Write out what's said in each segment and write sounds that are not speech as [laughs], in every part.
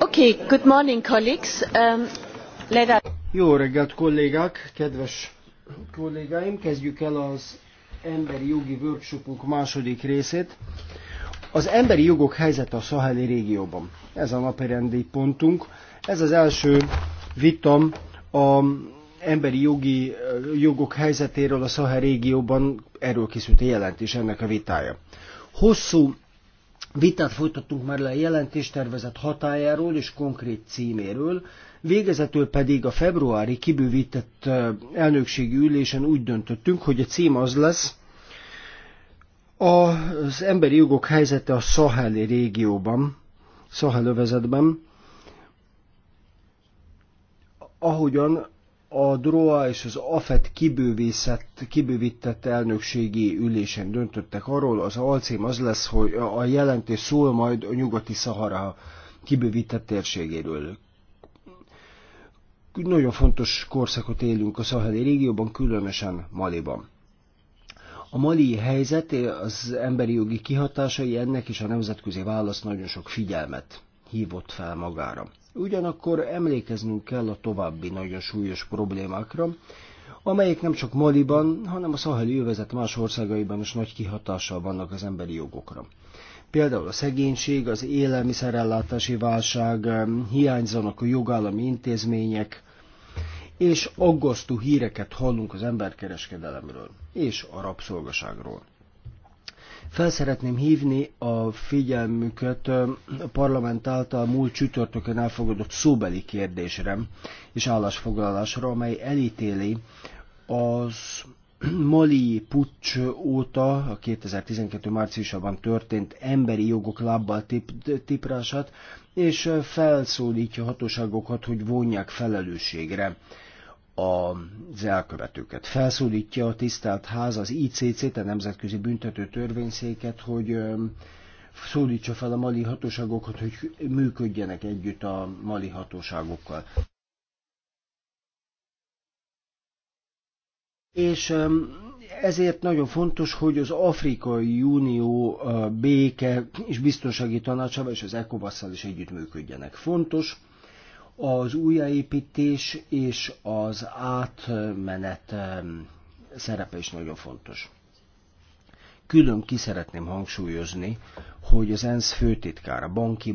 Okay, good morning, colleagues. Um, let us... Jó reggelt, kollégák, kedves kollégáim! Kezdjük el az emberi jogi workshopunk második részét. Az emberi jogok helyzete a szaheli régióban. Ez a napirendi pontunk. Ez az első vitam a emberi jogi jogok helyzetéről a Szahel régióban erről készült a jelentés, ennek a vitája. Hosszú vitát folytattunk már le a tervezett hatájáról és konkrét címéről, végezetül pedig a februári kibővített elnökségi ülésen úgy döntöttünk, hogy a cím az lesz, az emberi jogok helyzete a Szaheli régióban, Szahelövezetben, ahogyan a DROA és az AFET kibővített elnökségi ülésen döntöttek arról, az alcím az lesz, hogy a jelentés szól majd a nyugati Szahara kibővített térségéről. Nagyon fontos korszakot élünk a szaheli régióban, különösen Maliban. A mali helyzet, az emberi jogi kihatásai ennek és a nemzetközi válasz nagyon sok figyelmet hívott fel magára. Ugyanakkor emlékeznünk kell a további nagyon súlyos problémákra, amelyek nem csak Maliban, hanem a szaheli övezet más országaiban is nagy kihatással vannak az emberi jogokra. Például a szegénység, az élelmiszerellátási válság, hiányzanak a jogállami intézmények, és aggasztó híreket hallunk az emberkereskedelemről és a rabszolgaságról. Fel szeretném hívni a figyelmüket a parlament által múlt csütörtökön elfogadott szóbeli kérdésre és állásfoglalásra, amely elítéli az Mali pucs óta, a 2012. márciusában történt emberi jogok lábbal tip, tiprását, és felszólítja hatóságokat, hogy vonják felelősségre az elkövetőket. Felszólítja a tisztelt ház az icc a Nemzetközi Büntető Törvényszéket, hogy szólítsa fel a mali hatóságokat, hogy működjenek együtt a mali hatóságokkal. És ezért nagyon fontos, hogy az Afrikai Unió béke és biztonsági tanácsával és az ecovas szal is együttműködjenek. Fontos, az újjáépítés és az átmenet szerepe is nagyon fontos. Külön ki szeretném hangsúlyozni, hogy az ENSZ főtitkára Ban ki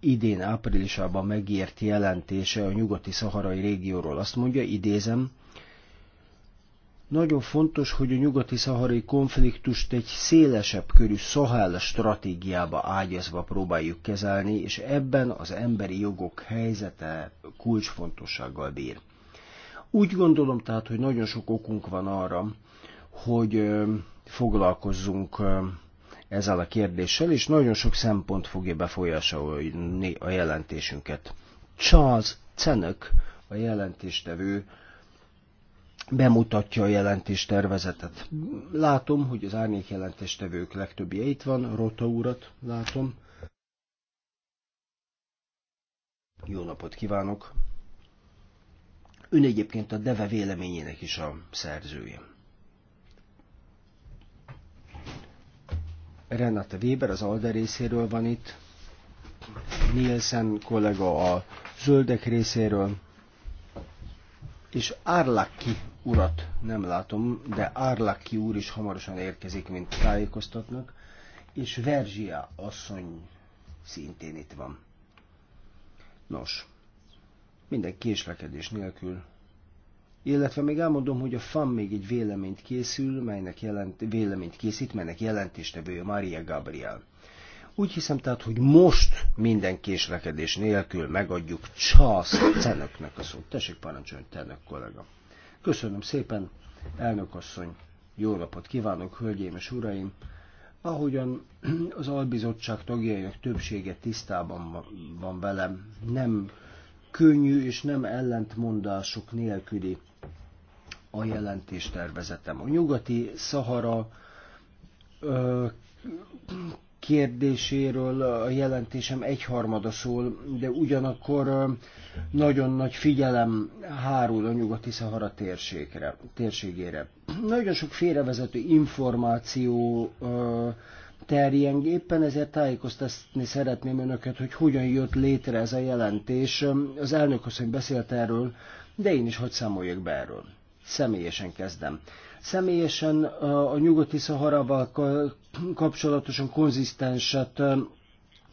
idén áprilisában megért jelentése a nyugati szaharai régióról azt mondja, idézem, nagyon fontos, hogy a nyugati szaharai konfliktust egy szélesebb körű szahel stratégiába ágyazva próbáljuk kezelni, és ebben az emberi jogok helyzete kulcsfontossággal bír. Úgy gondolom tehát, hogy nagyon sok okunk van arra, hogy foglalkozzunk ezzel a kérdéssel, és nagyon sok szempont fogja befolyásolni a jelentésünket. Charles Cenök, a jelentéstevő, bemutatja a jelentés tervezetet. Látom, hogy az árnyék jelentéstevők legtöbbje itt van, Rota úrat látom. Jó napot kívánok! Ön egyébként a Deve véleményének is a szerzője. Renata Weber az Alde részéről van itt, Nielsen kollega a Zöldek részéről, és Árlaki urat nem látom, de Árlaki úr is hamarosan érkezik, mint tájékoztatnak, és Verzsia asszony szintén itt van. Nos, minden késlekedés nélkül. Illetve még elmondom, hogy a FAM még egy véleményt készül, melynek jelent, véleményt készít, melynek jelentéstevője Maria Gabriel. Úgy hiszem tehát, hogy most minden késlekedés nélkül megadjuk Csász Cenöknek a szót. Tessék parancsolni, Cenök kollega. Köszönöm szépen, elnök asszony. Jó napot kívánok, hölgyeim és uraim! Ahogyan az albizottság tagjainak többsége tisztában van, velem, nem könnyű és nem ellentmondások nélküli a jelentés tervezetem. A nyugati Szahara ö, kérdéséről a jelentésem egyharmada szól, de ugyanakkor nagyon nagy figyelem hárul a nyugati Szahara térségre, térségére. Nagyon sok félrevezető információ terjeng, éppen ezért tájékoztatni szeretném önöket, hogy hogyan jött létre ez a jelentés. Az elnök asszony beszélt erről, de én is hogy számoljak be erről. Személyesen kezdem. Személyesen a nyugati szaharával kapcsolatosan konzisztenset,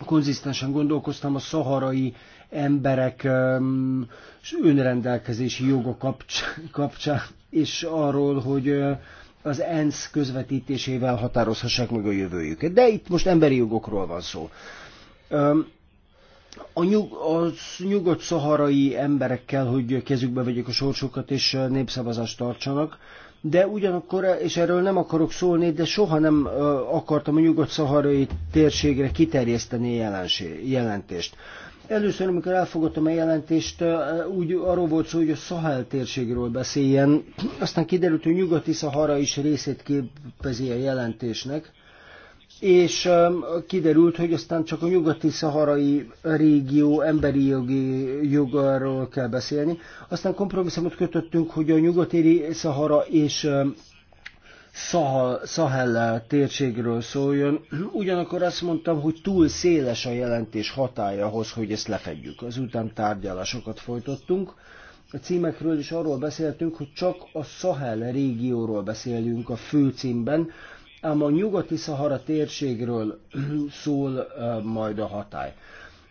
konzisztensen gondolkoztam a szaharai emberek önrendelkezési joga kapcsán, és arról, hogy az ENSZ közvetítésével határozhassák meg a jövőjüket. De itt most emberi jogokról van szó. A, nyug, a nyugodt szaharai emberekkel, hogy kezükbe vegyék a sorsokat és népszavazást tartsanak de ugyanakkor, és erről nem akarok szólni, de soha nem akartam a nyugat-szaharai térségre kiterjeszteni a jelentést. Először, amikor elfogadtam a jelentést, úgy arról volt szó, hogy a Szahel térségről beszéljen. Aztán kiderült, hogy nyugati Szahara is részét képezi a jelentésnek és kiderült, hogy aztán csak a nyugati szaharai régió emberi jogi jogról kell beszélni. Aztán kompromisszumot kötöttünk, hogy a nyugati szahara és Sahel Szahel térségről szóljon. Ugyanakkor azt mondtam, hogy túl széles a jelentés hatája ahhoz, hogy ezt lefedjük. Azután tárgyalásokat folytattunk. A címekről is arról beszéltünk, hogy csak a Szahel régióról beszélünk a főcímben, ám a nyugati Szahara térségről [clears throat] szól majd a hatály.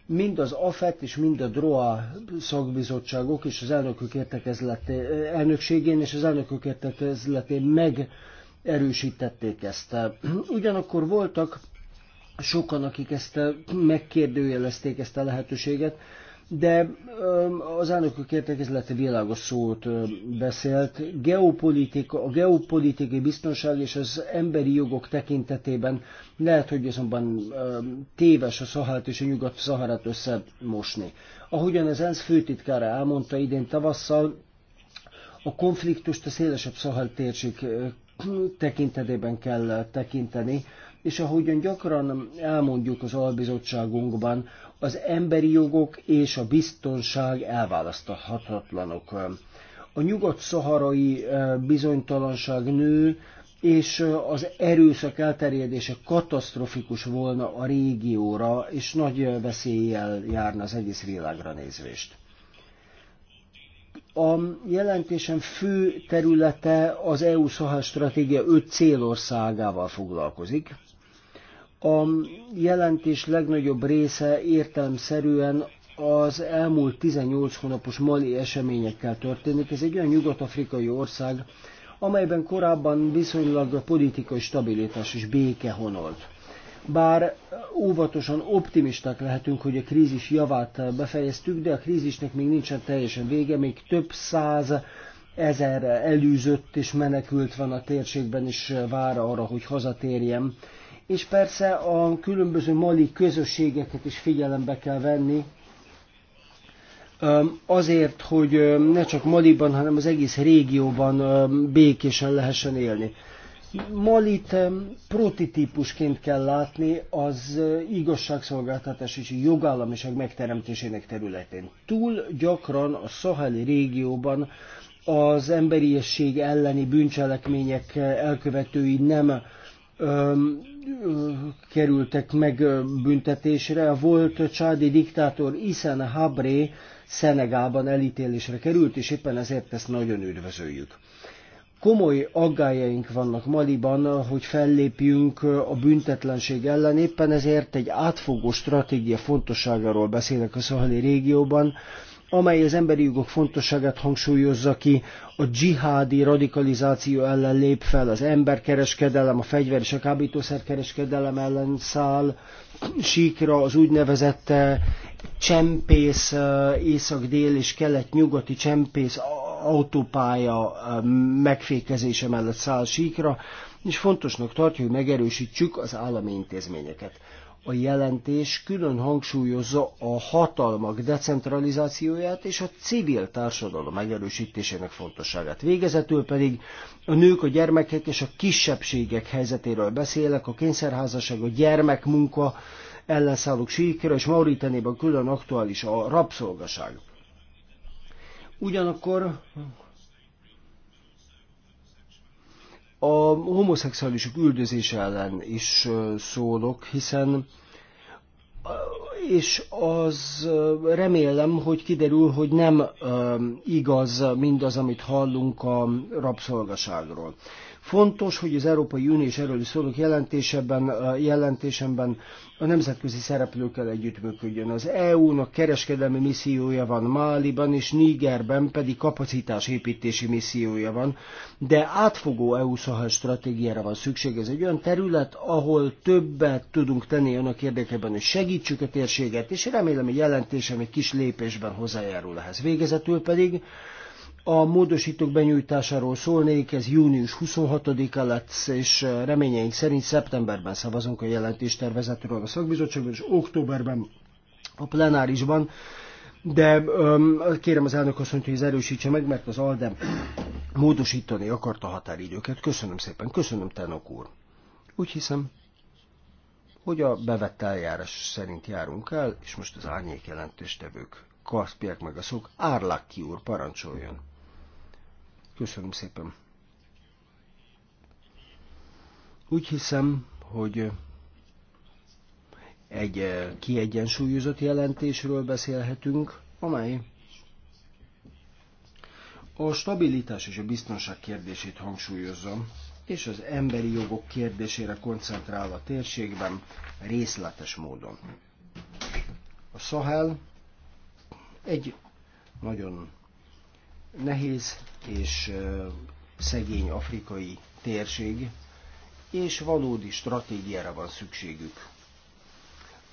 Mind az AFET és mind a DROA szakbizottságok és az elnökök értekezleté, elnökségén és az elnökök értekezletén megerősítették ezt. Ugyanakkor voltak sokan, akik ezt megkérdőjelezték ezt a lehetőséget, de az elnökök értekezlete világos szót beszélt. Geopolitika, a geopolitikai biztonság és az emberi jogok tekintetében lehet, hogy azonban téves a Szahát és a Nyugat-Szaharát összemosni. Ahogyan az ENSZ főtitkára elmondta idén tavasszal, a konfliktust a szélesebb Szahel térség tekintetében kell tekinteni, és ahogyan gyakran elmondjuk az albizottságunkban, az emberi jogok és a biztonság elválaszthatatlanok. A nyugat-szaharai bizonytalanság nő, és az erőszak elterjedése katasztrofikus volna a régióra, és nagy veszéllyel járna az egész világra nézvést. A jelentésem fő területe az EU Szahel stratégia öt célországával foglalkozik. A jelentés legnagyobb része értelemszerűen az elmúlt 18 hónapos mali eseményekkel történik. Ez egy olyan nyugat-afrikai ország, amelyben korábban viszonylag politikai stabilitás és béke honolt. Bár óvatosan optimisták lehetünk, hogy a krízis javát befejeztük, de a krízisnek még nincsen teljesen vége, még több száz ezer elűzött és menekült van a térségben, és vár arra, hogy hazatérjem és persze a különböző mali közösségeket is figyelembe kell venni, azért, hogy ne csak Maliban, hanem az egész régióban békésen lehessen élni. Malit prototípusként kell látni az igazságszolgáltatás és jogállamiság megteremtésének területén. Túl gyakran a szaheli régióban az emberiesség elleni bűncselekmények elkövetői nem kerültek meg büntetésre. A volt csádi diktátor Isen Habré Szenegában elítélésre került, és éppen ezért ezt nagyon üdvözöljük. Komoly aggájaink vannak Maliban, hogy fellépjünk a büntetlenség ellen, éppen ezért egy átfogó stratégia fontosságáról beszélek a szahali régióban, amely az emberi jogok fontosságát hangsúlyozza ki, a dzsihádi radikalizáció ellen lép fel, az emberkereskedelem, a fegyver és a kábítószerkereskedelem ellen száll, síkra az úgynevezett csempész, eh, észak-dél és kelet-nyugati csempész autópálya eh, megfékezése mellett száll síkra, és fontosnak tartja, hogy megerősítsük az állami intézményeket. A jelentés külön hangsúlyozza a hatalmak decentralizációját és a civil társadalom megerősítésének fontosságát. Végezetül pedig a nők, a gyermekek és a kisebbségek helyzetéről beszélek, a kényszerházasság, a gyermekmunka, ellenszállók síkra, és Mauritanében külön aktuális a rabszolgaság. Ugyanakkor a homoszexuálisok üldözése ellen is szólok, hiszen és az remélem, hogy kiderül, hogy nem igaz mindaz, amit hallunk a rabszolgaságról. Fontos, hogy az Európai Unió és erről is szólok jelentésében, jelentésemben a nemzetközi szereplőkkel együttműködjön. Az EU-nak kereskedelmi missziója van Máliban, és Nígerben pedig kapacitásépítési missziója van, de átfogó eu szahel stratégiára van szükség. Ez egy olyan terület, ahol többet tudunk tenni annak érdekében, hogy segítsük a térséget, és remélem, hogy jelentésem egy kis lépésben hozzájárul ehhez. Végezetül pedig a módosítók benyújtásáról szólnék, ez június 26-a lesz, és eh, reményeink szerint szeptemberben szavazunk a jelentéstervezetről a szakbizottságban, és októberben a plenárisban. De öm, kérem az elnök mondja, hogy ez erősítse meg, mert az aldem módosítani akarta a határidőket. Köszönöm szépen, köszönöm, Tenok úr. Úgy hiszem, hogy a bevett eljárás szerint járunk el, és most az árnyék jelentéstevők. Karszpiák meg a szók, Árlaki úr parancsoljon. Köszönöm szépen. Úgy hiszem, hogy egy eh, kiegyensúlyozott jelentésről beszélhetünk, amely a stabilitás és a biztonság kérdését hangsúlyozza, és az emberi jogok kérdésére koncentrál a térségben részletes módon. A Sahel egy nagyon nehéz és szegény afrikai térség, és valódi stratégiára van szükségük.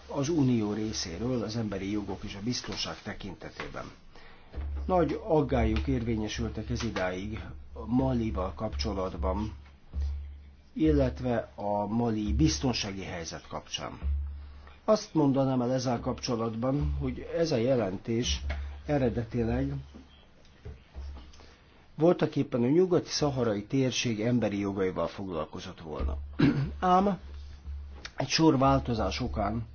Az unió részéről az emberi jogok és a biztonság tekintetében. Nagy aggályok érvényesültek ez idáig Malival kapcsolatban, illetve a mali biztonsági helyzet kapcsán. Azt mondanám el ezzel kapcsolatban, hogy ez a jelentés eredetileg voltak éppen a nyugati szaharai térség emberi jogaival foglalkozott volna. [clears throat] Ám egy sor változás okán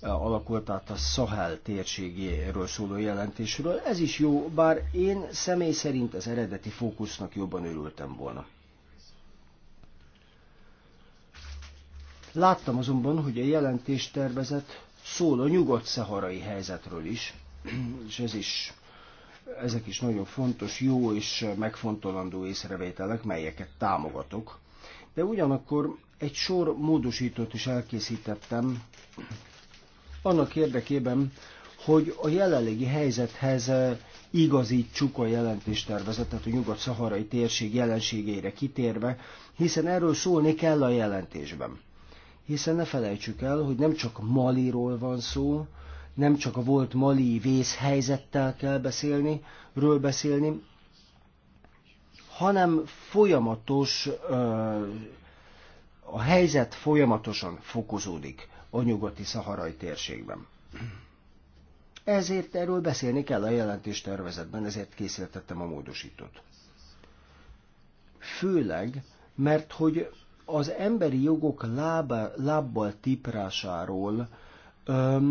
e, alakult át a Szahel térségéről szóló jelentésről. Ez is jó, bár én személy szerint az eredeti fókusznak jobban örültem volna. Láttam azonban, hogy a jelentéstervezet szól a nyugat-szaharai helyzetről is, [clears throat] és ez is ezek is nagyon fontos, jó és megfontolandó észrevételek, melyeket támogatok. De ugyanakkor egy sor módosítót is elkészítettem annak érdekében, hogy a jelenlegi helyzethez eh, igazítsuk a jelentéstervezetet a nyugat-szaharai térség jelenségeire kitérve, hiszen erről szólni kell a jelentésben. Hiszen ne felejtsük el, hogy nem csak Maliról van szó, nem csak a volt mali vészhelyzettel kell beszélni, ről beszélni, hanem folyamatos, a helyzet folyamatosan fokozódik a nyugati szaharai térségben. Ezért erről beszélni kell a jelentéstervezetben, ezért készítettem a módosítót. Főleg, mert hogy az emberi jogok lába, lábbal tiprásáról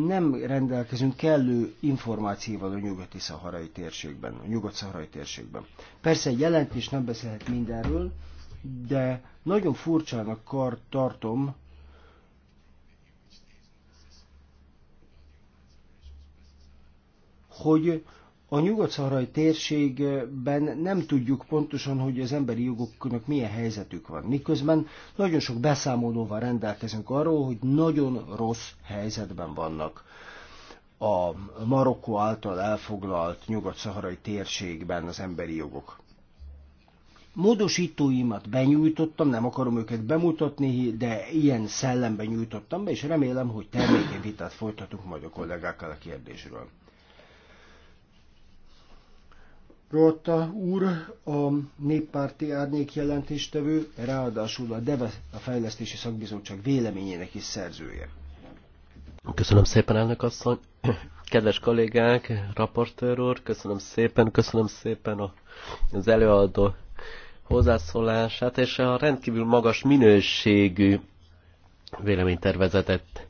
nem rendelkezünk kellő információval a nyugati szaharai térségben, a nyugat-szaharai térségben. Persze egy jelentés nem beszélhet mindenről, de nagyon furcsának kar tartom, hogy a nyugat térségben nem tudjuk pontosan, hogy az emberi jogoknak milyen helyzetük van. Miközben nagyon sok beszámolóval rendelkezünk arról, hogy nagyon rossz helyzetben vannak a Marokkó által elfoglalt nyugat-szaharai térségben az emberi jogok. Módosítóimat benyújtottam, nem akarom őket bemutatni, de ilyen szellemben nyújtottam be, és remélem, hogy termékeny vitát folytatunk majd a kollégákkal a kérdésről. Rotta úr, a néppárti árnyék jelentéstevő, ráadásul a DEVE, a Fejlesztési Szakbizottság véleményének is szerzője. Köszönöm szépen, elnök asszony. Kedves kollégák, raportőr úr, köszönöm szépen, köszönöm szépen az előadó hozzászólását, és a rendkívül magas minőségű véleménytervezetet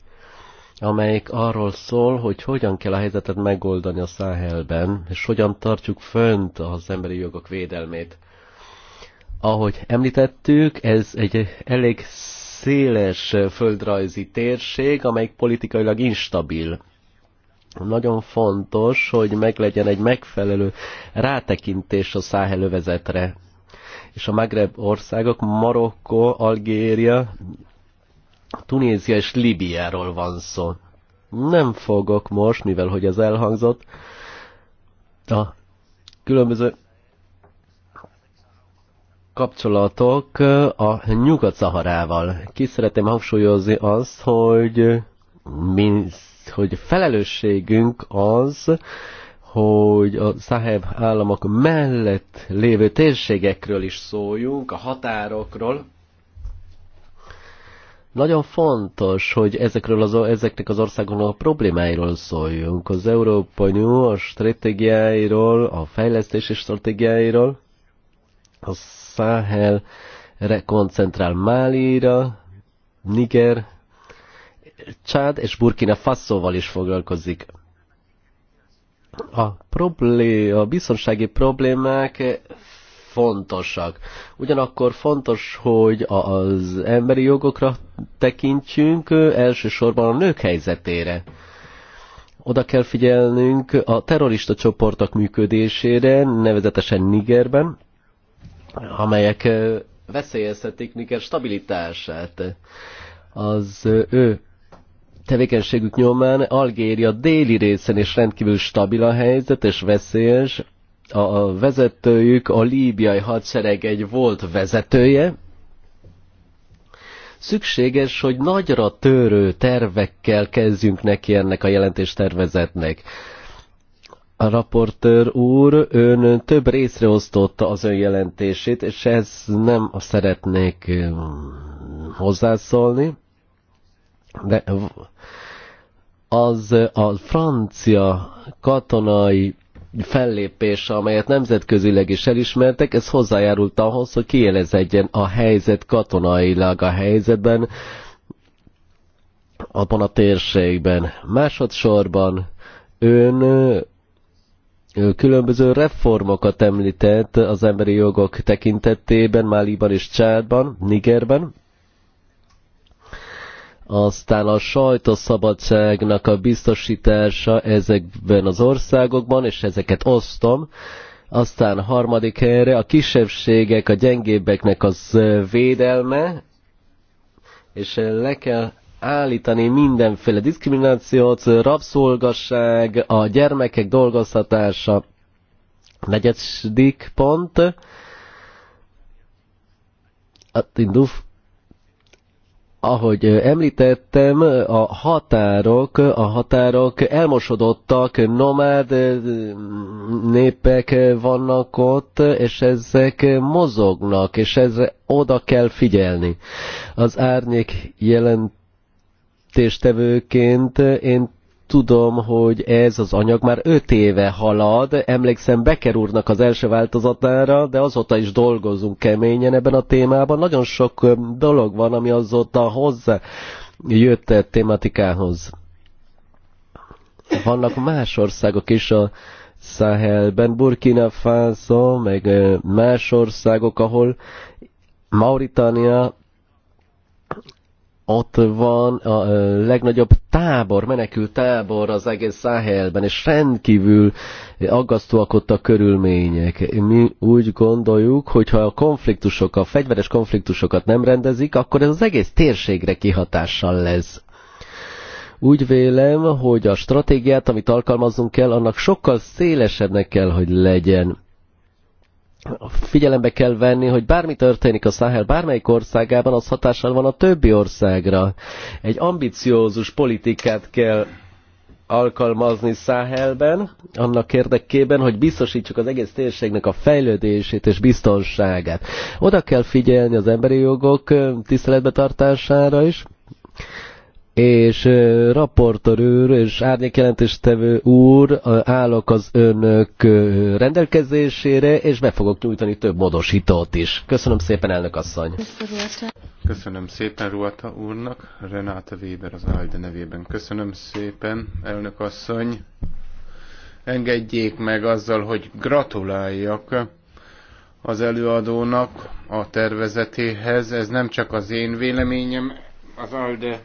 amelyik arról szól, hogy hogyan kell a helyzetet megoldani a Száhelben, és hogyan tartjuk fönt az emberi jogok védelmét. Ahogy említettük, ez egy elég széles földrajzi térség, amelyik politikailag instabil. Nagyon fontos, hogy meglegyen egy megfelelő rátekintés a száhelövezetre. És a Magreb országok, Marokko, Algéria Tunézia és Libiáról van szó. Nem fogok most, mivel hogy ez elhangzott, a különböző kapcsolatok a Nyugat-Szaharával. Ki szeretném hangsúlyozni azt, hogy, mi, hogy felelősségünk az, hogy a Szaheb államok mellett lévő térségekről is szóljunk, a határokról, nagyon fontos, hogy ezekről az, ezeknek az országoknak a problémáiról szóljunk, az Európai Unió a stratégiáiról, a fejlesztési stratégiáiról, a Száhel rekoncentrál Málira, Niger, Csád és Burkina Faszóval is foglalkozik. A, problé- a biztonsági problémák fontosak. Ugyanakkor fontos, hogy az emberi jogokra tekintsünk, elsősorban a nők helyzetére oda kell figyelnünk a terrorista csoportok működésére, nevezetesen Nigerben, amelyek veszélyeztetik Niger stabilitását. Az ő tevékenységük nyomán Algéria déli részen is rendkívül stabil a helyzet és veszélyes, a vezetőjük a líbiai hadsereg egy volt vezetője, szükséges, hogy nagyra törő tervekkel kezdjünk neki ennek a jelentéstervezetnek. A raportőr úr ön több részre osztotta az ön jelentését, és ez nem szeretnék um, hozzászólni, de az a francia katonai fellépés, amelyet nemzetközileg is elismertek, ez hozzájárult ahhoz, hogy kielezedjen a helyzet katonailag a helyzetben, abban a térségben. Másodszorban ön különböző reformokat említett az emberi jogok tekintetében, Máliban és Csádban, Nigerben aztán a sajtószabadságnak a biztosítása ezekben az országokban, és ezeket osztom, aztán harmadik helyre a kisebbségek, a gyengébbeknek az védelme, és le kell állítani mindenféle diszkriminációt, rabszolgasság, a gyermekek dolgoztatása, negyedik pont, a ahogy említettem, a határok, a határok elmosodottak, nomád népek vannak ott, és ezek mozognak, és ez oda kell figyelni. Az árnyék jelentéstevőként én tudom, hogy ez az anyag már öt éve halad. Emlékszem Becker úrnak az első változatára, de azóta is dolgozunk keményen ebben a témában. Nagyon sok dolog van, ami azóta hozzá jött a e tematikához. Vannak más országok is a Sahelben, Burkina Faso, meg más országok, ahol Mauritania ott van a legnagyobb tábor, menekült tábor az egész Száhelben, és rendkívül aggasztóak ott a körülmények. Mi úgy gondoljuk, hogy ha a konfliktusok, a fegyveres konfliktusokat nem rendezik, akkor ez az egész térségre kihatással lesz. Úgy vélem, hogy a stratégiát, amit alkalmazunk kell, annak sokkal szélesebbnek kell, hogy legyen figyelembe kell venni, hogy bármi történik a Száhel bármelyik országában, az hatással van a többi országra. Egy ambiciózus politikát kell alkalmazni Száhelben, annak érdekében, hogy biztosítsuk az egész térségnek a fejlődését és biztonságát. Oda kell figyelni az emberi jogok tiszteletbetartására is, és raportor úr és árnyékjelentéstevő úr állok az önök rendelkezésére, és be fogok nyújtani több módosítót is. Köszönöm szépen, elnök asszony! Köszönöm szépen Ruata úrnak, Renáta Weber az Alde nevében. Köszönöm szépen, elnök asszony! Engedjék meg azzal, hogy gratuláljak az előadónak a tervezetéhez. Ez nem csak az én véleményem, az ALDE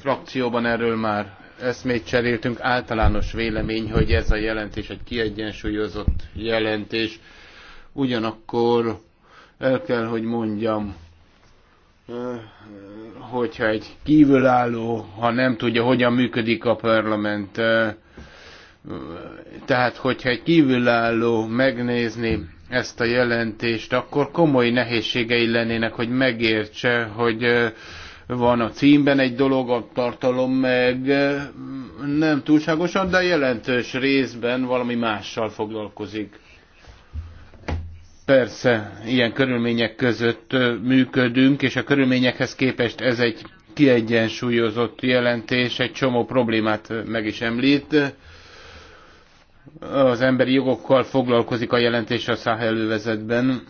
frakcióban erről már eszmét cseréltünk. Általános vélemény, hogy ez a jelentés egy kiegyensúlyozott jelentés. Ugyanakkor el kell, hogy mondjam, hogyha egy kívülálló, ha nem tudja, hogyan működik a parlament, tehát hogyha egy kívülálló megnézni ezt a jelentést, akkor komoly nehézségei lennének, hogy megértse, hogy van a címben egy dolog, a tartalom meg nem túlságosan, de jelentős részben valami mással foglalkozik. Persze, ilyen körülmények között működünk, és a körülményekhez képest ez egy kiegyensúlyozott jelentés, egy csomó problémát meg is említ. Az emberi jogokkal foglalkozik a jelentés a Száhelővezetben,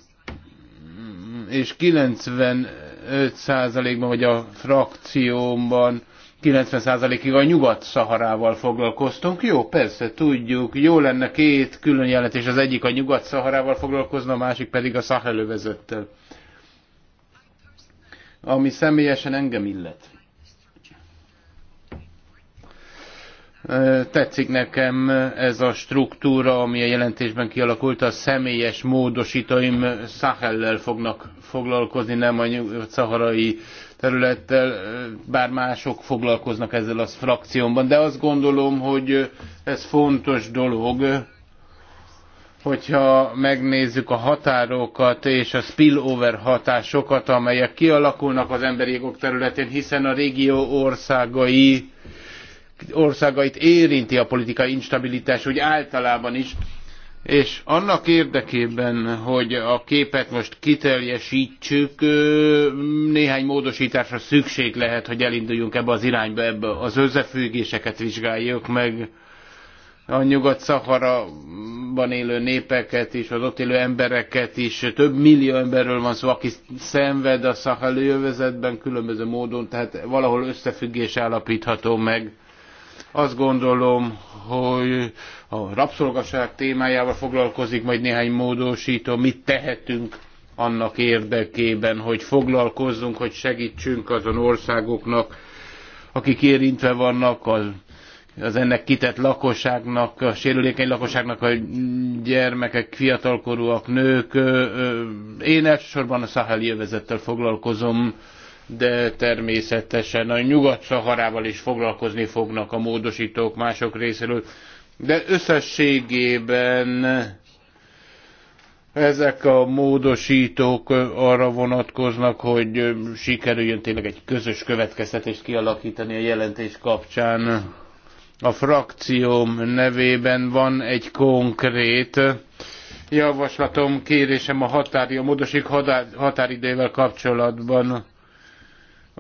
és 90 5%-ban, vagy a frakciómban 90%-ig a Nyugat-Szaharával foglalkoztunk. Jó, persze, tudjuk. Jó lenne két külön jelentés, az egyik a Nyugat-Szaharával foglalkozna, a másik pedig a Szahelővezettel. Ami személyesen engem illet. Tetszik nekem ez a struktúra, ami a jelentésben kialakult, a személyes módosítóim Szahellel fognak foglalkozni, nem a szaharai területtel, bár mások foglalkoznak ezzel a frakciómban, de azt gondolom, hogy ez fontos dolog, hogyha megnézzük a határokat és a spillover hatásokat, amelyek kialakulnak az emberi jogok területén, hiszen a régió országai országait érinti a politikai instabilitás, úgy általában is, és annak érdekében, hogy a képet most kiteljesítsük, néhány módosításra szükség lehet, hogy elinduljunk ebbe az irányba, ebbe az összefüggéseket vizsgáljuk meg a nyugat szaharaban élő népeket is, az ott élő embereket is, több millió emberről van szó, aki szenved a szaheli övezetben különböző módon, tehát valahol összefüggés állapítható meg. Azt gondolom, hogy a rabszolgaság témájával foglalkozik, majd néhány módosító, mit tehetünk annak érdekében, hogy foglalkozzunk, hogy segítsünk azon országoknak, akik érintve vannak, az, az ennek kitett lakosságnak, a sérülékeny lakosságnak, a gyermekek, fiatalkorúak, nők. Én elsősorban a Szaheli övezettel foglalkozom, de természetesen a nyugat-szaharával is foglalkozni fognak a módosítók mások részéről. De összességében ezek a módosítók arra vonatkoznak, hogy sikerüljön tényleg egy közös következtetést kialakítani a jelentés kapcsán. A frakcióm nevében van egy konkrét javaslatom, kérésem a határi, a határidővel kapcsolatban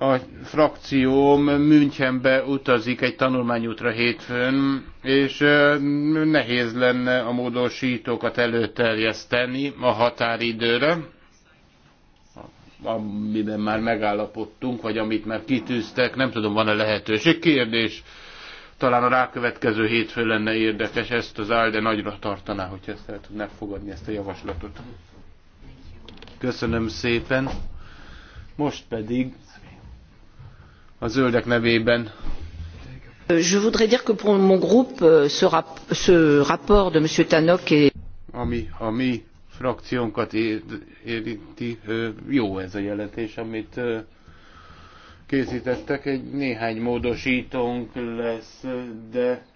a frakcióm Münchenbe utazik egy tanulmányútra hétfőn, és nehéz lenne a módosítókat előterjeszteni a határidőre, amiben már megállapodtunk, vagy amit már kitűztek, nem tudom, van-e lehetőség. Kérdés, talán a rákövetkező hétfő lenne érdekes, ezt az de nagyra tartaná, hogy ezt el tudnák fogadni, ezt a javaslatot. Köszönöm szépen. Most pedig a zöldek nevében. Je voudrais dire que pour mon groupe, euh, ce, rap ce rapport de M. Tannock est... Ami a mi frakciónkat érinti, jó ez a jelentés, amit készítettek. Egy néhány módosítónk lesz, de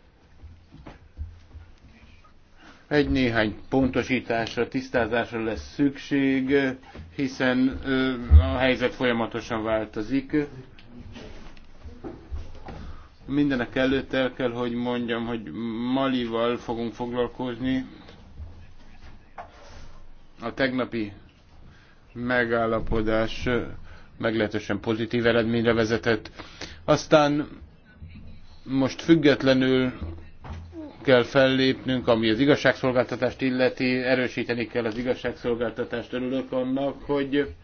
egy néhány pontosításra, tisztázásra lesz szükség, hiszen a helyzet folyamatosan változik. Mindenek előtt el kell, hogy mondjam, hogy Malival fogunk foglalkozni. A tegnapi megállapodás meglehetősen pozitív eredményre vezetett. Aztán most függetlenül kell fellépnünk, ami az igazságszolgáltatást illeti, erősíteni kell az igazságszolgáltatást. Örülök annak, hogy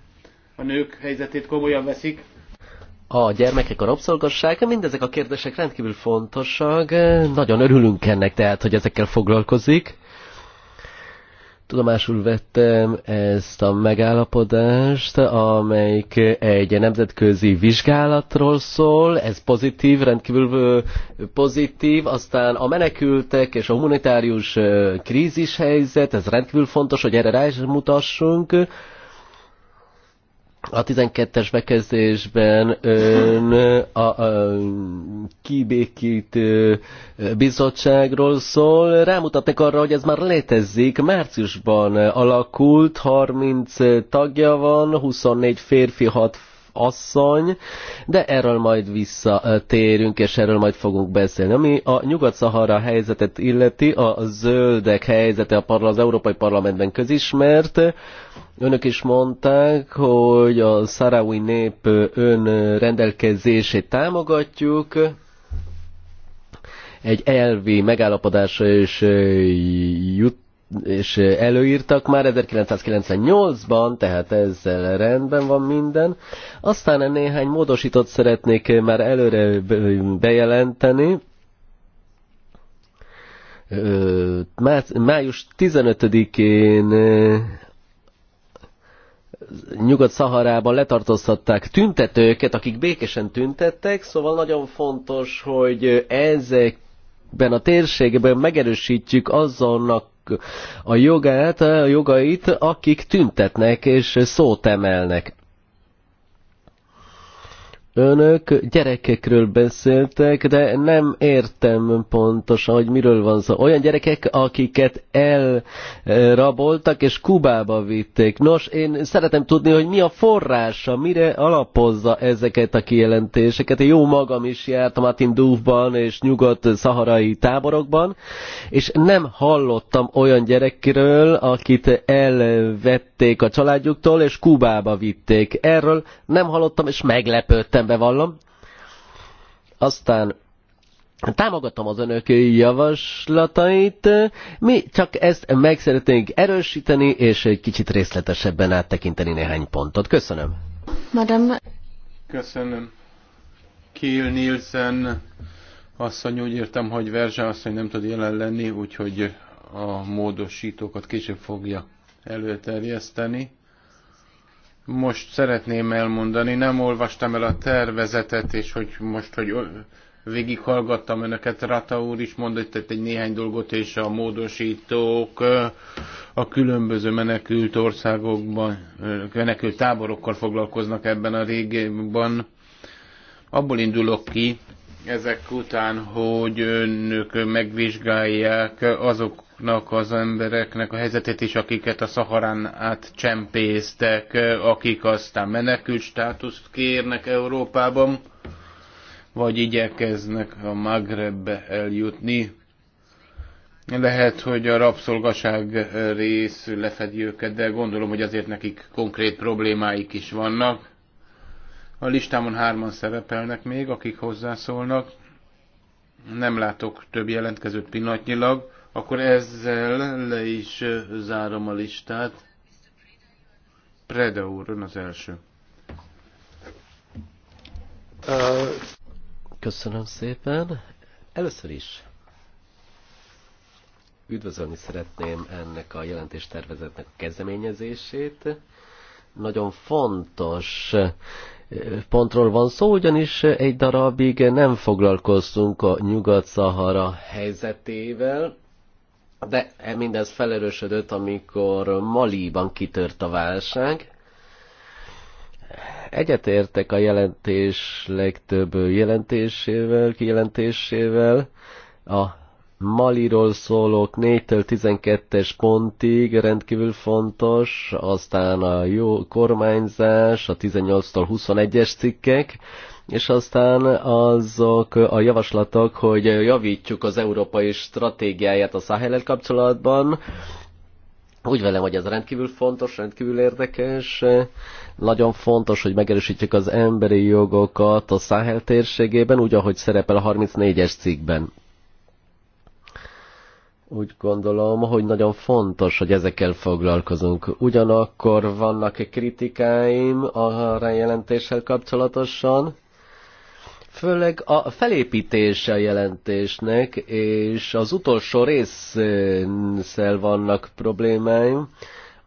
a nők helyzetét komolyan veszik a gyermekek a rabszolgasság, mindezek a kérdések rendkívül fontosak. Nagyon örülünk ennek tehát, hogy ezekkel foglalkozik. Tudomásul vettem ezt a megállapodást, amelyik egy nemzetközi vizsgálatról szól, ez pozitív, rendkívül pozitív, aztán a menekültek és a humanitárius krízishelyzet, ez rendkívül fontos, hogy erre rá is mutassunk a 12-es bekezdésben ön a, a kibékítő bizottságról szól. Rámutatnak arra, hogy ez már létezik. Márciusban alakult, 30 tagja van, 24 férfi, 6 asszony, de erről majd visszatérünk, és erről majd fogunk beszélni. Ami a Nyugat-Szahara helyzetet illeti, a zöldek helyzete a parla, az Európai Parlamentben közismert, Önök is mondták, hogy a szaraui nép rendelkezését támogatjuk, egy elvi megállapodásra is jut, és előírtak már 1998-ban, tehát ezzel rendben van minden. Aztán néhány módosított szeretnék már előre bejelenteni. Május 15-én Nyugat-Szaharában letartóztatták tüntetőket, akik békesen tüntettek, szóval nagyon fontos, hogy ezek ben a térségben megerősítjük azonnak a jogát, a jogait, akik tüntetnek és szót emelnek. Önök gyerekekről beszéltek, de nem értem pontosan, hogy miről van szó. Olyan gyerekek, akiket elraboltak és Kubába vitték. Nos, én szeretem tudni, hogy mi a forrása, mire alapozza ezeket a kijelentéseket. Jó magam is jártam Atin Dúfban és nyugat-szaharai táborokban, és nem hallottam olyan gyerekről, akit elvették a családjuktól és Kubába vitték. Erről nem hallottam, és meglepődtem bevallom. Aztán támogatom az önök javaslatait. Mi csak ezt meg szeretnénk erősíteni, és egy kicsit részletesebben áttekinteni néhány pontot. Köszönöm. Madam. Köszönöm. Kiel Nielsen asszony úgy értem, hogy Verzsá asszony nem tud jelen lenni, úgyhogy a módosítókat később fogja előterjeszteni most szeretném elmondani. Nem olvastam el a tervezetet, és hogy most, hogy végighallgattam önöket, Rata úr is mondott tehát egy néhány dolgot, és a módosítók a különböző menekült országokban, menekült táborokkal foglalkoznak ebben a régióban. Abból indulok ki, ezek után, hogy önök megvizsgálják azok azoknak az embereknek a helyzetét is, akiket a Szaharán át csempésztek, akik aztán menekült státuszt kérnek Európában, vagy igyekeznek a Magrebbe eljutni. Lehet, hogy a rabszolgaság rész lefedi őket, de gondolom, hogy azért nekik konkrét problémáik is vannak. A listámon hárman szerepelnek még, akik hozzászólnak. Nem látok több jelentkezőt pillanatnyilag. Akkor ezzel le is zárom a listát. Preda úr, az első. Köszönöm szépen. Először is üdvözölni szeretném ennek a jelentéstervezetnek a kezdeményezését. Nagyon fontos pontról van szó, ugyanis egy darabig nem foglalkoztunk a Nyugat-Szahara helyzetével, de mindez felerősödött, amikor Maliban kitört a válság. Egyetértek a jelentés legtöbb jelentésével, kijelentésével. A Maliról szólók 4-től 12-es pontig rendkívül fontos, aztán a jó kormányzás, a 18-tól 21-es cikkek, és aztán azok a javaslatok, hogy javítjuk az európai stratégiáját a Száhellel kapcsolatban. Úgy velem, hogy ez rendkívül fontos, rendkívül érdekes. Nagyon fontos, hogy megerősítjük az emberi jogokat a Száhel térségében, úgy, ahogy szerepel a 34-es cikkben. Úgy gondolom, hogy nagyon fontos, hogy ezekkel foglalkozunk. Ugyanakkor vannak kritikáim a jelentéssel kapcsolatosan főleg a felépítése jelentésnek, és az utolsó részszel vannak problémáim,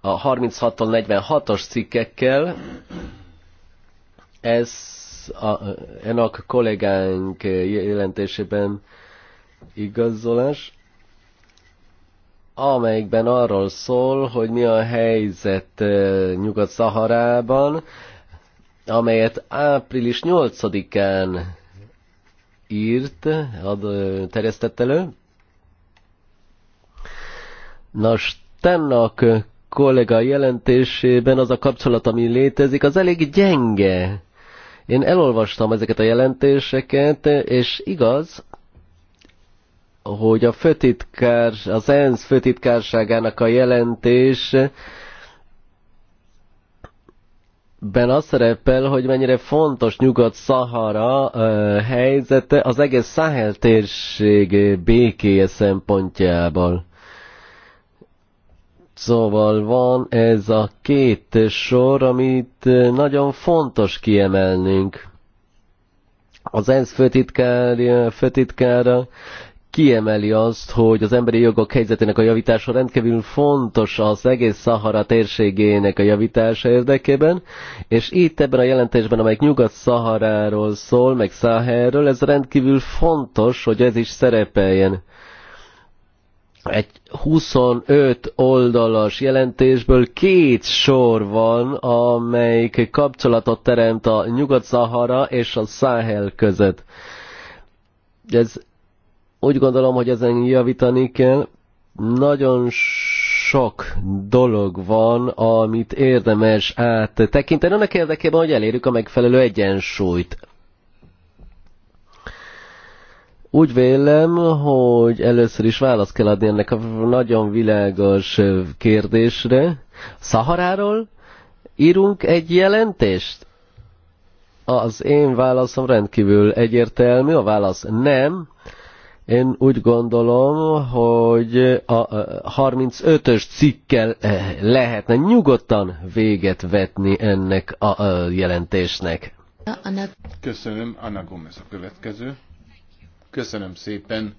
a 36-tól 46-os cikkekkel. Ez a Enok kollégánk jelentésében igazolás, amelyikben arról szól, hogy mi a helyzet eh, Nyugat-Szaharában, amelyet április 8-án írt, ad, terjesztett elő. Nos, Tennak kollega jelentésében az a kapcsolat, ami létezik, az elég gyenge. Én elolvastam ezeket a jelentéseket, és igaz, hogy a főtitkár, az ENSZ főtitkárságának a jelentés Ben az szerepel, hogy mennyire fontos Nyugat-Szahara helyzete az egész Szahel térség békéje szempontjából. Szóval van ez a két sor, amit nagyon fontos kiemelnünk. Az ENSZ főtitkára kiemeli azt, hogy az emberi jogok helyzetének a javítása rendkívül fontos az egész Szahara térségének a javítása érdekében, és itt ebben a jelentésben, amelyik Nyugat-Szaharáról szól, meg Száherről, ez rendkívül fontos, hogy ez is szerepeljen. Egy 25 oldalas jelentésből két sor van, amelyik kapcsolatot teremt a Nyugat-Szahara és a Száhel között. Ez úgy gondolom, hogy ezen javítani kell. Nagyon sok dolog van, amit érdemes áttekinteni, annak érdekében, hogy elérjük a megfelelő egyensúlyt. Úgy vélem, hogy először is választ kell adni ennek a nagyon világos kérdésre. Szaharáról írunk egy jelentést? Az én válaszom rendkívül egyértelmű, a válasz nem. Én úgy gondolom, hogy a 35-ös cikkel eh, lehetne nyugodtan véget vetni ennek a jelentésnek. Köszönöm, Anna Gomez a következő. Köszönöm szépen.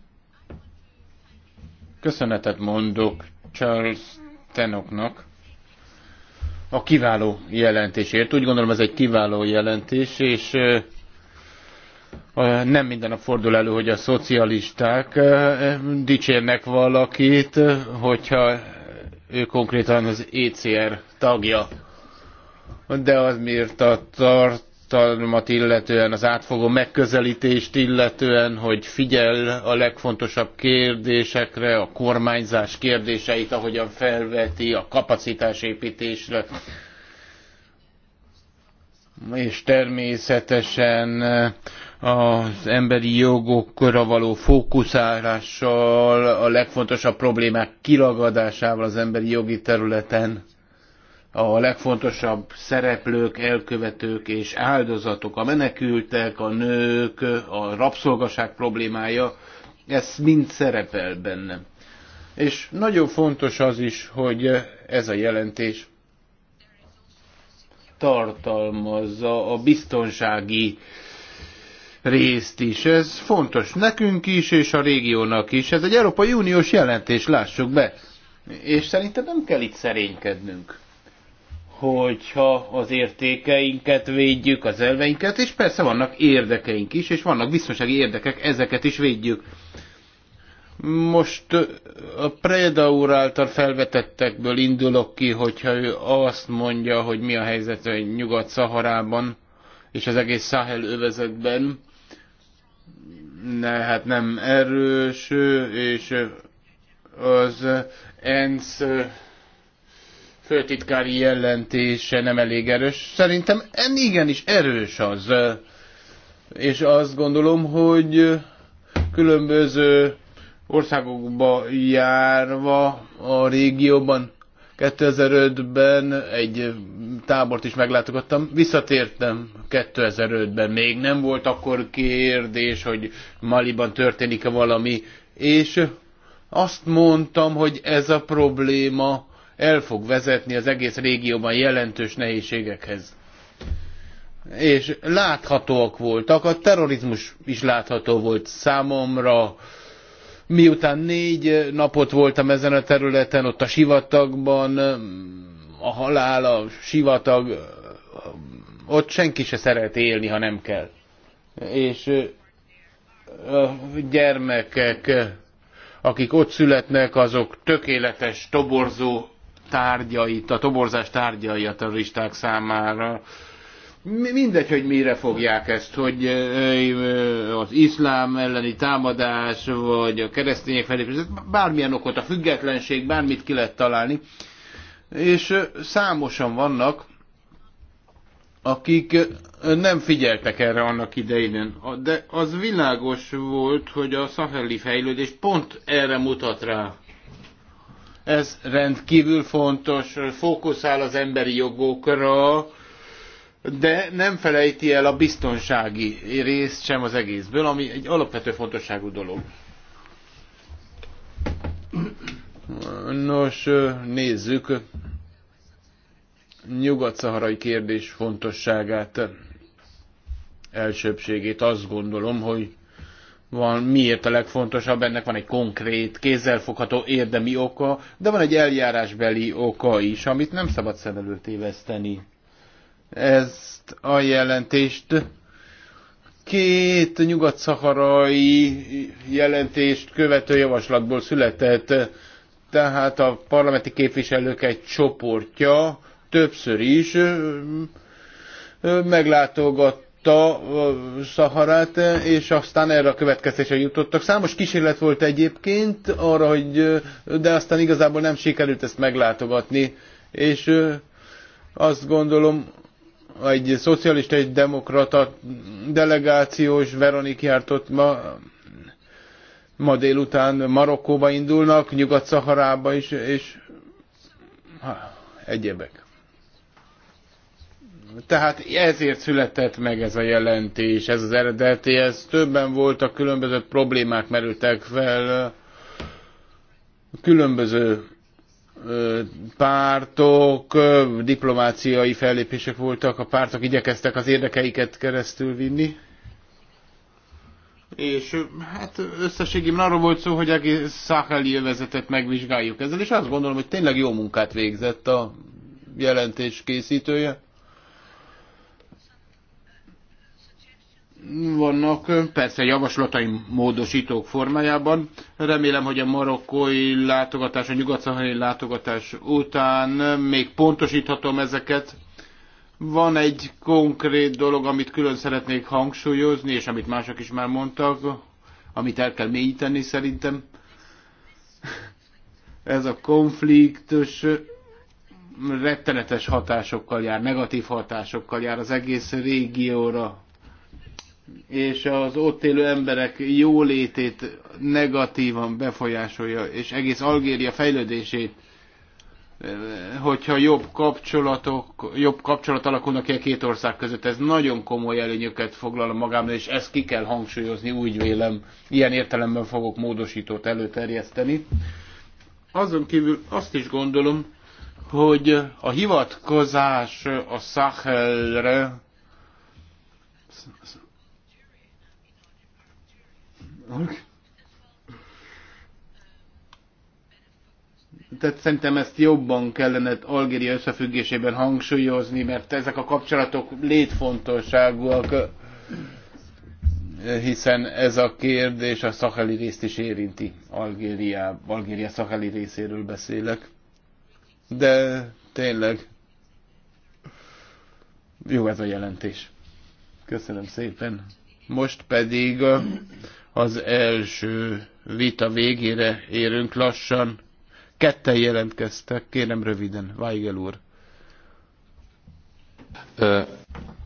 Köszönetet mondok Charles Tenoknak a kiváló jelentésért. Úgy gondolom ez egy kiváló jelentés, és eh, nem minden nap fordul elő, hogy a szocialisták dicsérnek valakit, hogyha ő konkrétan az ECR tagja. De az miért a tartalmat illetően, az átfogó megközelítést illetően, hogy figyel a legfontosabb kérdésekre, a kormányzás kérdéseit, ahogyan felveti, a kapacitásépítésre, és természetesen eh, az emberi jogokra való fókuszálással, a legfontosabb problémák kilagadásával az emberi jogi területen a legfontosabb szereplők, elkövetők és áldozatok, a menekültek, a nők, a rabszolgaság problémája, ez mind szerepel bennem. És nagyon fontos az is, hogy ez a jelentés tartalmazza a biztonsági részt is. Ez fontos nekünk is, és a régiónak is. Ez egy Európai Uniós jelentés, lássuk be. És szerintem nem kell itt szerénykednünk hogyha az értékeinket védjük, az elveinket, és persze vannak érdekeink is, és vannak biztonsági érdekek, ezeket is védjük. Most a Preda úr által felvetettekből indulok ki, hogyha ő azt mondja, hogy mi a helyzet a Nyugat-Szaharában és az egész Sahel övezetben, ne, hát nem erős, és az ENSZ főtitkári jelentése nem elég erős. Szerintem en igenis erős az. És azt gondolom, hogy különböző országokba járva a régióban 2005-ben egy tábort is meglátogattam, visszatértem 2005-ben, még nem volt akkor kérdés, hogy Maliban történik-e valami, és azt mondtam, hogy ez a probléma el fog vezetni az egész régióban jelentős nehézségekhez. És láthatóak voltak, a terrorizmus is látható volt számomra, miután négy napot voltam ezen a területen, ott a sivatagban, a halál, a sivatag, ott senki se szeret élni, ha nem kell. És a gyermekek, akik ott születnek, azok tökéletes toborzó tárgyait, a toborzás tárgyai a terroristák számára. Mindegy, hogy mire fogják ezt, hogy az iszlám elleni támadás, vagy a keresztények felé, bármilyen okot, a függetlenség, bármit ki lehet találni. És számosan vannak, akik nem figyeltek erre annak idején. De az világos volt, hogy a szaheli fejlődés pont erre mutat rá. Ez rendkívül fontos, fókuszál az emberi jogokra, de nem felejti el a biztonsági részt sem az egészből, ami egy alapvető fontosságú dolog. Nos, nézzük nyugat-szaharai kérdés fontosságát, elsőbségét. Azt gondolom, hogy van, miért a legfontosabb, ennek van egy konkrét, kézzelfogható érdemi oka, de van egy eljárásbeli oka is, amit nem szabad szem előtt éveszteni ezt a jelentést. Két nyugat-szaharai jelentést követő javaslatból született, tehát a parlamenti képviselők egy csoportja többször is meglátogat meghagyta Szaharát, és aztán erre a következtésre jutottak. Számos kísérlet volt egyébként arra, hogy, de aztán igazából nem sikerült ezt meglátogatni, és azt gondolom, egy szocialista, egy demokrata delegációs Veronik járt ott ma, ma délután Marokkóba indulnak, Nyugat-Szaharába is, és ha, egyebek. Tehát ezért született meg ez a jelentés, ez az eredeti, ez többen voltak, különböző problémák merültek fel, különböző pártok, diplomáciai fellépések voltak, a pártok igyekeztek az érdekeiket keresztül vinni. És hát összességében arról volt szó, hogy egész Száheli övezetet megvizsgáljuk ezzel, és azt gondolom, hogy tényleg jó munkát végzett a jelentés készítője. vannak, persze javaslataim módosítók formájában. Remélem, hogy a marokkói látogatás, a nyugat látogatás után még pontosíthatom ezeket. Van egy konkrét dolog, amit külön szeretnék hangsúlyozni, és amit mások is már mondtak, amit el kell mélyíteni szerintem. Ez a konfliktus rettenetes hatásokkal jár, negatív hatásokkal jár az egész régióra, és az ott élő emberek jólétét negatívan befolyásolja, és egész Algéria fejlődését, hogyha jobb kapcsolatok, jobb kapcsolat alakulnak ki a két ország között, ez nagyon komoly előnyöket foglal a magában, és ezt ki kell hangsúlyozni, úgy vélem, ilyen értelemben fogok módosítót előterjeszteni. Azon kívül azt is gondolom, hogy a hivatkozás a Sahelre, tehát szerintem ezt jobban kellene Algéria összefüggésében hangsúlyozni, mert ezek a kapcsolatok létfontosságúak, hiszen ez a kérdés a szaheli részt is érinti. Algéria, Algéria szaheli részéről beszélek. De tényleg jó ez a jelentés. Köszönöm szépen. Most pedig az első vita végére érünk lassan. Ketten jelentkeztek, kérem röviden, Weigel úr.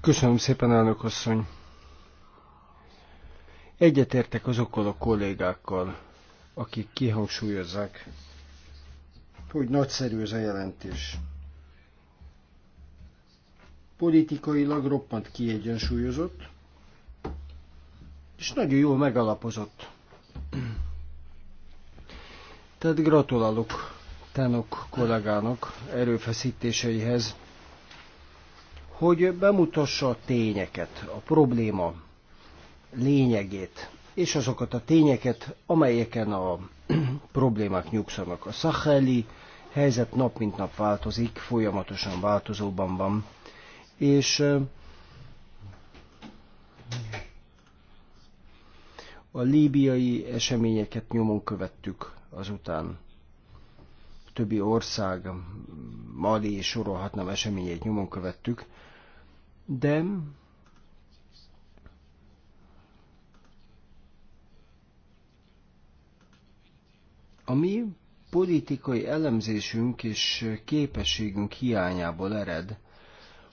Köszönöm szépen, elnök asszony. Egyetértek azokkal a kollégákkal, akik kihangsúlyozzák, hogy nagyszerű ez a jelentés. Politikailag roppant kiegyensúlyozott, és nagyon jól megalapozott. Tehát gratulálok tenok kollégának erőfeszítéseihez, hogy bemutassa a tényeket, a probléma lényegét, és azokat a tényeket, amelyeken a [clears throat] problémák nyugszanak. A szaheli helyzet nap mint nap változik, folyamatosan változóban van, és a líbiai eseményeket nyomon követtük azután. A többi ország, Mali és sorolhatnám eseményeit nyomon követtük, de a mi politikai elemzésünk és képességünk hiányából ered,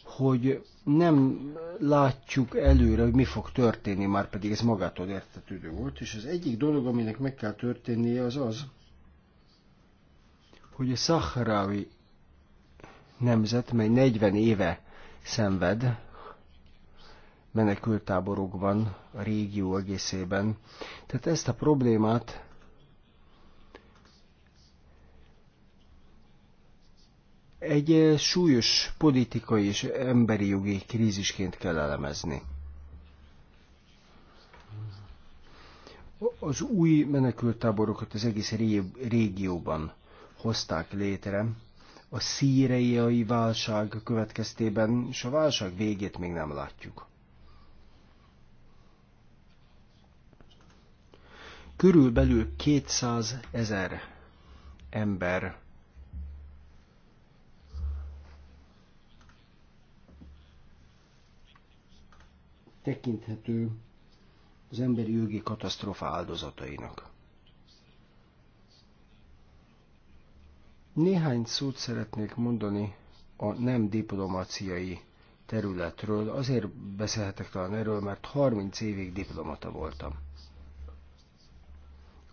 hogy nem látjuk előre, hogy mi fog történni, már pedig ez magától értetődő volt, és az egyik dolog, aminek meg kell történnie, az az, hogy a szahrávi nemzet, mely 40 éve szenved menekültáborokban, a régió egészében. Tehát ezt a problémát egy eh, súlyos politikai és emberi jogi krízisként kell elemezni. Az új menekültáborokat az egész régióban hozták létre, a szíreiai válság következtében, és a válság végét még nem látjuk. Körülbelül 200 ezer ember tekinthető az emberi jogi katasztrófa áldozatainak. Néhány szót szeretnék mondani a nem diplomáciai területről. Azért beszélhetek talán erről, mert 30 évig diplomata voltam.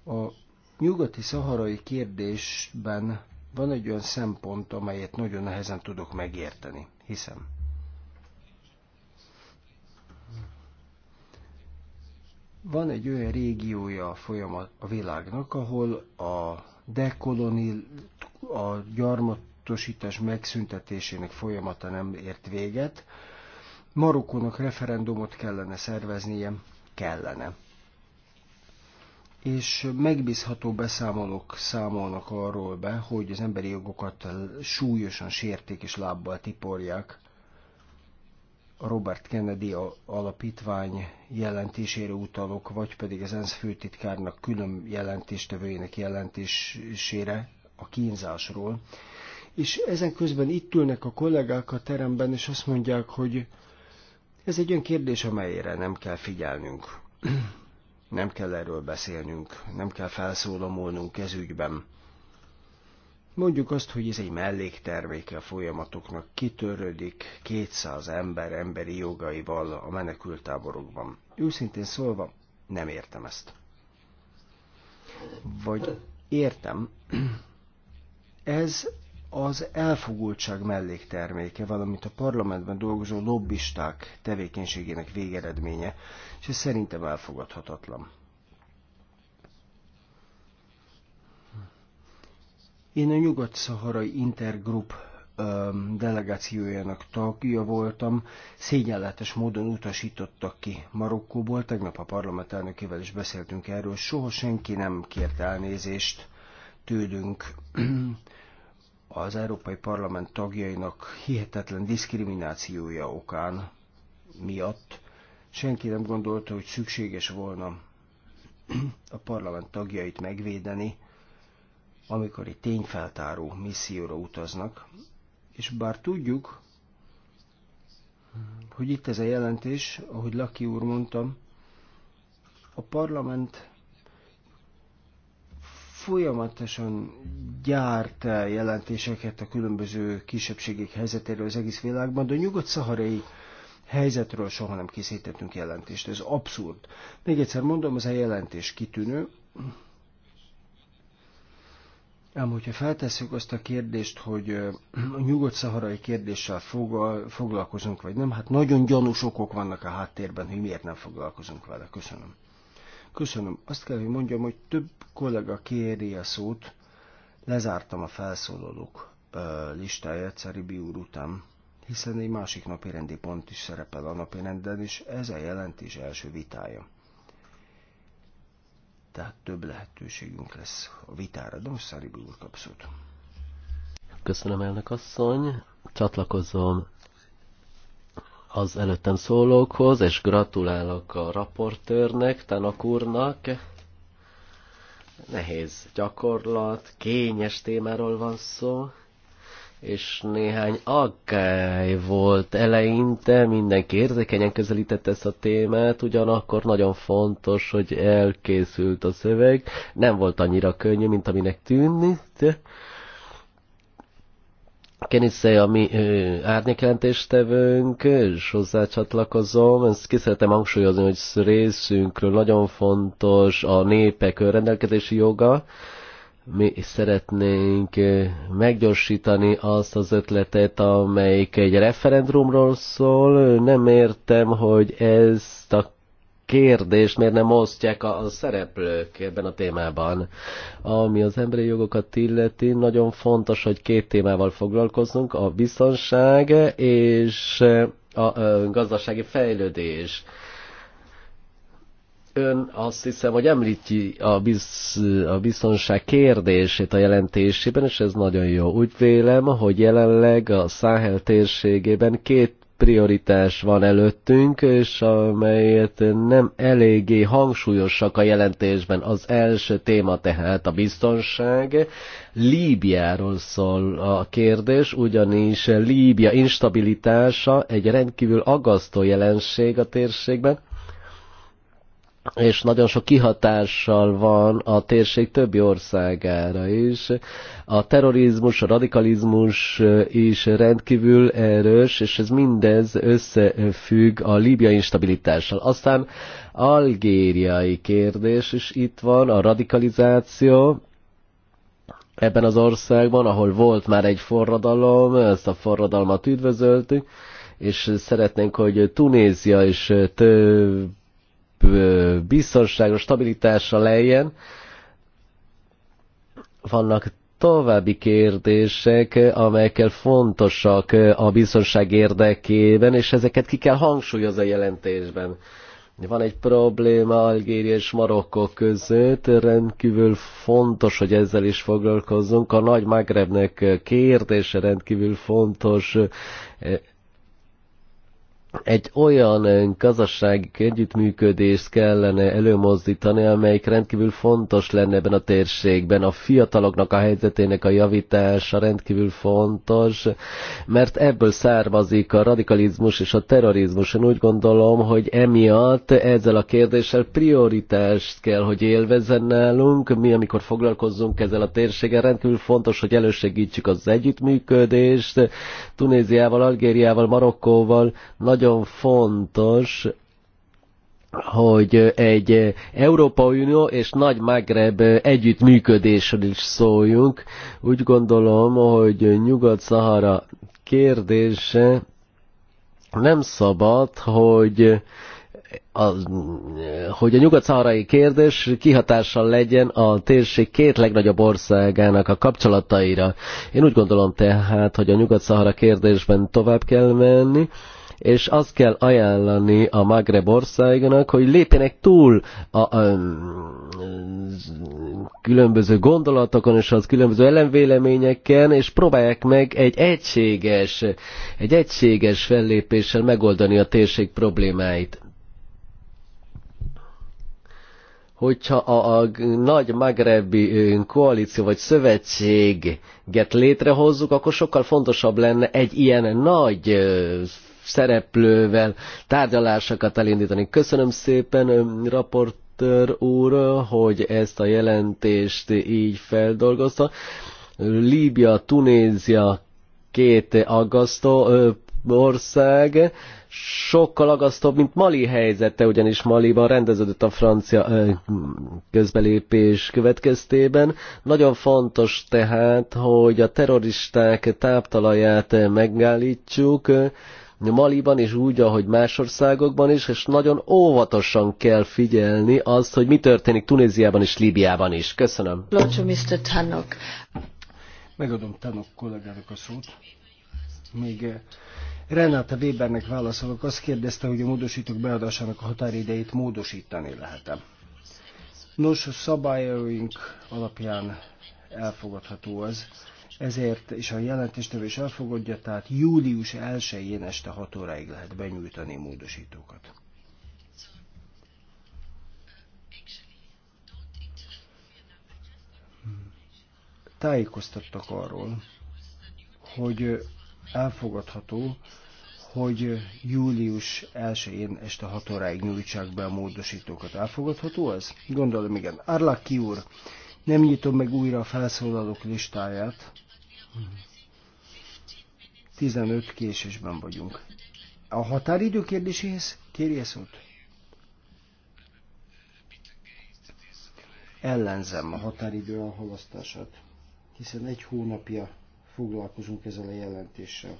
A nyugati szaharai kérdésben van egy olyan szempont, amelyet nagyon nehezen tudok megérteni, hiszem Van egy olyan régiója a folyamat a világnak, ahol a dekolonil, a gyarmatosítás megszüntetésének folyamata nem ért véget. Marokkónak referendumot kellene szerveznie, kellene és megbízható beszámolók számolnak arról be, hogy az emberi jogokat súlyosan sérték és lábbal tiporják. Robert Kennedy alapítvány jelentésére utalok, vagy pedig az ENSZ főtitkárnak külön jelentéstevőjének jelentésére a kínzásról. És ezen közben itt ülnek a kollégák a teremben, és azt mondják, hogy ez egy olyan kérdés, amelyre nem kell figyelnünk. Nem kell erről beszélnünk, nem kell felszólamolnunk ez ügyben Mondjuk azt, hogy ez egy mellékterméke a folyamatoknak, kitörődik 200 ember emberi jogaival a menekültáborokban. Őszintén szólva, nem értem ezt. Vagy értem, ez az elfogultság mellékterméke, valamint a parlamentben dolgozó lobbisták tevékenységének végeredménye, és ez szerintem elfogadhatatlan. Én a nyugat-szaharai intergrup delegációjának tagja voltam, szégyenletes módon utasítottak ki Marokkóból, tegnap a parlament elnökével is beszéltünk erről, soha senki nem kért elnézést tőlünk. [clears throat] az Európai Parlament tagjainak hihetetlen diszkriminációja okán miatt senki nem gondolta, hogy szükséges volna [clears throat] a parlament tagjait megvédeni, amikor egy tényfeltáró misszióra utaznak, és bár tudjuk, hogy itt ez a jelentés, ahogy Laki úr mondtam, a parlament folyamatosan gyárt jelentéseket a különböző kisebbségek helyzetéről az egész világban, de a nyugat-szaharai helyzetről soha nem készítettünk jelentést. Ez abszurd. Még egyszer mondom, ez a jelentés kitűnő, Ám hogyha feltesszük azt a kérdést, hogy a nyugodt-szaharai kérdéssel foglalkozunk, vagy nem, hát nagyon gyanús okok vannak a háttérben, hogy miért nem foglalkozunk vele. Köszönöm. Köszönöm. Azt kell, hogy mondjam, hogy több kollega kéri a szót. Lezártam a felszólalók listáját Szeribi úr után, hiszen egy másik napi rendi pont is szerepel a renden, és ez a jelentés első vitája tehát több lehetőségünk lesz a vitára. De most Száribi úr kapszott. Köszönöm, elnök asszony. Csatlakozom az előttem szólókhoz, és gratulálok a raportőrnek, Tanak úrnak. Nehéz gyakorlat, kényes témáról van szó és néhány aggály volt eleinte, mindenki érzékenyen közelített ezt a témát, ugyanakkor nagyon fontos, hogy elkészült a szöveg, nem volt annyira könnyű, mint aminek tűnni. Keniszei a mi árnyékjelentéstevőnk, és hozzácsatlakozom. Ezt ki szeretem hangsúlyozni, hogy részünkről nagyon fontos a népek rendelkezési joga, mi szeretnénk eh, meggyorsítani azt az ötletet, amelyik egy referendumról szól. Nem értem, hogy ezt a kérdést miért nem osztják a szereplők ebben a témában. Ami az emberi jogokat illeti, nagyon fontos, hogy két témával foglalkozunk, a biztonság és eh, a eh, gazdasági fejlődés Ön azt hiszem, hogy említi a, biz, a biztonság kérdését a jelentésében, és ez nagyon jó. Úgy vélem, hogy jelenleg a Száhel térségében két prioritás van előttünk, és amelyet nem eléggé hangsúlyosak a jelentésben. Az első téma tehát a biztonság. Líbiáról szól a kérdés, ugyanis Líbia instabilitása egy rendkívül aggasztó jelenség a térségben, és nagyon sok kihatással van a térség többi országára is. A terrorizmus, a radikalizmus is rendkívül erős, és ez mindez összefügg a líbiai instabilitással. Aztán algériai kérdés is itt van, a radikalizáció, ebben az országban, ahol volt már egy forradalom, ezt a forradalmat üdvözöltük, és szeretnénk, hogy Tunézia is több biztonságos stabilitása lejjen. Vannak további kérdések, amelyekkel fontosak a biztonság érdekében, és ezeket ki kell hangsúlyozni a jelentésben. Van egy probléma Algéria és Marokkó között, rendkívül fontos, hogy ezzel is foglalkozzunk. A nagy Magrebnek kérdése rendkívül fontos, egy olyan gazdasági együttműködést kellene előmozdítani, amelyik rendkívül fontos lenne ebben a térségben. A fiataloknak a helyzetének a javítása rendkívül fontos, mert ebből származik a radikalizmus és a terrorizmus. Én úgy gondolom, hogy emiatt ezzel a kérdéssel prioritást kell, hogy élvezzen nálunk. Mi, amikor foglalkozzunk ezzel a térséggel, rendkívül fontos, hogy elősegítsük az együttműködést Tunéziával, Algériával, Marokkóval, nagy nagyon fontos, hogy egy Európa Unió és Nagy Magreb együttműködésről is szóljunk. Úgy gondolom, hogy Nyugat-Szahara kérdése nem szabad, hogy a, hogy a nyugat-szaharai kérdés kihatással legyen a térség két legnagyobb országának a kapcsolataira. Én úgy gondolom tehát, hogy a nyugat-szahara kérdésben tovább kell menni, és azt kell ajánlani a Magreb országnak, hogy lépjenek túl a, a, a, mm, különböző gondolatokon és az különböző ellenvéleményeken, és próbálják meg egy egységes, egy egységes fellépéssel megoldani a térség problémáit. hogyha a, a nagy magrebi koalíció vagy szövetséget létrehozzuk, akkor sokkal fontosabb lenne egy ilyen nagy szereplővel tárgyalásokat elindítani. Köszönöm szépen, raportőr úr, hogy ezt a jelentést így feldolgozta. Líbia, Tunézia két aggasztó ország, sokkal agasztóbb, mint Mali helyzete, ugyanis Maliban rendeződött a francia ö, közbelépés következtében. Nagyon fontos tehát, hogy a terroristák táptalaját megállítsuk, Maliban is úgy, ahogy más országokban is, és nagyon óvatosan kell figyelni azt, hogy mi történik Tunéziában és Líbiában is. Köszönöm. Locsa, Mr. Tanok. Megadom Tanok kollégának a szót. Még eh, Renáta Webernek válaszolok. Azt kérdezte, hogy a módosítók beadásának a határidejét módosítani lehet-e. Nos, a szabályaink alapján elfogadható az, ezért, és a jelentéstől is elfogadja, tehát július 1-én este 6 óráig lehet benyújtani módosítókat. Tájékoztattak arról, hogy elfogadható, hogy július 1-én este 6 óráig nyújtsák be a módosítókat. Elfogadható ez? Gondolom igen. Arlaki úr, nem nyitom meg újra a felszólalók listáját, 15 késésben vagyunk. A határidő kérdéséhez kérje szót. Ellenzem a határidő elhalasztását, hiszen egy hónapja foglalkozunk ezzel a jelentéssel.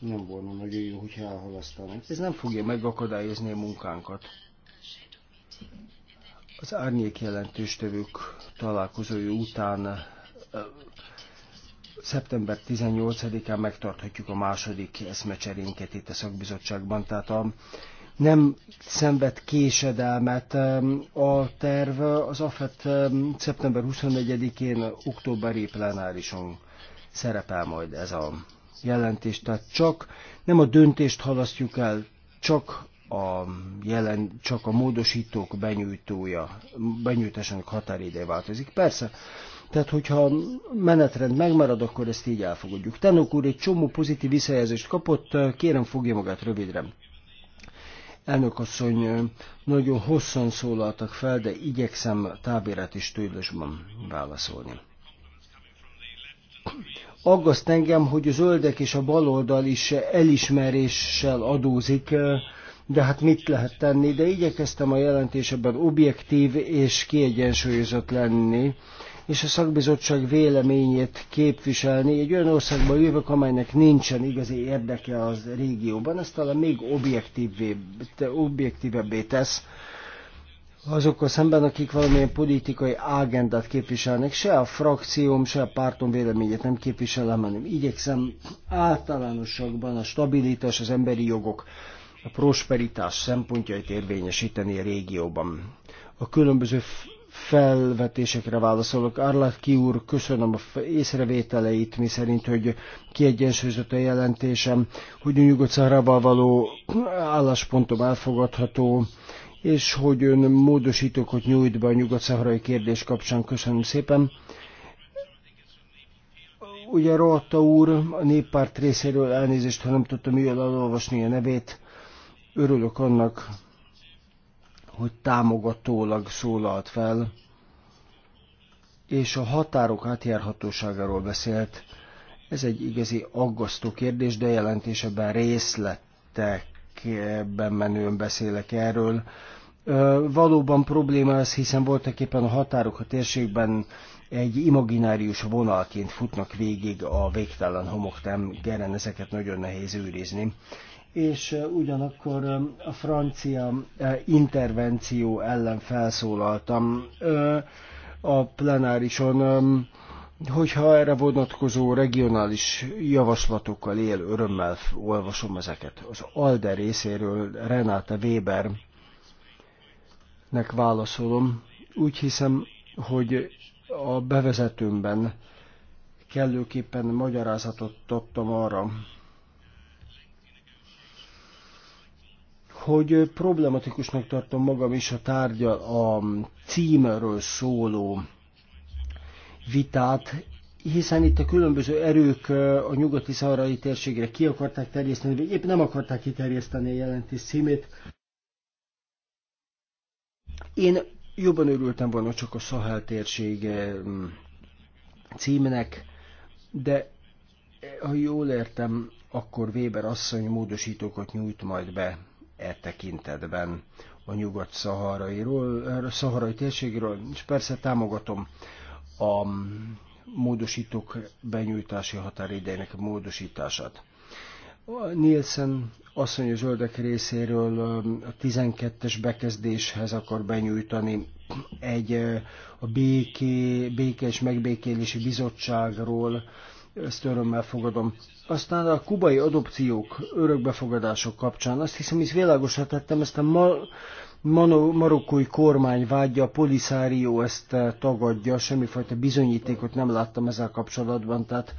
Nem volna nagyon jó, hogyha elhalasztanánk. Ez nem fogja megakadályozni a munkánkat. Az árnyék jelentőstevők találkozója után szeptember 18-án megtarthatjuk a második eszmecserénket itt a szakbizottságban, tehát a nem szenved késedelmet a terv az AFET szeptember 24-én, októberi plenárison szerepel majd ez a jelentés, tehát csak nem a döntést halasztjuk el, csak a, jelen, csak a módosítók benyújtója, benyújtásának határideje változik. Persze, tehát, hogyha a menetrend megmarad, akkor ezt így elfogadjuk. Tenok úr egy csomó pozitív visszajelzést kapott, kérem fogja magát rövidre. Elnök asszony, nagyon hosszan szólaltak fel, de igyekszem tábérát is tőlösben válaszolni. Aggaszt engem, hogy a zöldek és a baloldal is elismeréssel adózik, de hát mit lehet tenni, de igyekeztem a jelentésebben objektív és kiegyensúlyozott lenni, és a szakbizottság véleményét képviselni. Egy olyan országban jövök, amelynek nincsen igazi érdeke az régióban, ezt talán még objektívebbé tesz azokkal szemben, akik valamilyen politikai agendát képviselnek. Se a frakcióm, se a pártom véleményét nem képviselem, hanem igyekszem általánosakban a stabilitás, az emberi jogok, a prosperitás szempontjait érvényesíteni a régióban. A különböző felvetésekre válaszolok. ki úr, köszönöm a észrevételeit, mi szerint, hogy kiegyensúlyozott a jelentésem, hogy a nyugodt szarával való álláspontom elfogadható, és hogy ön hogy nyújt be a nyugat-szaharai kérdés kapcsán. Köszönöm szépen. Ugye Rolta úr a néppárt részéről elnézést, ha nem tudtam jól elolvasni a nevét. Örülök annak, hogy támogatólag szólalt fel, és a határok átjárhatóságáról beszélt. Ez egy igazi aggasztó kérdés, de jelentéseben részletekben menően beszélek erről. Valóban probléma ez, hiszen voltak éppen a határok a térségben egy imaginárius vonalként futnak végig a végtelen geren, ezeket nagyon nehéz őrizni és ugyanakkor a francia intervenció ellen felszólaltam a plenárison, hogyha erre vonatkozó regionális javaslatokkal él, örömmel olvasom ezeket. Az ALDE részéről Renáta Webernek válaszolom. Úgy hiszem, hogy a bevezetőmben kellőképpen magyarázatot adtam arra, hogy problematikusnak tartom magam is a tárgyal a címről szóló vitát, hiszen itt a különböző erők a nyugati szarai térségre ki akarták terjeszteni, vagy épp nem akarták kiterjeszteni a jelentés címét. Én jobban örültem volna csak a Szahel térség címnek, de ha jól értem, akkor Weber asszony módosítókat nyújt majd be e tekintetben a nyugat-szaharairól, szaharai térségről, és persze támogatom a módosítók benyújtási határidejének módosítását. A Nielsen asszony a zöldek részéről um, a 12-es bekezdéshez akar benyújtani egy uh, a béké, béke és megbékélési bizottságról ezt örömmel fogadom. Aztán a kubai adopciók, örökbefogadások kapcsán, azt hiszem, hogy világosra tettem, ezt a ma- Mano, marokkói kormány vágyja, a poliszárió ezt eh, tagadja, semmifajta bizonyítékot nem láttam ezzel kapcsolatban, tehát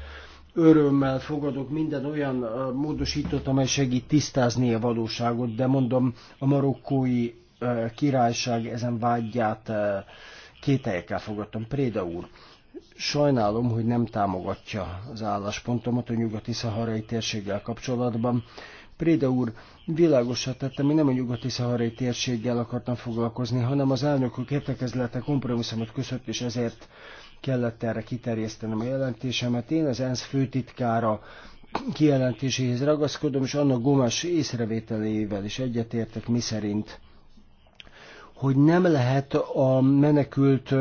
örömmel fogadok minden olyan eh, módosítót, amely segít tisztázni a valóságot, de mondom, a marokkói eh, királyság ezen vágyját kételjekkel fogadtam. Préda úr, sajnálom, hogy nem támogatja az álláspontomat a nyugati szaharai térséggel kapcsolatban. Préda úr világosra tettem, én nem a nyugati szaharai térséggel akartam foglalkozni, hanem az elnökök értekezlete kompromisszumot köszött, és ezért kellett erre kiterjesztenem a jelentésemet. Én az ENSZ főtitkára kijelentéséhez ragaszkodom, és annak gomás észrevételével is egyetértek, szerint hogy nem lehet a menekült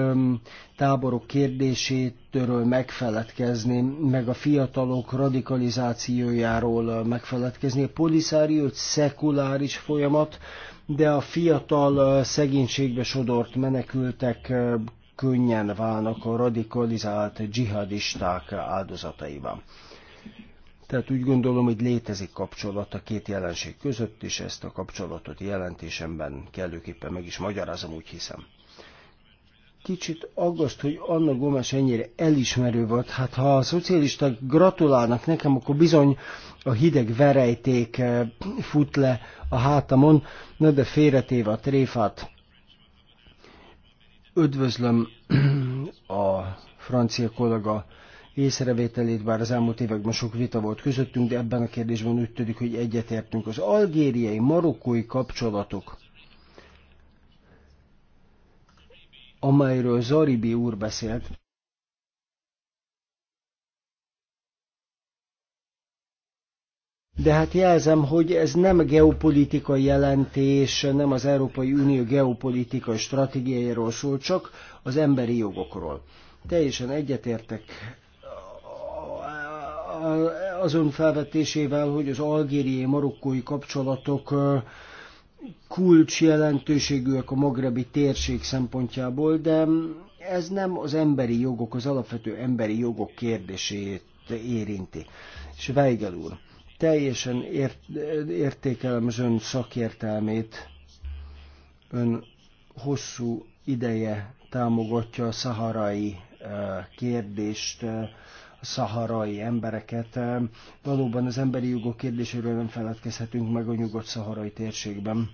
táborok kérdésétől megfeledkezni, meg a fiatalok radikalizációjáról megfeledkezni. A poliszárió egy szekuláris folyamat, de a fiatal szegénységbe sodort menekültek könnyen válnak a radikalizált dzsihadisták áldozataiban. Tehát úgy gondolom, hogy létezik kapcsolat a két jelenség között, és ezt a kapcsolatot jelentésemben kellőképpen meg is magyarázom, úgy hiszem. Kicsit aggaszt, hogy Anna Gomes ennyire elismerő volt. Hát ha a szocialisták gratulálnak nekem, akkor bizony a hideg verejték eh, fut le a hátamon, na de félretéve a tréfát. Üdvözlöm [clears throat] a francia kollega észrevételét, bár az elmúlt években sok vita volt közöttünk, de ebben a kérdésben úgy tűnik, hogy egyetértünk. Az algériai-marokkói kapcsolatok, amelyről Zaribi úr beszélt, De hát jelzem, hogy ez nem geopolitikai jelentés, nem az Európai Unió geopolitikai stratégiájáról szól, csak az emberi jogokról. Teljesen egyetértek azon felvetésével, hogy az algériai-marokkói kapcsolatok jelentőségűek a magrebi térség szempontjából, de ez nem az emberi jogok, az alapvető emberi jogok kérdését érinti. És Weigel úr, teljesen ért, értékelem az ön szakértelmét, ön hosszú ideje támogatja a szaharai kérdést, szaharai embereket. Valóban az emberi jogok kérdéséről nem feledkezhetünk meg a nyugodt szaharai térségben.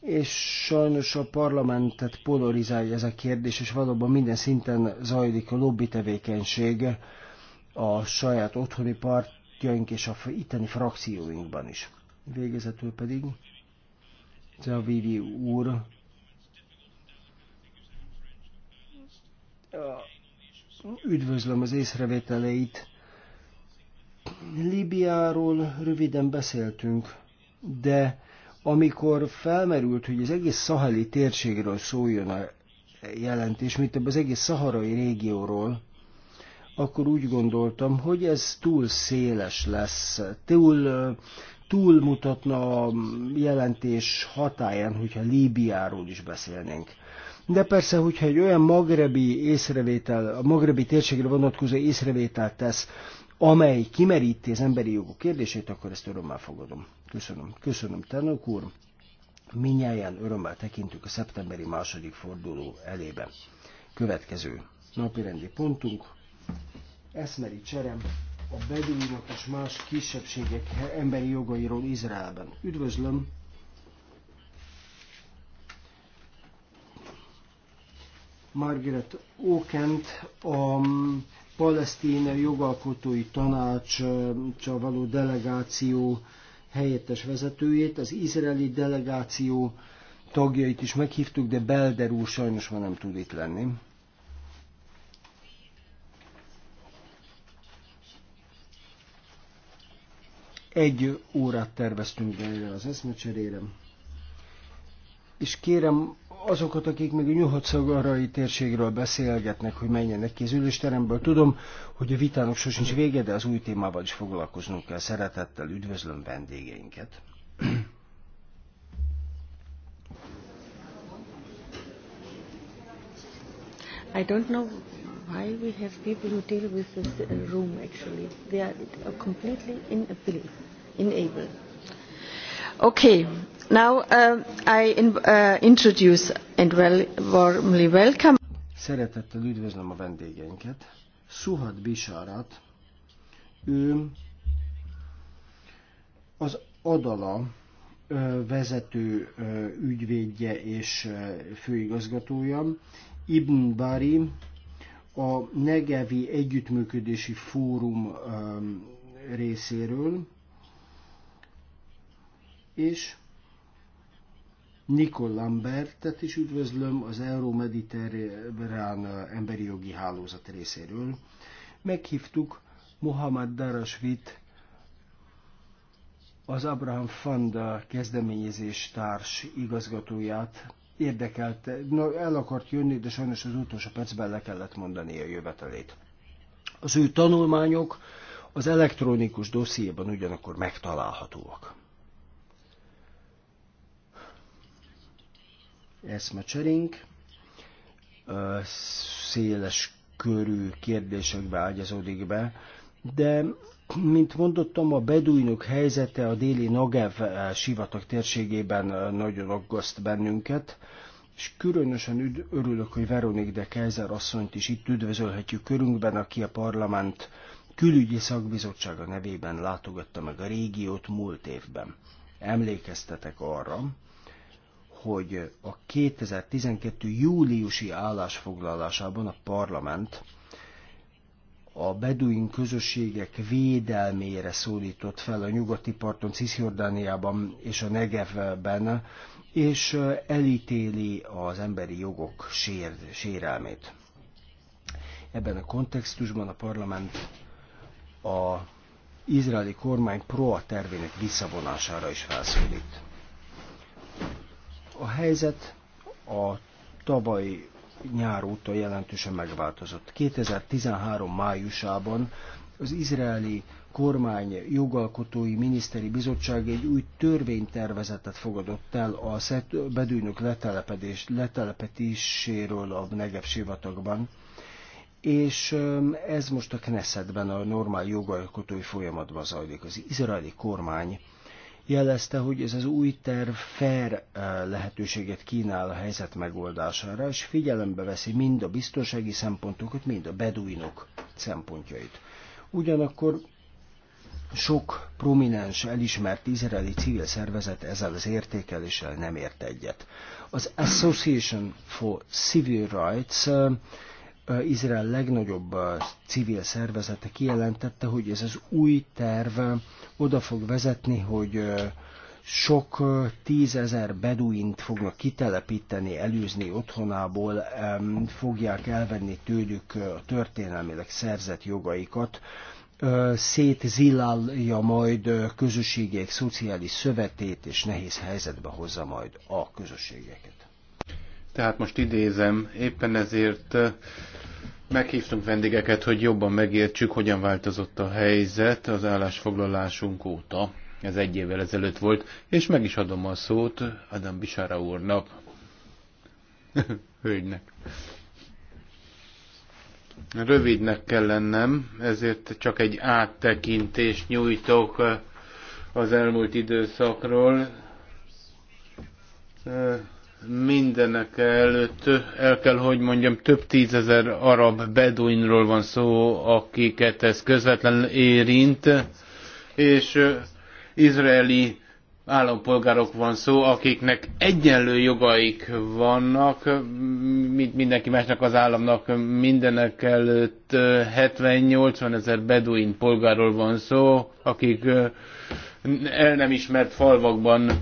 És sajnos a parlamentet polarizálja ez a kérdés, és valóban minden szinten zajlik a lobby tevékenység a saját otthoni partjaink és a itteni frakcióinkban is. Végezetül pedig Zavidi úr Üdvözlöm az észrevételeit. Líbiáról röviden beszéltünk, de amikor felmerült, hogy az egész szaheli térségről szóljon a jelentés, mint az egész szaharai régióról, akkor úgy gondoltam, hogy ez túl széles lesz, túl, túl mutatna a jelentés hatáján, hogyha Líbiáról is beszélnénk. De persze, hogyha egy olyan magrebi észrevétel, a magrebi térségre vonatkozó észrevétel, tesz, amely kimeríti az emberi jogok kérdését, akkor ezt örömmel fogadom. Köszönöm. Köszönöm, Ternök úr. Minnyáján örömmel tekintünk a szeptemberi második forduló elébe. Következő napirendi pontunk. Eszmeri cserem a beduinok és más kisebbségek emberi jogairól Izraelben. Üdvözlöm Margaret Okent, a palesztin jogalkotói tanács való delegáció helyettes vezetőjét, az izraeli delegáció tagjait is meghívtuk, de Belder úr sajnos már nem tud itt lenni. Egy órát terveztünk belőle, az eszmecserére és kérem azokat, akik még a nyugat térségről beszélgetnek, hogy menjenek ki az ülésteremből. Tudom, hogy a vitának sosincs vége, de az új témával is foglalkoznunk kell. Szeretettel üdvözlöm vendégeinket. I don't know why we have people who deal with this room actually. They are completely inable. inable Okay. Now uh, I in, uh, introduce and well, warmly welcome. Szeretettel üdvözlöm a vendégeinket. Suhat Bisharat, ő az Adala vezető ügyvédje és főigazgatója, Ibn Bari, a Negevi Együttműködési Fórum részéről, és Nikol Lambertet is üdvözlöm az Euró-Mediterrán emberi jogi hálózat részéről. Meghívtuk Mohamed Darasvit, az Abraham Fanda kezdeményezés társ igazgatóját Érdekelte? na, el akart jönni, de sajnos az utolsó percben le kellett mondani a jövetelét. Az ő tanulmányok az elektronikus dossziéban ugyanakkor megtalálhatóak. eszmecserénk. Széles körű kérdésekbe ágyazódik be, de mint mondottam, a beduinok helyzete a déli Nagev sivatag térségében nagyon aggaszt bennünket, és különösen örülök, hogy Veronik de Kaiser asszonyt is itt üdvözölhetjük körünkben, aki a parlament külügyi szakbizottsága nevében látogatta meg a régiót múlt évben. Emlékeztetek arra, hogy a 2012. júliusi állásfoglalásában a parlament a beduin közösségek védelmére szólított fel a nyugati parton, Cisjordániában és a Negevben, és elítéli az emberi jogok sér, sérelmét. Ebben a kontextusban a parlament a izraeli kormány proa tervének visszavonására is felszólít. A helyzet a tavaly nyár óta jelentősen megváltozott. 2013 májusában az izraeli kormány jogalkotói miniszteri bizottság egy új törvénytervezetet fogadott el a bedűnök letelepedés, letelepetéséről a Negev sivatagban, és ez most a Knessetben a normál jogalkotói folyamatban zajlik. Az izraeli kormány jelezte, hogy ez az új terv fair eh, lehetőséget kínál a helyzet megoldására, és figyelembe veszi mind a biztonsági szempontokat, mind a beduinok szempontjait. Ugyanakkor sok prominens, elismert izraeli civil szervezet ezzel az értékeléssel nem ért egyet. Az Association for Civil Rights eh, Eh, Izrael legnagyobb eh, civil szervezete kijelentette, hogy ez az új terv eh, oda fog vezetni, hogy sok tízezer beduint fognak kitelepíteni, előzni otthonából, fogják elvenni tőlük a történelmileg szerzett jogaikat, szétzilálja majd közösségek szociális szövetét, és nehéz helyzetbe hozza majd a közösségeket. Tehát most idézem, éppen ezért meghívtunk vendégeket, hogy jobban megértsük, hogyan változott a helyzet az állásfoglalásunk óta. Ez egy évvel ezelőtt volt, és meg is adom a szót Adam Bisára úrnak. [laughs] Hölgynek. Rövidnek kell lennem, ezért csak egy áttekintést nyújtok az elmúlt időszakról Mindenek előtt el kell, hogy mondjam, több tízezer arab beduinról van szó, akiket ez közvetlen érint, és izraeli állampolgárok van szó, akiknek egyenlő jogaik vannak, mint mindenki másnak az államnak mindenek előtt 70-80 ezer beduin polgárról van szó, akik el nem ismert falvakban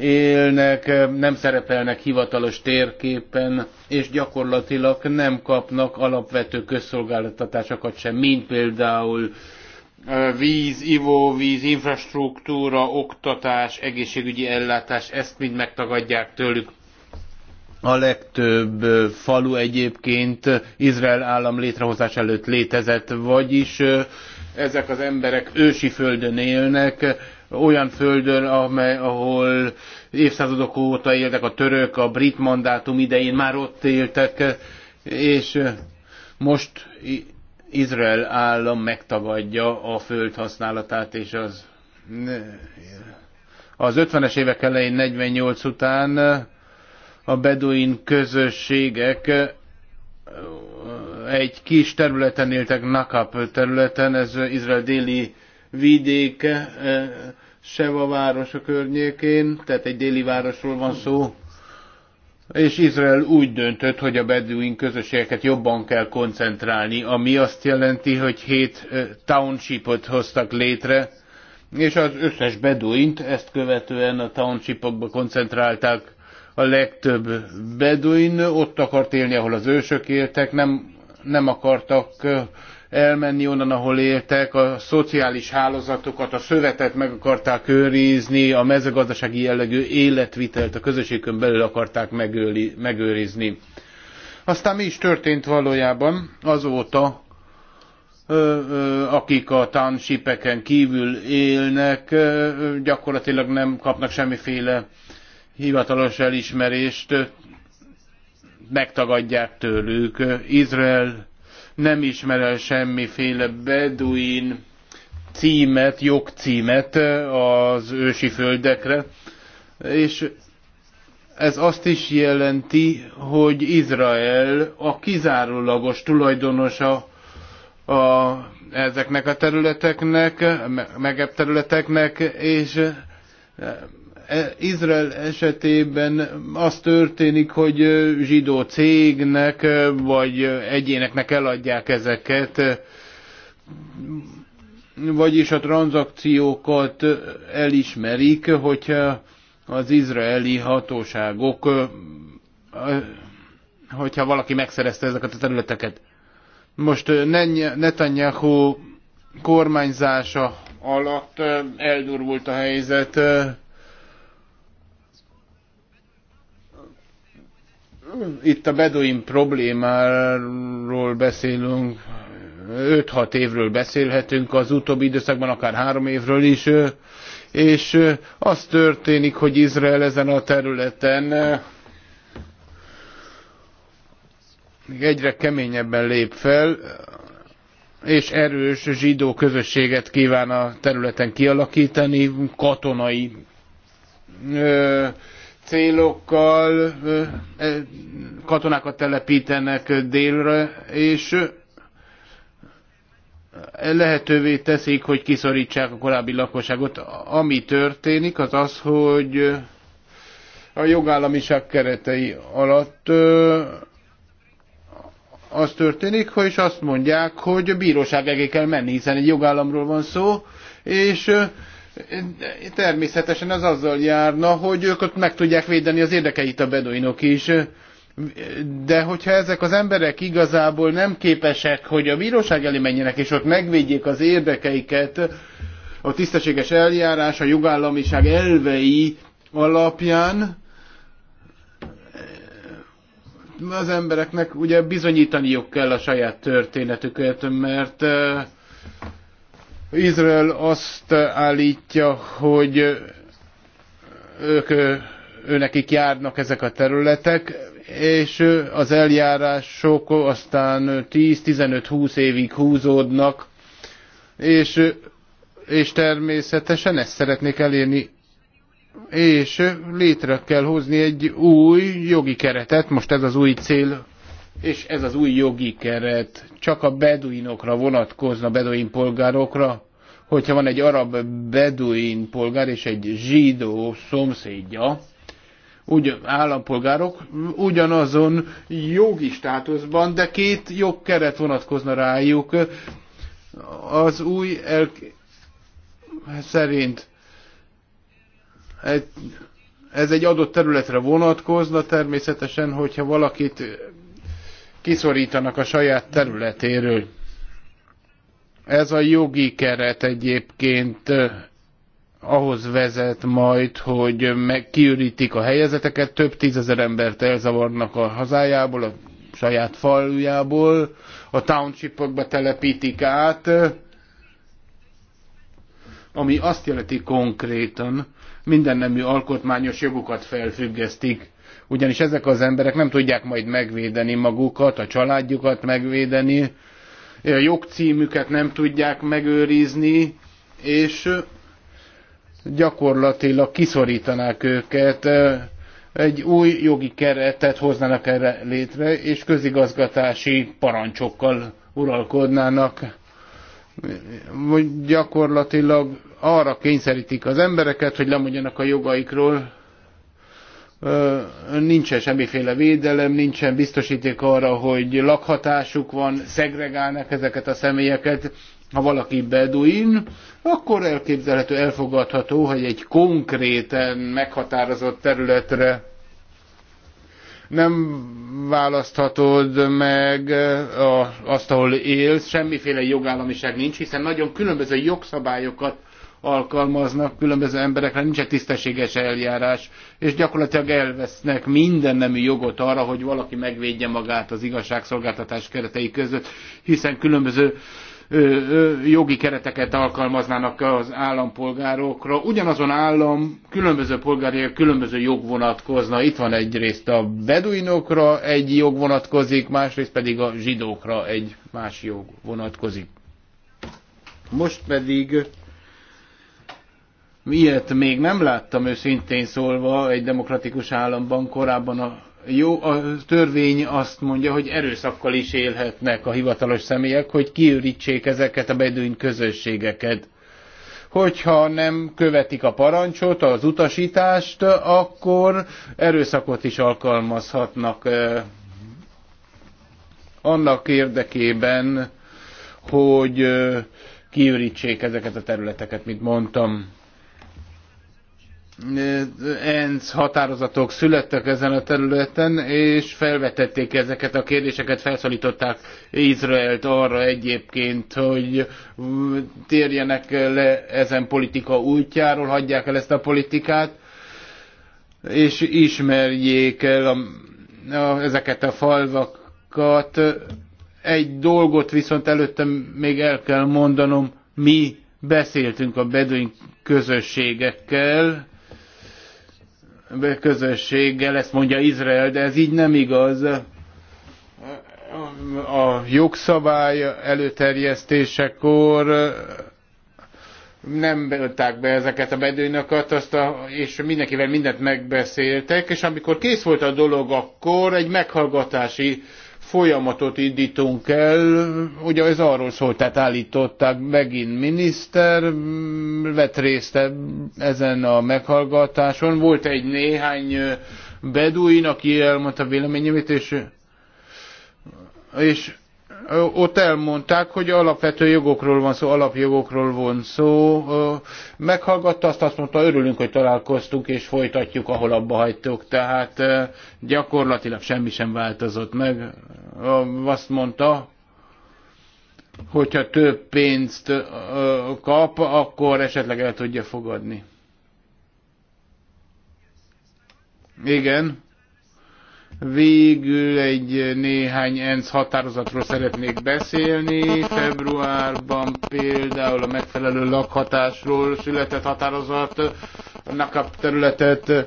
élnek, nem szerepelnek hivatalos térképen, és gyakorlatilag nem kapnak alapvető közszolgáltatásokat sem, mint például víz, ivóvíz, infrastruktúra, oktatás, egészségügyi ellátás, ezt mind megtagadják tőlük. A legtöbb falu egyébként Izrael állam létrehozás előtt létezett, vagyis ezek az emberek ősi földön élnek, olyan földön, amely, ahol évszázadok óta éltek a török, a brit mandátum idején már ott éltek, és most Izrael állam megtagadja a föld használatát, és az, az 50-es évek elején, 48 után a beduin közösségek egy kis területen éltek, Nakap területen, ez Izrael déli vidéke, eh, Seva város a környékén, tehát egy déli városról van szó, és Izrael úgy döntött, hogy a beduin közösségeket jobban kell koncentrálni, ami azt jelenti, hogy hét eh, townshipot hoztak létre, és az összes beduint ezt követően a townshipokba koncentrálták. A legtöbb beduin ott akart élni, ahol az ősök éltek, nem, nem akartak eh, elmenni onnan, ahol éltek, a szociális hálózatokat, a szövetet meg akarták őrizni, a mezőgazdasági jellegű életvitelt a közösségön belül akarták megőrizni. Aztán mi is történt valójában azóta, akik a tansipeken kívül élnek, gyakorlatilag nem kapnak semmiféle hivatalos elismerést, megtagadják tőlük. Izrael nem ismer el semmiféle beduin címet, jogcímet eh, az ősi földekre, és ez azt is jelenti, hogy Izrael a kizárólagos tulajdonosa a, ezeknek a területeknek, megebb területeknek, és eh, E, Izrael esetében az történik, hogy zsidó cégnek vagy egyéneknek eladják ezeket, vagyis a tranzakciókat elismerik, hogyha az izraeli hatóságok, hogyha valaki megszerezte ezeket a területeket. Most Netanyahu kormányzása alatt eldurvult a helyzet, itt a Bedouin problémáról beszélünk, 5-6 évről beszélhetünk, az utóbbi időszakban akár három évről is, és az történik, hogy Izrael ezen a területen egyre keményebben lép fel, és erős zsidó közösséget kíván a területen kialakítani, katonai célokkal katonákat telepítenek délre, és lehetővé teszik, hogy kiszorítsák a korábbi lakosságot. Ami történik, az az, hogy a jogállamiság keretei alatt az történik, hogy azt mondják, hogy a bíróság elé kell menni, hiszen egy jogállamról van szó, és természetesen az azzal járna, hogy ők ott meg tudják védeni az érdekeit a beduinok is. De hogyha ezek az emberek igazából nem képesek, hogy a bíróság elé menjenek, és ott megvédjék az érdekeiket, a tisztességes eljárás, a jogállamiság elvei alapján, az embereknek ugye bizonyítaniuk kell a saját történetüket, mert Izrael azt állítja, hogy ők őnekik járnak ezek a területek, és az eljárások aztán 10-15-20 évig húzódnak, és, és természetesen ezt szeretnék elérni, és létre kell hozni egy új jogi keretet, most ez az új cél, és ez az új jogi keret csak a beduinokra vonatkozna, beduin polgárokra, hogyha van egy arab beduin polgár és egy zsidó szomszédja, úgy, állampolgárok ugyanazon jogi státuszban, de két jogkeret vonatkozna rájuk. Az új el... szerint ez egy adott területre vonatkozna természetesen, hogyha valakit kiszorítanak a saját területéről ez a jogi keret egyébként eh, ahhoz vezet majd, hogy megkiürítik a helyezeteket, több tízezer embert elzavarnak a hazájából, a saját falujából, a townshipokba telepítik át, ami azt jelenti konkrétan, minden nemű alkotmányos jogukat felfüggesztik, ugyanis ezek az emberek nem tudják majd megvédeni magukat, a családjukat megvédeni, jogcímüket nem tudják megőrizni, és gyakorlatilag kiszorítanák őket, egy új jogi keretet hoznának erre létre, és közigazgatási parancsokkal uralkodnának. Gyakorlatilag arra kényszerítik az embereket, hogy lemondjanak a jogaikról, nincsen semmiféle védelem, nincsen biztosíték arra, hogy lakhatásuk van, szegregálnak ezeket a személyeket. Ha valaki beduin, akkor elképzelhető, elfogadható, hogy egy konkréten meghatározott területre nem választhatod meg azt, ahol élsz, semmiféle jogállamiság nincs, hiszen nagyon különböző jogszabályokat alkalmaznak különböző emberekre, nincs egy tisztességes eljárás, és gyakorlatilag elvesznek minden nemű jogot arra, hogy valaki megvédje magát az igazságszolgáltatás keretei között, hiszen különböző jogi kereteket alkalmaznának az állampolgárokra. Ugyanazon állam különböző polgári különböző jog vonatkozna. Itt van egyrészt a beduinokra egy jog vonatkozik, másrészt pedig a zsidókra egy más jog vonatkozik. Most pedig Ilyet még nem láttam őszintén szólva egy demokratikus államban korábban a jó, a törvény azt mondja, hogy erőszakkal is élhetnek a hivatalos személyek, hogy kiürítsék ezeket a bedőny közösségeket. Hogyha nem követik a parancsot, az utasítást, akkor erőszakot is alkalmazhatnak eh, annak érdekében, hogy eh, kiürítsék ezeket a területeket, mint mondtam ENSZ határozatok születtek ezen a területen, és felvetették ezeket a kérdéseket, felszólították Izraelt arra egyébként, hogy térjenek le ezen politika útjáról, hagyják el ezt a politikát, és ismerjék el a, a, ezeket a falvakat. Egy dolgot viszont előttem még el kell mondanom, mi beszéltünk a beduin közösségekkel, közösséggel, ezt mondja Izrael, de ez így nem igaz. A jogszabály előterjesztésekor nem ölták be ezeket a bedőnöket, azt a, és mindenkivel mindent megbeszéltek, és amikor kész volt a dolog, akkor egy meghallgatási folyamatot indítunk el, ugye ez arról szólt, tehát állították megint miniszter, vett részt ezen a meghallgatáson, volt egy néhány beduin, aki elmondta véleményemét, és, és ott elmondták, hogy alapvető jogokról van szó, alapjogokról van szó. Meghallgatta azt, azt mondta, örülünk, hogy találkoztunk, és folytatjuk, ahol abba hagytuk. Tehát gyakorlatilag semmi sem változott meg. Azt mondta, hogyha több pénzt kap, akkor esetleg el tudja fogadni. Igen. Végül egy néhány ENSZ határozatról szeretnék beszélni. Februárban például a megfelelő lakhatásról született határozat, a területet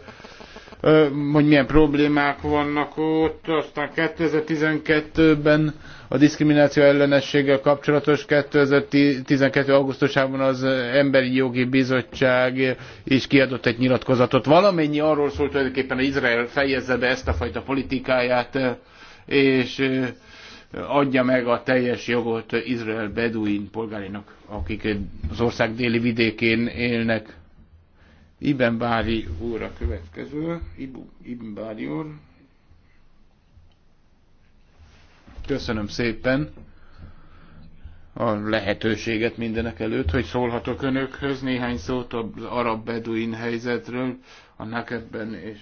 hogy milyen problémák vannak ott. Aztán 2012-ben a diszkrimináció ellenességgel kapcsolatos 2012. augusztusában az Emberi Jogi Bizottság is kiadott egy nyilatkozatot. Valamennyi arról szólt tulajdonképpen, hogy Izrael fejezze be ezt a fajta politikáját, és adja meg a teljes jogot Izrael beduin polgárinak, akik az ország déli vidékén élnek. Iben Bári úr a következő. Iben Bári úr. Köszönöm szépen a lehetőséget mindenek előtt, hogy szólhatok önökhöz néhány szót az arab-beduin helyzetről, a nekedben és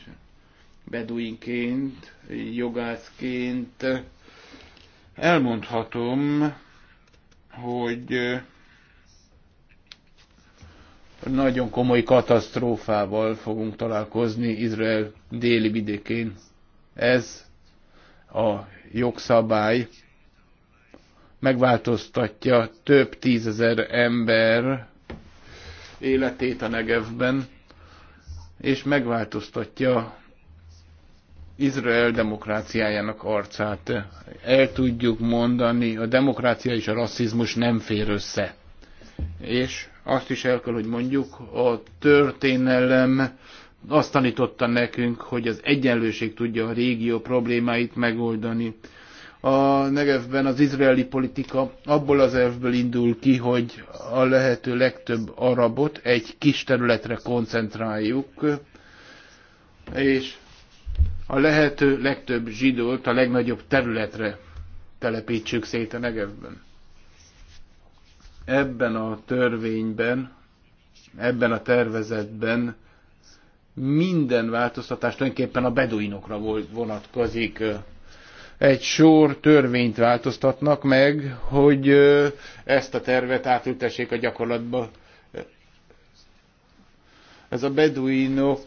beduinként, jogászként elmondhatom, hogy nagyon komoly katasztrófával fogunk találkozni Izrael déli vidékén. Ez a jogszabály megváltoztatja több tízezer ember életét a Negevben, és megváltoztatja Izrael demokráciájának arcát. El tudjuk mondani, a demokrácia és a rasszizmus nem fér össze. És azt is el kell, hogy mondjuk, a történelem azt tanította nekünk, hogy az egyenlőség tudja a régió problémáit megoldani. A Negevben az izraeli politika abból az elvből indul ki, hogy a lehető legtöbb arabot egy kis területre koncentráljuk, és a lehető legtöbb zsidót a legnagyobb területre telepítsük szét a Negevben. Ebben a törvényben, ebben a tervezetben minden változtatás tulajdonképpen a beduinokra vonatkozik. Egy sor törvényt változtatnak meg, hogy ezt a tervet átültessék a gyakorlatba. Ez a beduinok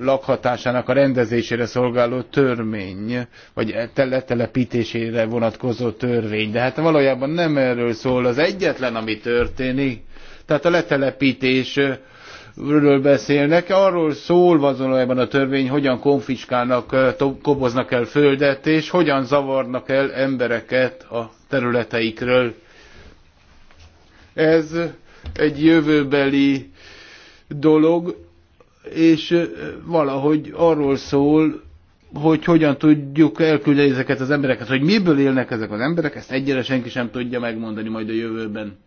lakhatásának a rendezésére szolgáló törvény, vagy e, letelepítésére vonatkozó törvény. De hát valójában nem erről szól az egyetlen, ami történik. Tehát a letelepítés ről beszélnek. Arról szól valójában a törvény, hogyan konfiskálnak, koboznak el földet, és hogyan zavarnak el embereket a területeikről. Ez egy jövőbeli dolog, és valahogy arról szól, hogy hogyan tudjuk elküldeni ezeket az embereket, hogy miből élnek ezek az emberek, ezt egyre senki sem tudja megmondani majd a jövőben.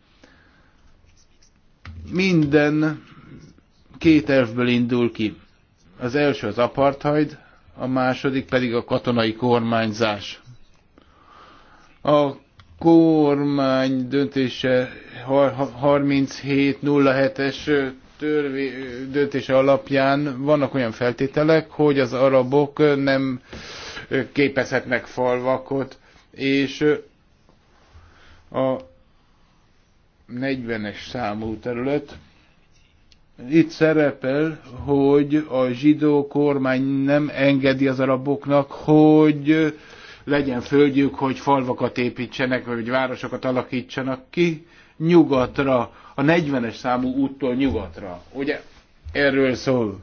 Minden két elfből indul ki. Az első az apartheid, a második pedig a katonai kormányzás. A kormány döntése 3707-es döntése alapján vannak olyan feltételek, hogy az arabok nem képezhetnek falvakot, és a 40-es számú terület itt szerepel, hogy a zsidó kormány nem engedi az araboknak, hogy legyen földjük, hogy falvakat építsenek, vagy városokat alakítsanak ki nyugatra, a 40-es számú úttól nyugatra. Ugye erről szól.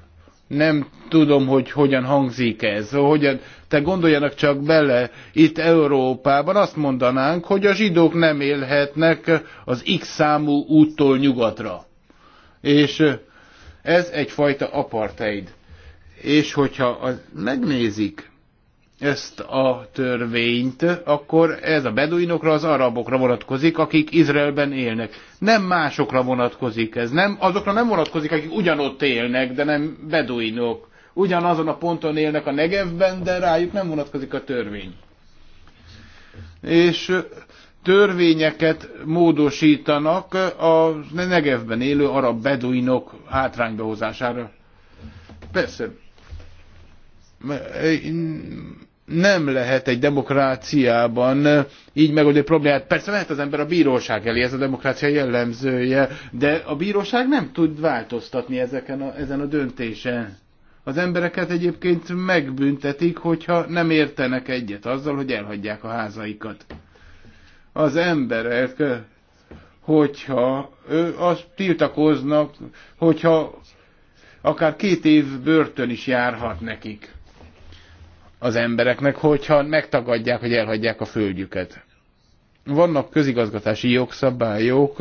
Nem tudom, hogy hogyan hangzik ez. Hogyan, te gondoljanak csak bele, itt Európában azt mondanánk, hogy a zsidók nem élhetnek az X számú úttól nyugatra és ez egyfajta apartheid. És hogyha az, megnézik ezt a törvényt, akkor ez a beduinokra, az arabokra vonatkozik, akik Izraelben élnek. Nem másokra vonatkozik ez, nem, azokra nem vonatkozik, akik ugyanott élnek, de nem beduinok. Ugyanazon a ponton élnek a Negevben, de rájuk nem vonatkozik a törvény. És törvényeket módosítanak a Negevben élő arab beduinok hátrányba hozására. Persze, nem lehet egy demokráciában így megoldani problémát. Persze lehet az ember a bíróság elé, ez a demokrácia jellemzője, de a bíróság nem tud változtatni ezeken a, ezen a döntésen. Az embereket egyébként megbüntetik, hogyha nem értenek egyet azzal, hogy elhagyják a házaikat az emberek, hogyha ő azt tiltakoznak, hogyha akár két év börtön is járhat nekik az embereknek, hogyha megtagadják, hogy elhagyják a földjüket. Vannak közigazgatási jogszabályok,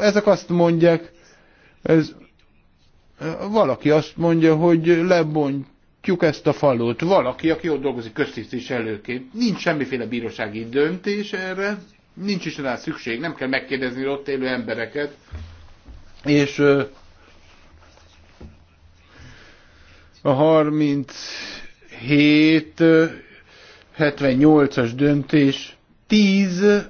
ezek azt mondják, ez, valaki azt mondja, hogy lebont, hagyjuk ezt a falut. Valaki, aki ott dolgozik előként, Nincs semmiféle bírósági döntés erre, nincs is rá szükség, nem kell megkérdezni ott élő embereket. És ö, a 37 78-as döntés 10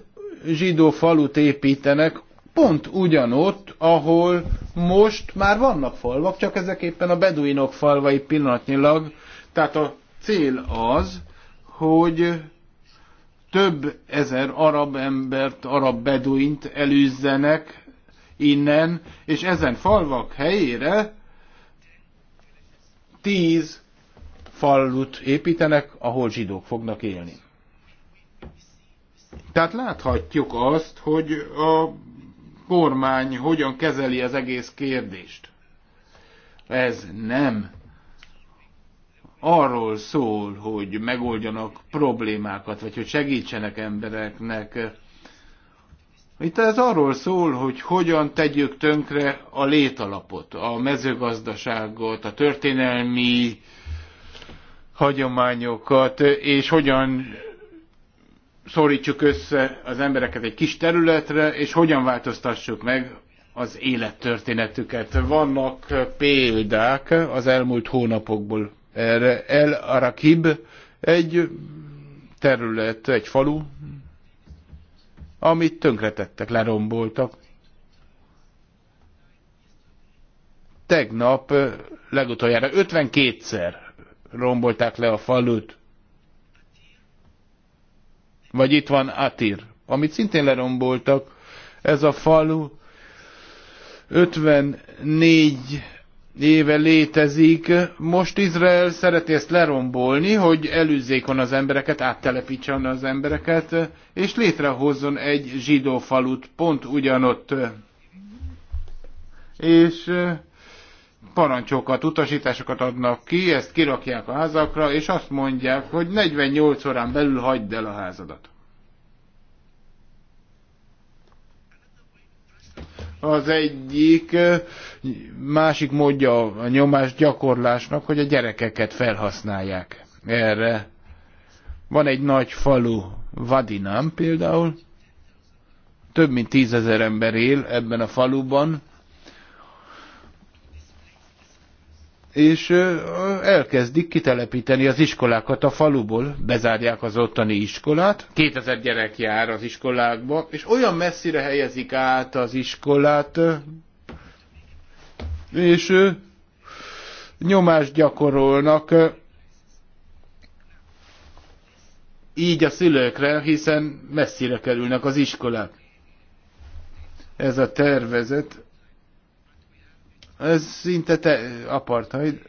zsidó falut építenek pont ugyanott, ahol most már vannak falvak, csak ezek éppen a beduinok falvai pillanatnyilag. Tehát a cél az, hogy több ezer arab embert, arab beduint elűzzenek innen, és ezen falvak helyére tíz falut építenek, ahol zsidók fognak élni. Tehát láthatjuk azt, hogy a kormány hogyan kezeli az egész kérdést. Ez nem arról szól, hogy megoldjanak problémákat, vagy hogy segítsenek embereknek. Itt ez arról szól, hogy hogyan tegyük tönkre a létalapot, a mezőgazdaságot, a történelmi hagyományokat, és hogyan szorítsuk össze az embereket egy kis területre, és hogyan változtassuk meg az élettörténetüket. Vannak eh, példák az elmúlt hónapokból erre. El Arakib egy terület, egy falu, amit tönkretettek, leromboltak. Tegnap eh, legutoljára 52-szer rombolták le a falut. Vagy itt van Atir, amit szintén leromboltak. Ez a falu 54 éve létezik. Most Izrael szereti ezt lerombolni, hogy on az embereket, áttelepítsen az embereket, és létrehozzon egy zsidó falut pont ugyanott. És parancsokat, utasításokat adnak ki, ezt kirakják a házakra, és azt mondják, hogy 48 órán belül hagyd el a házadat. Az egyik másik módja a nyomás gyakorlásnak, hogy a gyerekeket felhasználják erre. Van egy nagy falu, Vadinám például, több mint tízezer ember él ebben a faluban, és elkezdik kitelepíteni az iskolákat a faluból, bezárják az ottani iskolát, 2000 gyerek jár az iskolákba, és olyan messzire helyezik át az iskolát, és nyomást gyakorolnak így a szülőkre, hiszen messzire kerülnek az iskolák. Ez a tervezet ez szinte te, apartheid.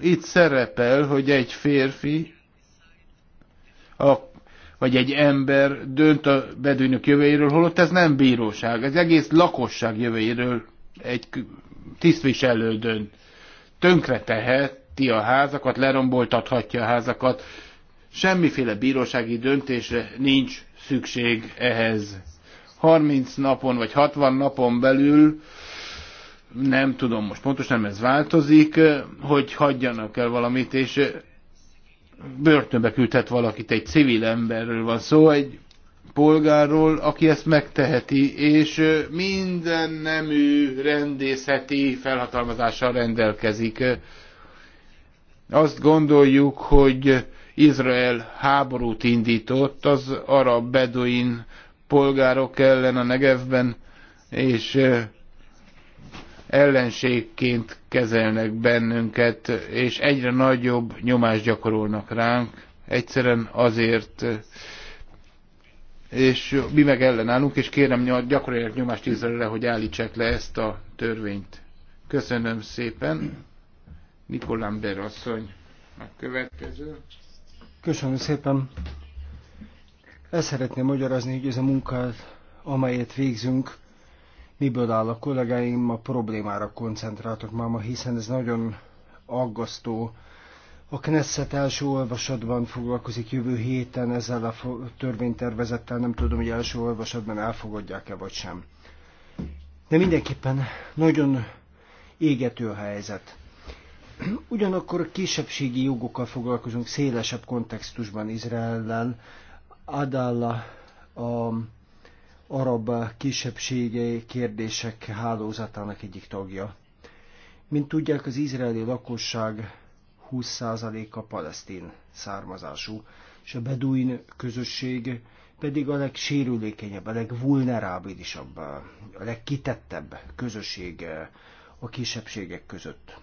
Itt szerepel, hogy egy férfi, a, vagy egy ember dönt a bedűnök jövőjéről, holott ez nem bíróság, ez egész lakosság jövőjéről egy tisztviselő dönt. Tönkre teheti a házakat, leromboltathatja a házakat, semmiféle bírósági döntésre nincs szükség ehhez 30 napon vagy 60 napon belül, nem tudom most pontosan, ez változik, hogy hagyjanak el valamit, és börtönbe küldhet valakit, egy civil emberről van szó, egy polgárról, aki ezt megteheti, és minden nemű rendészeti felhatalmazással rendelkezik. Azt gondoljuk, hogy Izrael háborút indított az arab beduin polgárok ellen a Negevben, és ellenségként kezelnek bennünket, és egyre nagyobb nyomást gyakorolnak ránk, egyszerűen azért, és mi meg ellenállunk, és kérem gyakorolják nyomást Izraelre, hogy állítsák le ezt a törvényt. Köszönöm szépen. Nikolán Berasszony a következő. Köszönöm szépen. Ezt szeretném magyarázni, hogy ez a munkát, amelyet végzünk, miből áll a kollégáim, a problémára koncentráltak máma, hiszen ez nagyon aggasztó. A Knesset első olvasatban foglalkozik jövő héten ezzel a törvénytervezettel, nem tudom, hogy első olvasatban elfogadják-e vagy sem. De mindenképpen nagyon égető a helyzet. Ugyanakkor kisebbségi jogokkal foglalkozunk szélesebb kontextusban Izraellel, Adalla a arab kisebbségei kérdések hálózatának egyik tagja. Mint tudják, az izraeli lakosság 20%-a palesztin származású, és a beduin közösség pedig a legsérülékenyebb, a legvulnerábilisabb, a legkitettebb közösség a kisebbségek között.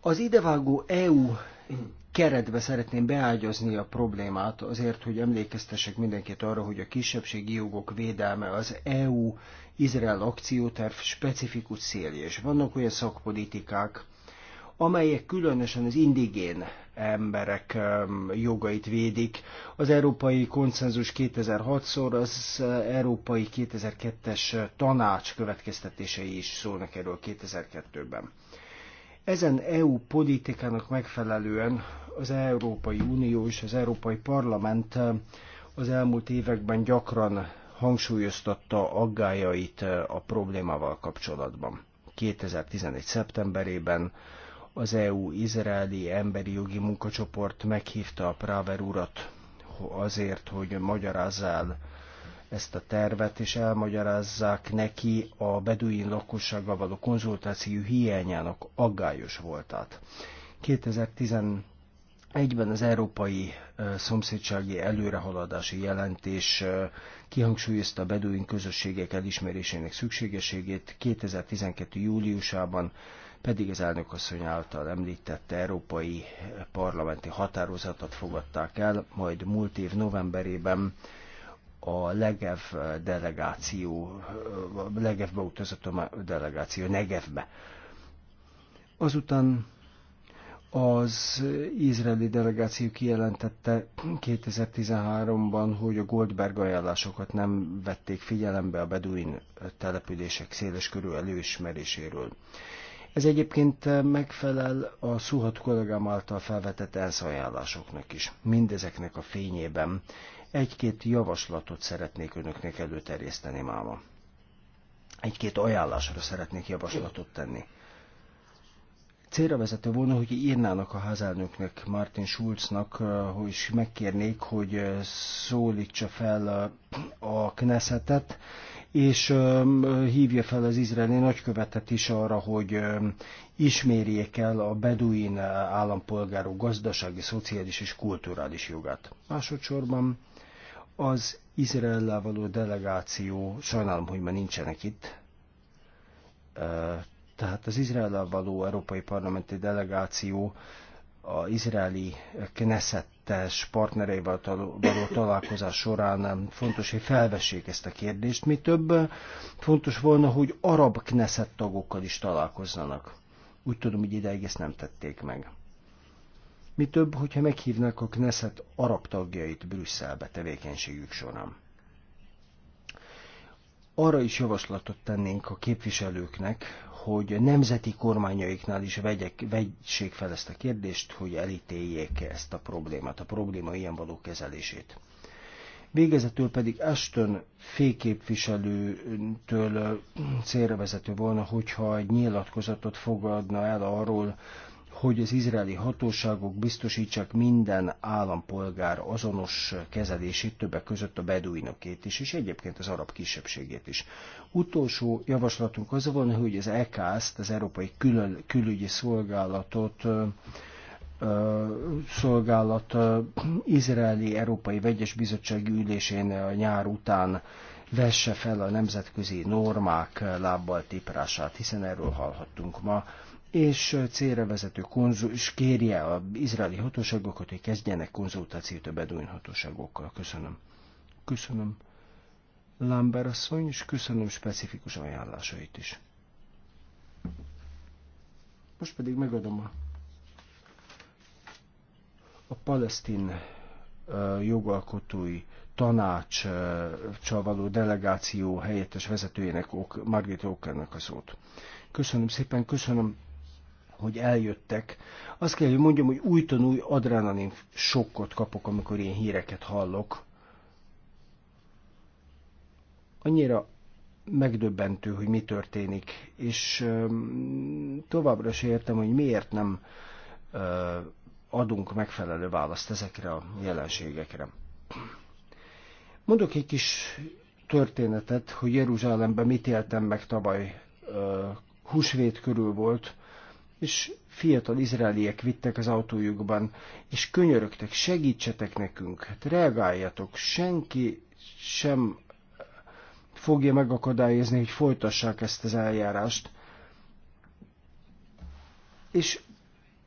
Az idevágó EU keretbe szeretném beágyazni a problémát, azért, hogy emlékeztessek mindenkit arra, hogy a kisebbségi jogok védelme az EU-Izrael akcióterv specifikus célja, és vannak olyan szakpolitikák, amelyek különösen az indigén emberek jogait védik. Az Európai Konszenzus 2006-szor, az Európai 2002-es tanács következtetései is szólnak erről 2002-ben. Ezen EU politikának megfelelően az Európai Unió és az Európai Parlament eh, az elmúlt években gyakran hangsúlyoztatta aggájait eh, a problémával kapcsolatban. 2011. szeptemberében az EU-izraeli emberi jogi munkacsoport meghívta a Práver urat azért, hogy magyarázzál ezt a tervet, és elmagyarázzák neki a beduin lakossággal való konzultáció hiányának aggályos voltát. 2011-ben az Európai Szomszédsági Előrehaladási Jelentés kihangsúlyozta a beduin közösségek elismerésének szükségességét, 2012. júliusában pedig az elnökasszony által említett európai parlamenti határozatot fogadták el, majd múlt év novemberében a Legev delegáció, Legevbe utazott a delegáció, Negevbe. Azután az izraeli delegáció kijelentette 2013-ban, hogy a Goldberg ajánlásokat nem vették figyelembe a beduin települések széles körül előismeréséről. Ez egyébként megfelel a Szuhat kollégám által felvetett ajánlásoknak is. Mindezeknek a fényében egy-két javaslatot szeretnék önöknek előterjeszteni máma. Egy-két ajánlásra szeretnék javaslatot tenni. Célra vezető volna, hogy írnának a házelnöknek, Martin Schulznak, hogy megkérnék, hogy szólítsa fel a Knessetet, és hívja fel az izraeli nagykövetet is arra, hogy ismérjék el a beduin állampolgárok gazdasági, szociális és kulturális jogát. Másodszorban az Izraellel való delegáció, sajnálom, hogy ma nincsenek itt, tehát az Izraellel való Európai Parlamenti Delegáció a izraeli Knessettes partnereivel való találkozás során fontos, hogy felvessék ezt a kérdést. Mi több, fontos volna, hogy arab Knesset tagokkal is találkozzanak. Úgy tudom, hogy ideig ezt nem tették meg mi több, hogyha meghívnak a Knesset arab tagjait Brüsszelbe tevékenységük során. Arra is javaslatot tennénk a képviselőknek, hogy a nemzeti kormányaiknál is vegyek, vegyék fel ezt a kérdést, hogy elítéljék ezt a problémát, a probléma ilyen való kezelését. Végezetül pedig Ashton féképviselőtől célra vezető volna, hogyha egy nyilatkozatot fogadna el arról, hogy az izraeli hatóságok biztosítsák minden állampolgár azonos kezelését, többek között a beduinokét is, és egyébként az arab kisebbségét is. Utolsó javaslatunk az volna, hogy az EKS-t, az Európai Külön, Külügyi Szolgálatot szolgálat izraeli Európai Vegyes Bizottsági ülésén a nyár után vesse fel a nemzetközi normák lábbal tiprását, hiszen erről hallhattunk ma és célra vezető konzul, és kérje az izraeli hatóságokat, hogy kezdjenek konzultációt a beduin hatóságokkal. Köszönöm. Köszönöm. Lambert asszony, és köszönöm specifikus ajánlásait is. Most pedig megadom a, a palesztin uh, jogalkotói uh, csavaló delegáció helyettes vezetőjének, Margit Okernek a szót. Köszönöm szépen, köszönöm hogy eljöttek. Azt kell, hogy mondjam, hogy újton új adrenalin sokkot kapok, amikor ilyen híreket hallok. Annyira megdöbbentő, hogy mi történik, és továbbra se értem, hogy miért nem adunk megfelelő választ ezekre a jelenségekre. Mondok egy kis történetet, hogy Jeruzsálemben mit éltem meg tavaly. Uh, húsvét körül volt, és fiatal izraeliek vittek az autójukban, és könyörögtek, segítsetek nekünk, hát reagáljatok, senki sem fogja megakadályozni, hogy folytassák ezt az eljárást. És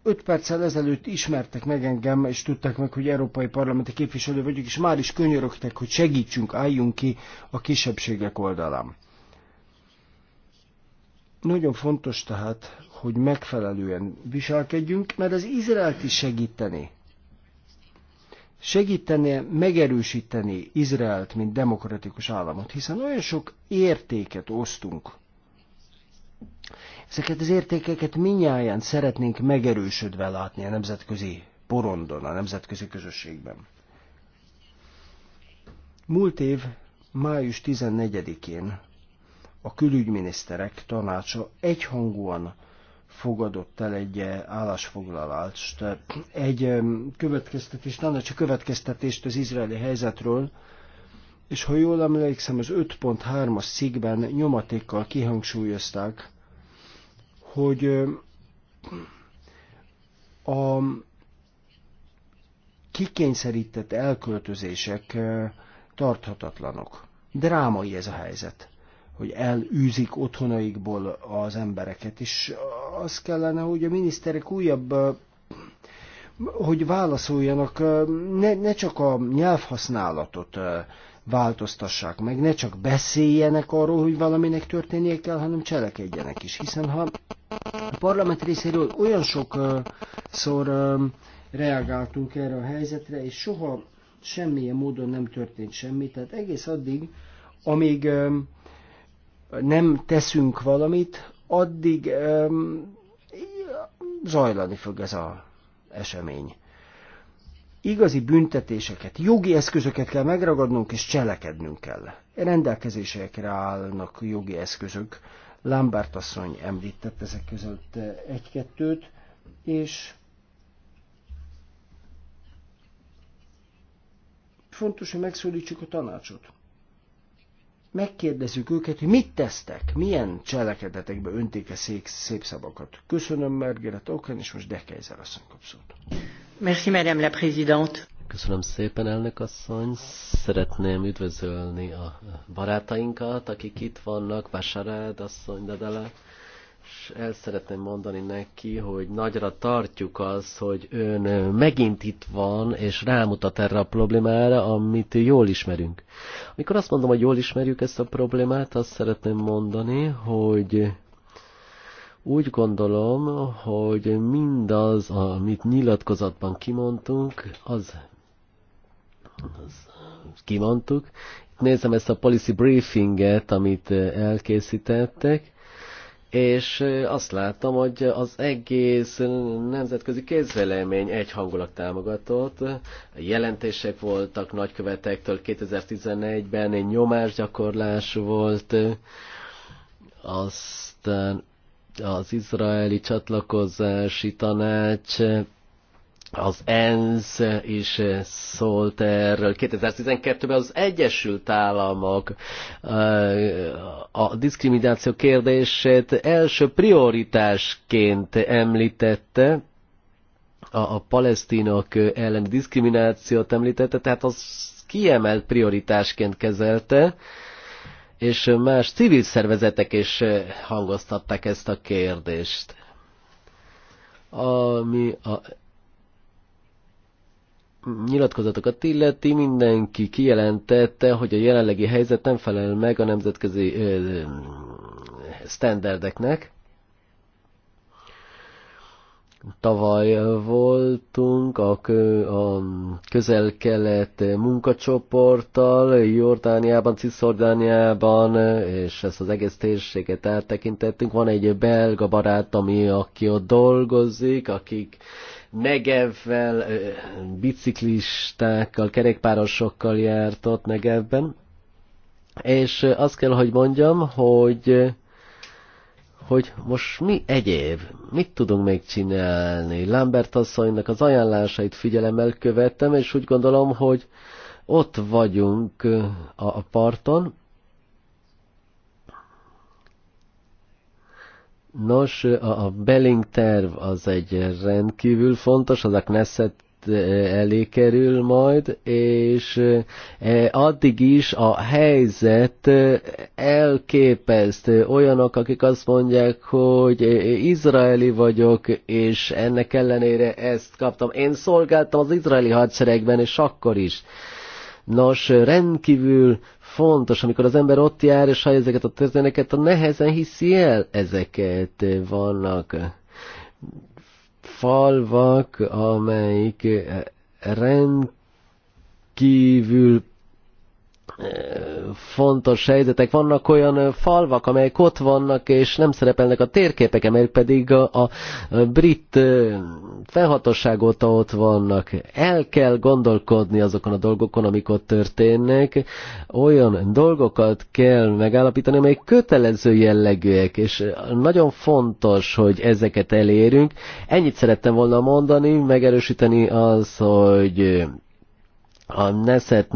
öt perccel ezelőtt ismertek meg engem, és tudták meg, hogy európai parlamenti képviselő vagyok, és már is könyörögtek, hogy segítsünk, álljunk ki a kisebbségek oldalán. Nagyon fontos tehát, hogy megfelelően viselkedjünk, mert az Izraelt is segíteni. Segítene megerősíteni Izraelt, mint demokratikus államot, hiszen olyan sok értéket osztunk. Ezeket az értékeket minnyáján szeretnénk megerősödve látni a nemzetközi porondon, a nemzetközi közösségben. Múlt év május 14-én a külügyminiszterek tanácsa egyhangúan fogadott el egy eh, állásfoglalást, egy következtetést, csak következtetést az izraeli helyzetről, és ha jól emlékszem, az 5.3-as szigben nyomatékkal kihangsúlyozták, hogy a kikényszerített elköltözések eh, tarthatatlanok. Drámai ez a helyzet hogy elűzik otthonaikból az embereket. És az kellene, hogy a miniszterek újabb hogy válaszoljanak, ne, ne csak a nyelvhasználatot változtassák meg, ne csak beszéljenek arról, hogy valaminek történnie kell, hanem cselekedjenek is. Hiszen ha a parlament részéről olyan sokszor reagáltunk erre a helyzetre, és soha semmilyen módon nem történt semmi, tehát egész addig, amíg nem teszünk valamit, addig um, zajlani fog ez az esemény. Igazi büntetéseket, jogi eszközöket kell megragadnunk és cselekednünk kell. Rendelkezésekre állnak jogi eszközök. Lambert asszony említett ezek között eh, egy-kettőt, és fontos, hogy megszólítsuk a tanácsot megkérdezzük őket, hogy mit tesztek, milyen cselekedetekbe önték a szék, szép szavakat. Köszönöm Margaret Oken, és most Dekeizer asszony kapszót. Merci, Madame la Présidente. Köszönöm szépen, elnök asszony. Szeretném üdvözölni a barátainkat, akik itt vannak, Vásárád asszony, Dadala és el szeretném mondani neki, hogy nagyra tartjuk az, hogy ön megint itt van, és rámutat erre a problémára, amit jól ismerünk. Amikor azt mondom, hogy jól ismerjük ezt a problémát, azt szeretném mondani, hogy úgy gondolom, hogy mindaz, amit nyilatkozatban kimondtunk, az, az kimondtuk. Nézem ezt a policy briefinget, amit elkészítettek, és azt láttam, hogy az egész nemzetközi kézvelemény hangulat támogatott. Jelentések voltak nagykövetektől 2011-ben, egy nyomásgyakorlás volt, aztán az izraeli csatlakozási tanács az ENSZ is szólt erről 2012-ben, az Egyesült Államok eh, a diszkrimináció kérdését első prioritásként említette, a, a palesztinok ellen diszkriminációt említette, tehát az kiemelt prioritásként kezelte, és más civil szervezetek is hangoztatták ezt a kérdést. Ami a nyilatkozatokat illeti, mindenki kijelentette, hogy a jelenlegi helyzet nem felel meg a nemzetközi ö, standardeknek. Tavaly voltunk a, kö, a közel-kelet munkacsoporttal, Jordániában, Cisjordániában, és ezt az egész térséget eltekintettünk. Van egy belga barát, ami, aki ott dolgozik, akik Negevvel, biciklistákkal, kerékpárosokkal járt ott Negevben, és azt kell, hogy mondjam, hogy hogy most mi egyéb, mit tudunk még csinálni. Lambert asszonynak az ajánlásait figyelemmel követtem, és úgy gondolom, hogy ott vagyunk a parton, Nos, a Belling terv az egy rendkívül fontos, az a Knesset elé kerül majd, és e, addig is a helyzet elképesztő. Olyanok, akik azt mondják, hogy izraeli vagyok, és ennek ellenére ezt kaptam. Én szolgáltam az izraeli hadseregben, és akkor is. Nos, rendkívül fontos, amikor az ember ott jár és hallja ezeket a történeteket, a nehezen hiszi el ezeket. Vannak falvak, amelyik rendkívül fontos helyzetek. Vannak olyan falvak, amelyek ott vannak, és nem szerepelnek a térképek, amelyek pedig a, a brit felhatóság óta ott vannak. El kell gondolkodni azokon a dolgokon, amik ott történnek. Olyan dolgokat kell megállapítani, amelyek kötelező jellegűek, és nagyon fontos, hogy ezeket elérünk. Ennyit szerettem volna mondani, megerősíteni az, hogy a Neset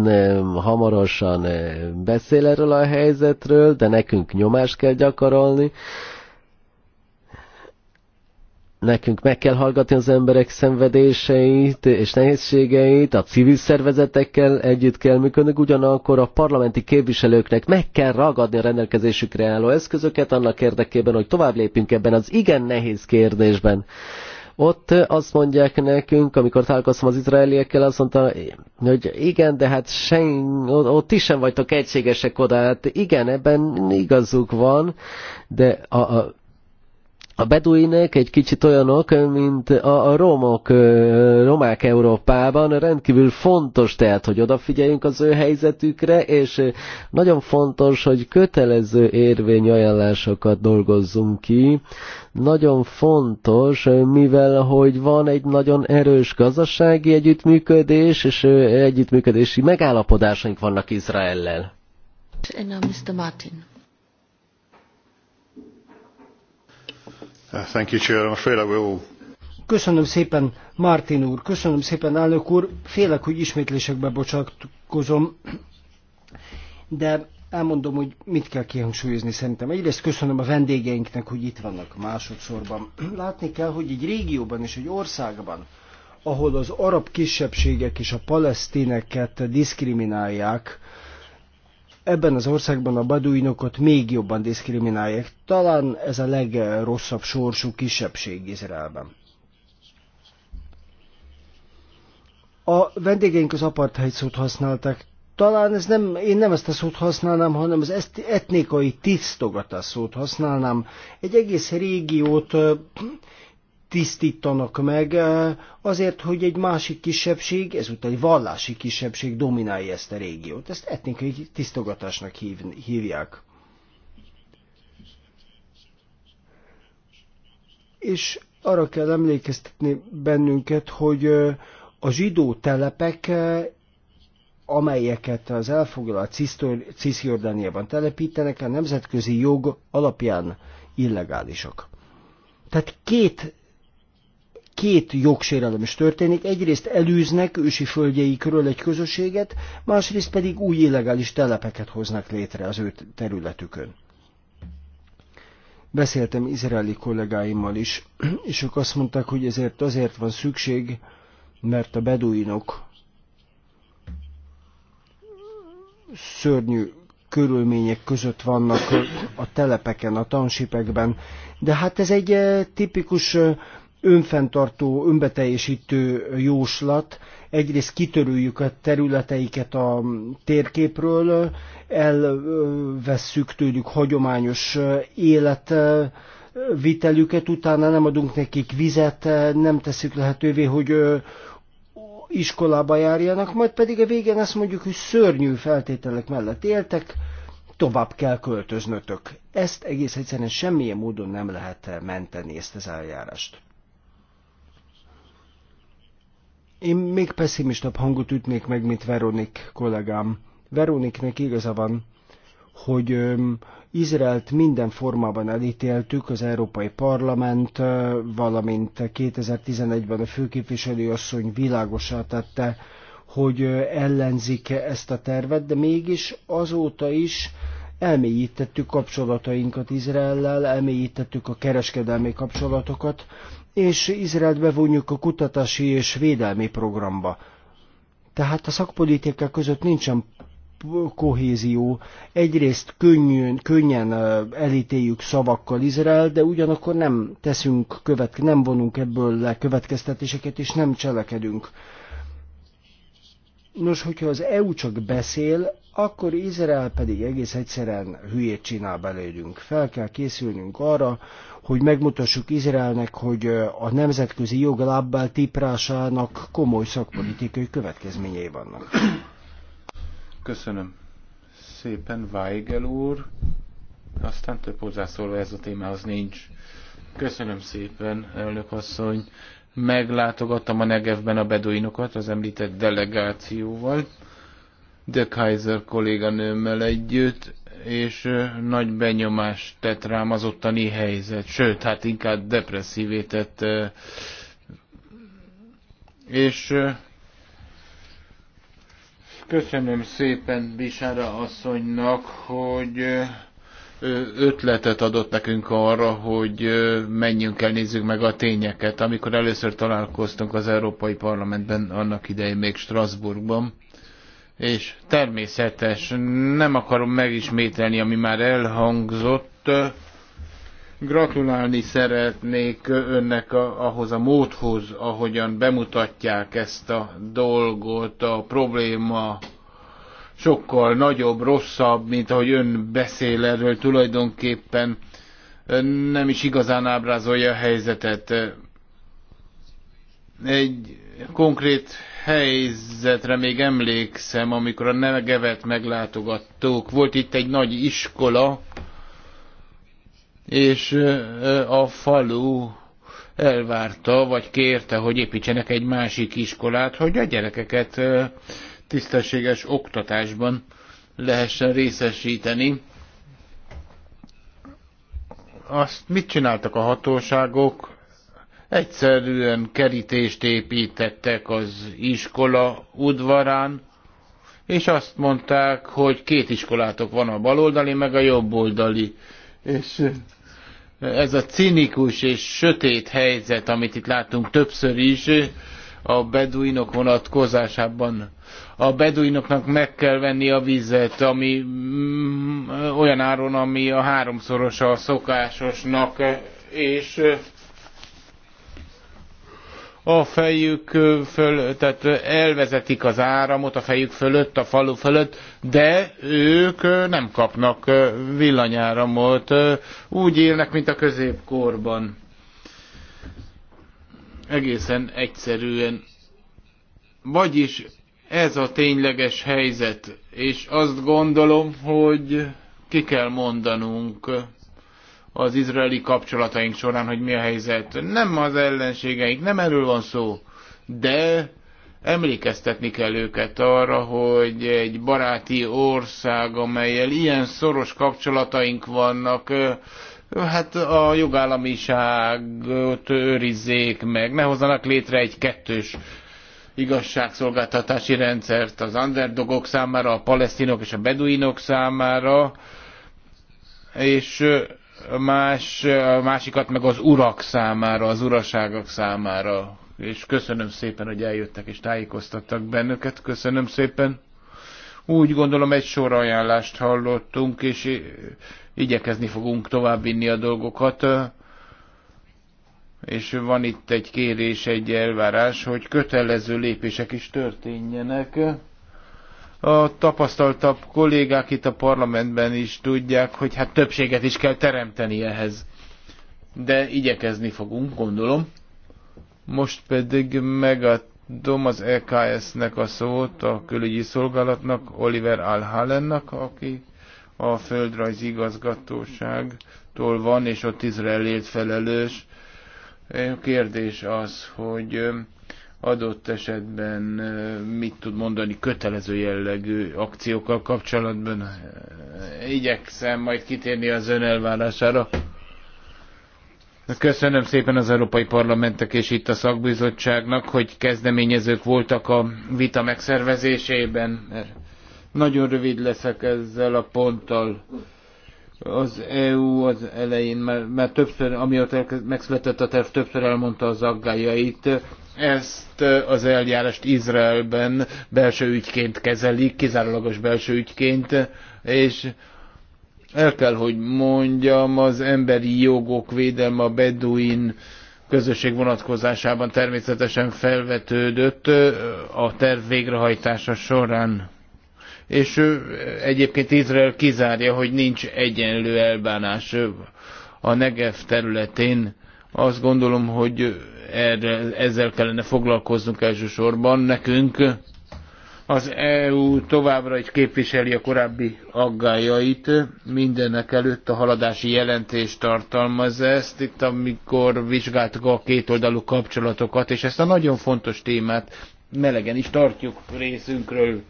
hamarosan eh, beszél erről a helyzetről, de nekünk nyomást kell gyakorolni. Nekünk meg kell hallgatni az emberek szenvedéseit és nehézségeit, a civil szervezetekkel együtt kell működni. ugyanakkor a parlamenti képviselőknek meg kell ragadni a rendelkezésükre álló eszközöket annak érdekében, hogy tovább lépünk ebben az igen nehéz kérdésben. Ott azt mondják nekünk, amikor találkoztam az izraeliekkel, azt mondta, hogy igen, de hát sen, ott is sem vagytok egységesek oda. Hát igen, ebben igazuk van, de a, a a beduinek egy kicsit olyanok, mint a, romok, romák Európában, rendkívül fontos tehát, hogy odafigyeljünk az ő helyzetükre, és nagyon fontos, hogy kötelező érvény ajánlásokat dolgozzunk ki. Nagyon fontos, mivel hogy van egy nagyon erős gazdasági együttműködés, és együttműködési megállapodásaink vannak Izraellel. Mr. Martin. Uh, thank you, Chair. I'm afraid I will Köszönöm szépen, Martin úr, köszönöm szépen, elnök úr. Félek, hogy ismétlésekbe bocsátkozom, de elmondom, hogy mit kell kihangsúlyozni szerintem. Egyrészt köszönöm a vendégeinknek, hogy itt vannak másodszorban. Látni kell, hogy egy régióban és egy országban, ahol az arab kisebbségek és a palesztineket diszkriminálják, ebben az országban a baduinokat még jobban diszkriminálják. Talán ez a legrosszabb sorsú kisebbség Izraelben. A vendégeink az apartheid szót használták. Talán ez nem, én nem ezt a szót használnám, hanem az etnikai tisztogatás szót használnám. Egy egész régiót tisztítanak meg, azért, hogy egy másik kisebbség, ezúttal egy vallási kisebbség dominálja ezt a régiót. Ezt etnikai tisztogatásnak hív, hívják. És arra kell emlékeztetni bennünket, hogy a zsidó telepek, amelyeket az elfoglalt Cisziordániában telepítenek, a nemzetközi jog alapján illegálisak. Tehát két két jogsérelem is történik. Egyrészt elűznek ősi földjeikről egy közösséget, másrészt pedig új illegális telepeket hoznak létre az ő területükön. Beszéltem izraeli kollégáimmal is, [clears throat] és ők azt mondták, hogy ezért azért van szükség, mert a beduinok szörnyű körülmények között vannak a telepeken, a tansipekben. De hát ez egy eh, tipikus eh, önfenntartó, önbeteljesítő jóslat. Egyrészt kitörüljük a területeiket a térképről, elvesszük tőlük hagyományos élet vitelüket, utána nem adunk nekik vizet, nem teszük lehetővé, hogy iskolába járjanak, majd pedig a végén azt mondjuk, hogy szörnyű feltételek mellett éltek, tovább kell költöznötök. Ezt egész egyszerűen semmilyen módon nem lehet menteni, ezt az eljárást. Én még pessimistabb hangot ütnék meg, mint Veronik kollégám. Veroniknek igaza van, hogy öm, Izraelt minden formában elítéltük, az Európai Parlament, valamint 2011-ben a főképviselő asszony világosá tette, hogy ellenzik ezt a tervet, de mégis azóta is elmélyítettük kapcsolatainkat Izraellel, elmélyítettük a kereskedelmi kapcsolatokat, és Izraelt bevonjuk a kutatási és védelmi programba. Tehát a szakpolitikák között nincsen kohézió. Egyrészt könnyűn, könnyen elítéljük szavakkal Izrael, de ugyanakkor nem teszünk követke, nem vonunk ebből le következtetéseket, és nem cselekedünk. Nos, hogyha az EU csak beszél, akkor Izrael pedig egész egyszerűen hülyét csinál belőlünk. Fel kell készülnünk arra, hogy megmutassuk Izraelnek, hogy a nemzetközi jog lábbal tiprásának komoly szakpolitikai következményei vannak. Köszönöm szépen, Weigel úr. Aztán több hozzászóló ez a témához nincs. Köszönöm szépen, elnök asszony. Meglátogattam a Negevben a beduinokat az említett delegációval de Kaiser kolléganőmmel együtt, és nagy benyomást tett rám az ottani helyzet, sőt, hát inkább depresszívé tett. És köszönöm szépen Bisára asszonynak, hogy ötletet adott nekünk arra, hogy menjünk el, nézzük meg a tényeket. Amikor először találkoztunk az Európai Parlamentben, annak idején még Strasbourgban, és természetes, nem akarom megismételni, ami már elhangzott. Gratulálni szeretnék önnek a, ahhoz a módhoz, ahogyan bemutatják ezt a dolgot, a probléma sokkal nagyobb, rosszabb, mint ahogy ön beszél erről tulajdonképpen. Nem is igazán ábrázolja a helyzetet. Egy konkrét helyzetre még emlékszem, amikor a Negevet meglátogattuk. Volt itt egy nagy iskola, és a falu elvárta, vagy kérte, hogy építsenek egy másik iskolát, hogy a gyerekeket tisztességes oktatásban lehessen részesíteni. Azt mit csináltak a hatóságok? Egyszerűen kerítést építettek az iskola udvarán, és azt mondták, hogy két iskolátok van a baloldali, meg a jobboldali. És eh, ez a cinikus és sötét helyzet, amit itt látunk többször is, a beduinok vonatkozásában. A beduinoknak meg kell venni a vizet, ami mm, olyan áron, ami a háromszorosa a szokásosnak, eh, és eh, a fejük föl, tehát elvezetik az áramot a fejük fölött, a falu fölött, de ők nem kapnak villanyáramot, úgy élnek, mint a középkorban. Egészen egyszerűen. Vagyis ez a tényleges helyzet, és azt gondolom, hogy ki kell mondanunk, az izraeli kapcsolataink során, hogy mi a helyzet. Nem az ellenségeink, nem erről van szó, de emlékeztetni kell őket arra, hogy egy baráti ország, amelyel ilyen szoros kapcsolataink vannak, hát a jogállamiságot őrizzék meg, ne hozzanak létre egy kettős igazságszolgáltatási rendszert az underdogok számára, a palesztinok és a beduinok számára, és más, másikat meg az urak számára, az uraságok számára. És köszönöm szépen, hogy eljöttek és tájékoztattak bennünket. Köszönöm szépen. Úgy gondolom, egy sor ajánlást hallottunk, és igyekezni fogunk továbbvinni a dolgokat. És van itt egy kérés, egy elvárás, hogy kötelező lépések is történjenek a tapasztaltabb kollégák itt a parlamentben is tudják, hogy hát többséget is kell teremteni ehhez. De igyekezni fogunk, gondolom. Most pedig megadom az EKS-nek a szót, a külügyi szolgálatnak, Oliver Alhallennak, aki a földrajzi igazgatóságtól van, és ott Izrael felelős. A kérdés az, hogy adott esetben mit tud mondani kötelező jellegű akciókkal kapcsolatban. Igyekszem majd kitérni az ön elvárására. Köszönöm szépen az Európai Parlamentek és itt a szakbizottságnak, hogy kezdeményezők voltak a vita megszervezésében. Nagyon rövid leszek ezzel a ponttal. Az EU az elején mert mert többször, amióta megszületett a terv, többször elmondta az aggájait. Ezt az eljárást Izraelben belső ügyként kezelik, kizárólagos belső ügyként, és el kell, hogy mondjam, az emberi jogok védelme a Beduin közösség vonatkozásában természetesen felvetődött a terv végrehajtása során és egyébként Izrael kizárja, hogy nincs egyenlő elbánás a Negev területén. Azt gondolom, hogy erre, ezzel kellene foglalkoznunk elsősorban nekünk. Az EU továbbra is képviseli a korábbi aggájait, mindenek előtt a haladási jelentés tartalmaz ezt, itt amikor vizsgáltuk a kétoldalú kapcsolatokat, és ezt a nagyon fontos témát melegen is tartjuk részünkről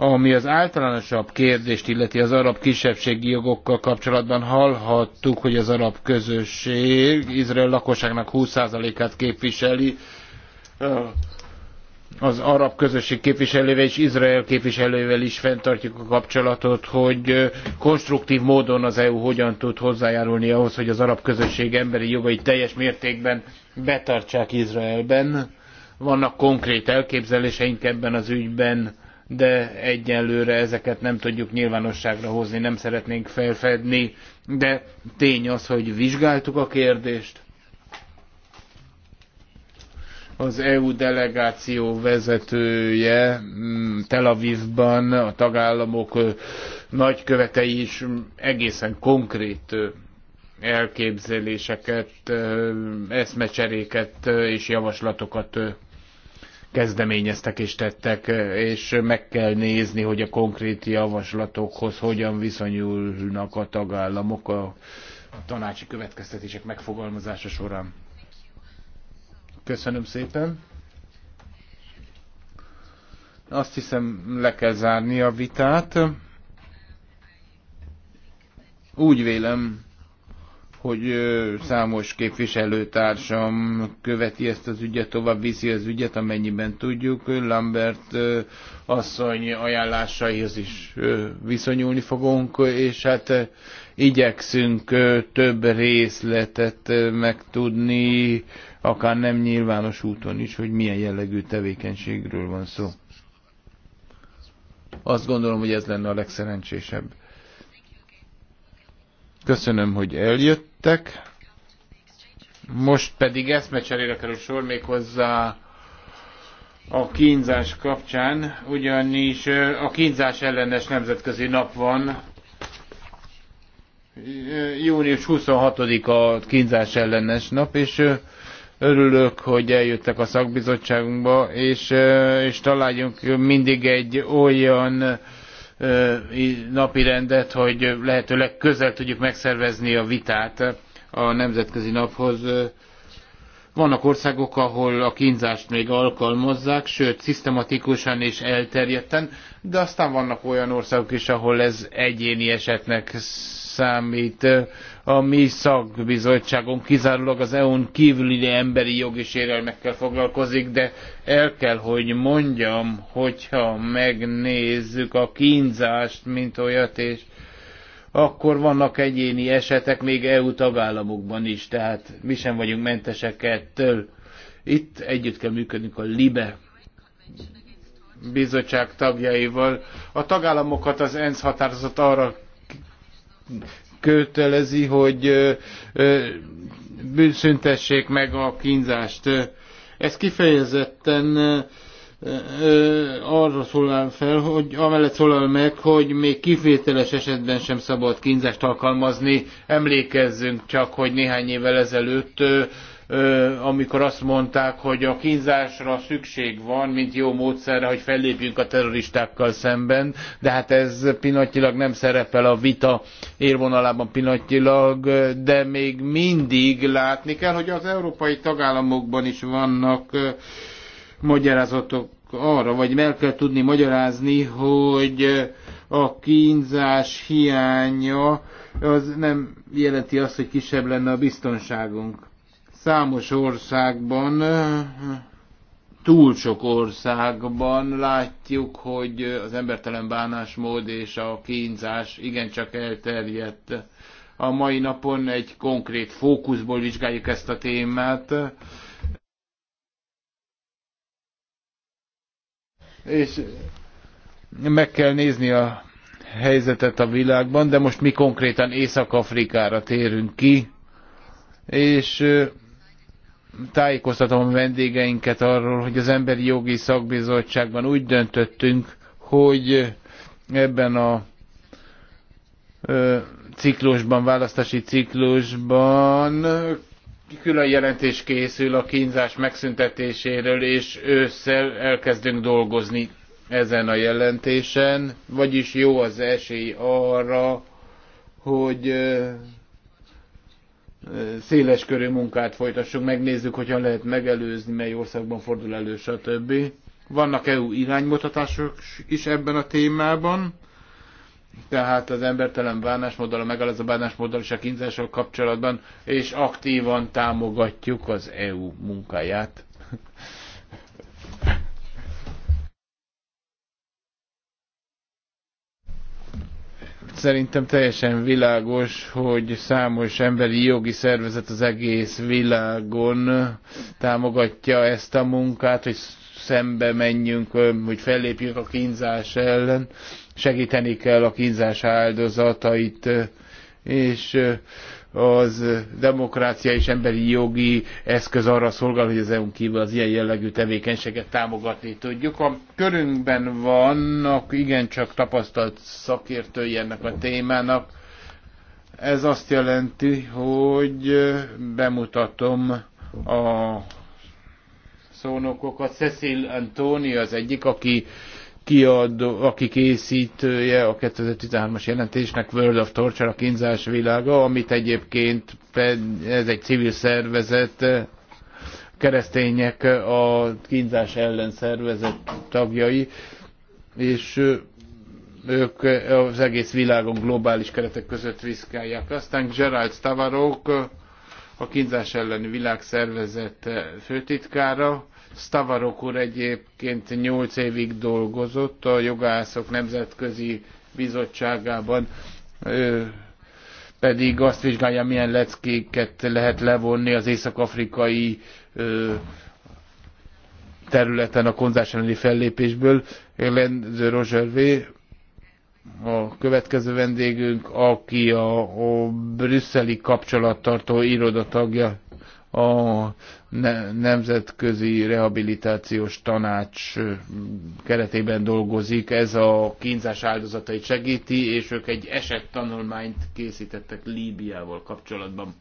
ami az általánosabb kérdést illeti az arab kisebbségi jogokkal kapcsolatban hallhattuk, hogy az arab közösség Izrael lakosságnak 20%-át képviseli, az arab közösség képviselővel és Izrael képviselővel is fenntartjuk a kapcsolatot, hogy konstruktív módon az EU hogyan tud hozzájárulni ahhoz, hogy az arab közösség emberi jogait teljes mértékben betartsák Izraelben. Vannak konkrét elképzeléseink ebben az ügyben de egyenlőre ezeket nem tudjuk nyilvánosságra hozni, nem szeretnénk felfedni, de tény az, hogy vizsgáltuk a kérdést. Az EU delegáció vezetője mm, Tel Avivban, a tagállamok nagykövetei is egészen konkrét elképzeléseket, eszmecseréket és javaslatokat kezdeményeztek és tettek, és meg kell nézni, hogy a konkrét javaslatokhoz hogyan viszonyulnak a tagállamok a tanácsi következtetések megfogalmazása során. Köszönöm szépen. Azt hiszem, le kell zárni a vitát. Úgy vélem, hogy számos képviselőtársam követi ezt az ügyet, tovább viszi az ügyet, amennyiben tudjuk. Lambert asszony ajánlásaihoz is viszonyulni fogunk, és hát igyekszünk több részletet megtudni, akár nem nyilvános úton is, hogy milyen jellegű tevékenységről van szó. Azt gondolom, hogy ez lenne a legszerencsésebb. Köszönöm, hogy eljött jöttek. Most pedig eszmecserére kerül sor méghozzá a kínzás kapcsán, ugyanis a kínzás ellenes nemzetközi nap van. Június 26-a kínzás ellenes nap, és örülök, hogy eljöttek a szakbizottságunkba, és, és találjunk mindig egy olyan napirendet, hogy lehetőleg közel tudjuk megszervezni a vitát a nemzetközi naphoz. Vannak országok, ahol a kínzást még alkalmazzák, sőt, szisztematikusan és elterjedten, de aztán vannak olyan országok is, ahol ez egyéni esetnek számít. A mi szakbizottságunk kizárólag az EU-n kívüli emberi jogi sérelmekkel foglalkozik, de el kell, hogy mondjam, hogyha megnézzük a kínzást, mint olyat, és akkor vannak egyéni esetek még EU tagállamokban is, tehát mi sem vagyunk mentesek ettől. Itt együtt kell működnünk a LIBE bizottság tagjaival. A tagállamokat az ENSZ határozat arra kötelezi, hogy büszöntessék meg a kínzást. Ez kifejezetten arra szólal fel, hogy amellett szólal meg, hogy még kivételes esetben sem szabad kínzást alkalmazni. Emlékezzünk csak, hogy néhány évvel ezelőtt amikor azt mondták, hogy a kínzásra szükség van, mint jó módszerre, hogy fellépjünk a terroristákkal szemben, de hát ez pillanatnyilag nem szerepel a vita élvonalában pillanatnyilag, de még mindig látni kell, hogy az európai tagállamokban is vannak magyarázatok arra, vagy meg kell tudni magyarázni, hogy a kínzás hiánya az nem jelenti azt, hogy kisebb lenne a biztonságunk. Számos országban, túl sok országban látjuk, hogy az embertelen bánásmód és a kínzás igencsak elterjedt. A mai napon egy konkrét fókuszból vizsgáljuk ezt a témát. És meg kell nézni a helyzetet a világban, de most mi konkrétan Észak-Afrikára térünk ki, és tájékoztatom a vendégeinket arról, hogy az Emberi Jogi Szakbizottságban úgy döntöttünk, hogy ebben a ciklusban, választási ciklusban külön jelentés készül a kínzás megszüntetéséről, és ősszel elkezdünk dolgozni ezen a jelentésen, vagyis jó az esély arra, hogy széleskörű munkát folytassunk, megnézzük, hogyan lehet megelőzni, mely országban fordul elő, stb. Vannak EU iránymutatások is ebben a témában, tehát az embertelen bánásmóddal, a megalázó bánásmóddal és a kínzással kapcsolatban, és aktívan támogatjuk az EU munkáját Szerintem teljesen világos, hogy számos emberi jogi szervezet az egész világon támogatja ezt a munkát, hogy szembe menjünk, hogy fellépjünk a kínzás ellen, segíteni kell a kínzás áldozatait, és az demokrácia és emberi jogi eszköz arra szolgál, hogy az EU-n kívül az ilyen jellegű tevékenységet támogatni tudjuk. A körünkben vannak igencsak tapasztalt szakértői ennek a témának. Ez azt jelenti, hogy bemutatom a szónokokat. Cecil Antoni az egyik, aki kiadó, aki készítője a 2013-as jelentésnek, World of Torture, a kínzás világa, amit egyébként ez egy civil szervezet, keresztények a kínzás ellen szervezet tagjai, és ők az egész világon globális keretek között viszkálják. Aztán Gerald Stavarok, a kínzás elleni világszervezet főtitkára, Stavarok úr egyébként nyolc évig dolgozott a jogászok nemzetközi bizottságában, ő pedig azt vizsgálja, milyen leckéket lehet levonni az észak-afrikai területen a konzás elleni fellépésből. Lenz Rogervé, a következő vendégünk, aki a, a brüsszeli kapcsolattartó irodatagja a ne, nemzetközi rehabilitációs tanács keretében dolgozik. Ez a kínzás áldozatait segíti, és ők egy esettanulmányt készítettek Líbiával kapcsolatban.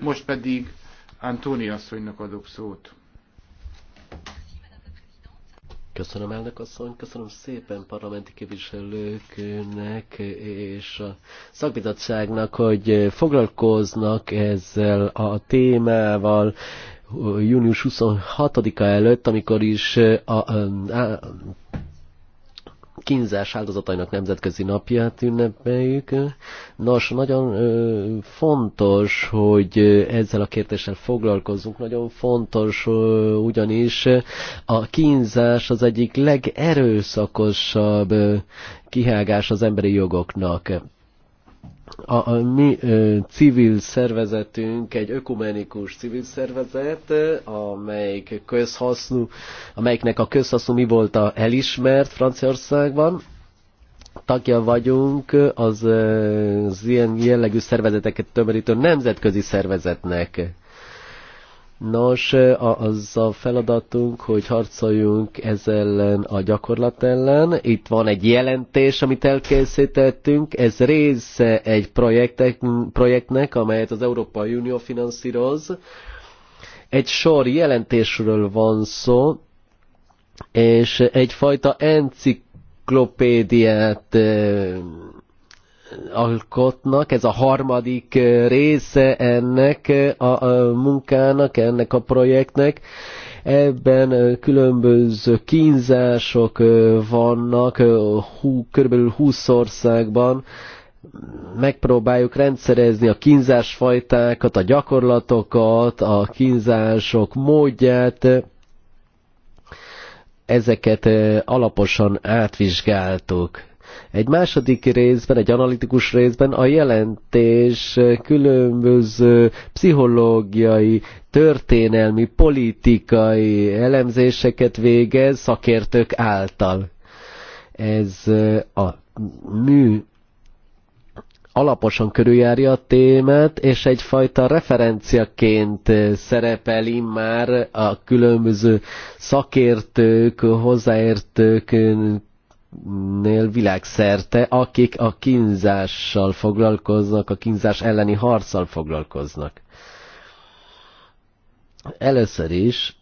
Most pedig Antóni asszonynak adok szót. Köszönöm elnök asszony, köszönöm szépen parlamenti képviselőknek és a szakbizottságnak, hogy foglalkoznak ezzel a témával június 26-a előtt, amikor is a, a, a kínzás áldozatainak nemzetközi napját ünnepeljük. Nos, nagyon ö, fontos, hogy ezzel a kérdéssel foglalkozunk. Nagyon fontos ö, ugyanis a kínzás az egyik legerőszakosabb ö, kihágás az emberi jogoknak a, a mi ö, civil szervezetünk egy ökumenikus civil szervezet, amelyik közhasznú, amelyiknek a közhasznú mi volt a elismert Franciaországban. Tagja vagyunk az, az ilyen jellegű szervezeteket tömörítő nemzetközi szervezetnek. Nos, az a feladatunk, hogy harcoljunk ez ellen a gyakorlat ellen. Itt van egy jelentés, amit elkészítettünk. Ez része egy projektek, projektnek, amelyet az Európai Unió finanszíroz. Egy sor jelentésről van szó, és egyfajta enciklopédiát alkotnak, ez a harmadik eh, része ennek eh, a, a munkának, ennek a projektnek. Ebben eh, különböző kínzások vannak, hú, körülbelül 20 országban, megpróbáljuk rendszerezni a kínzásfajtákat, a gyakorlatokat, a kínzások módját, ezeket alaposan átvizsgáltuk. Egy második részben, egy analitikus részben a jelentés különböző pszichológiai, történelmi, politikai elemzéseket végez szakértők által. Ez a mű alaposan körüljárja a témát, és egyfajta referenciaként szerepel immár a különböző szakértők, hozzáértők nél világszerte, akik a kínzással foglalkoznak, a kínzás elleni harccal foglalkoznak. Először is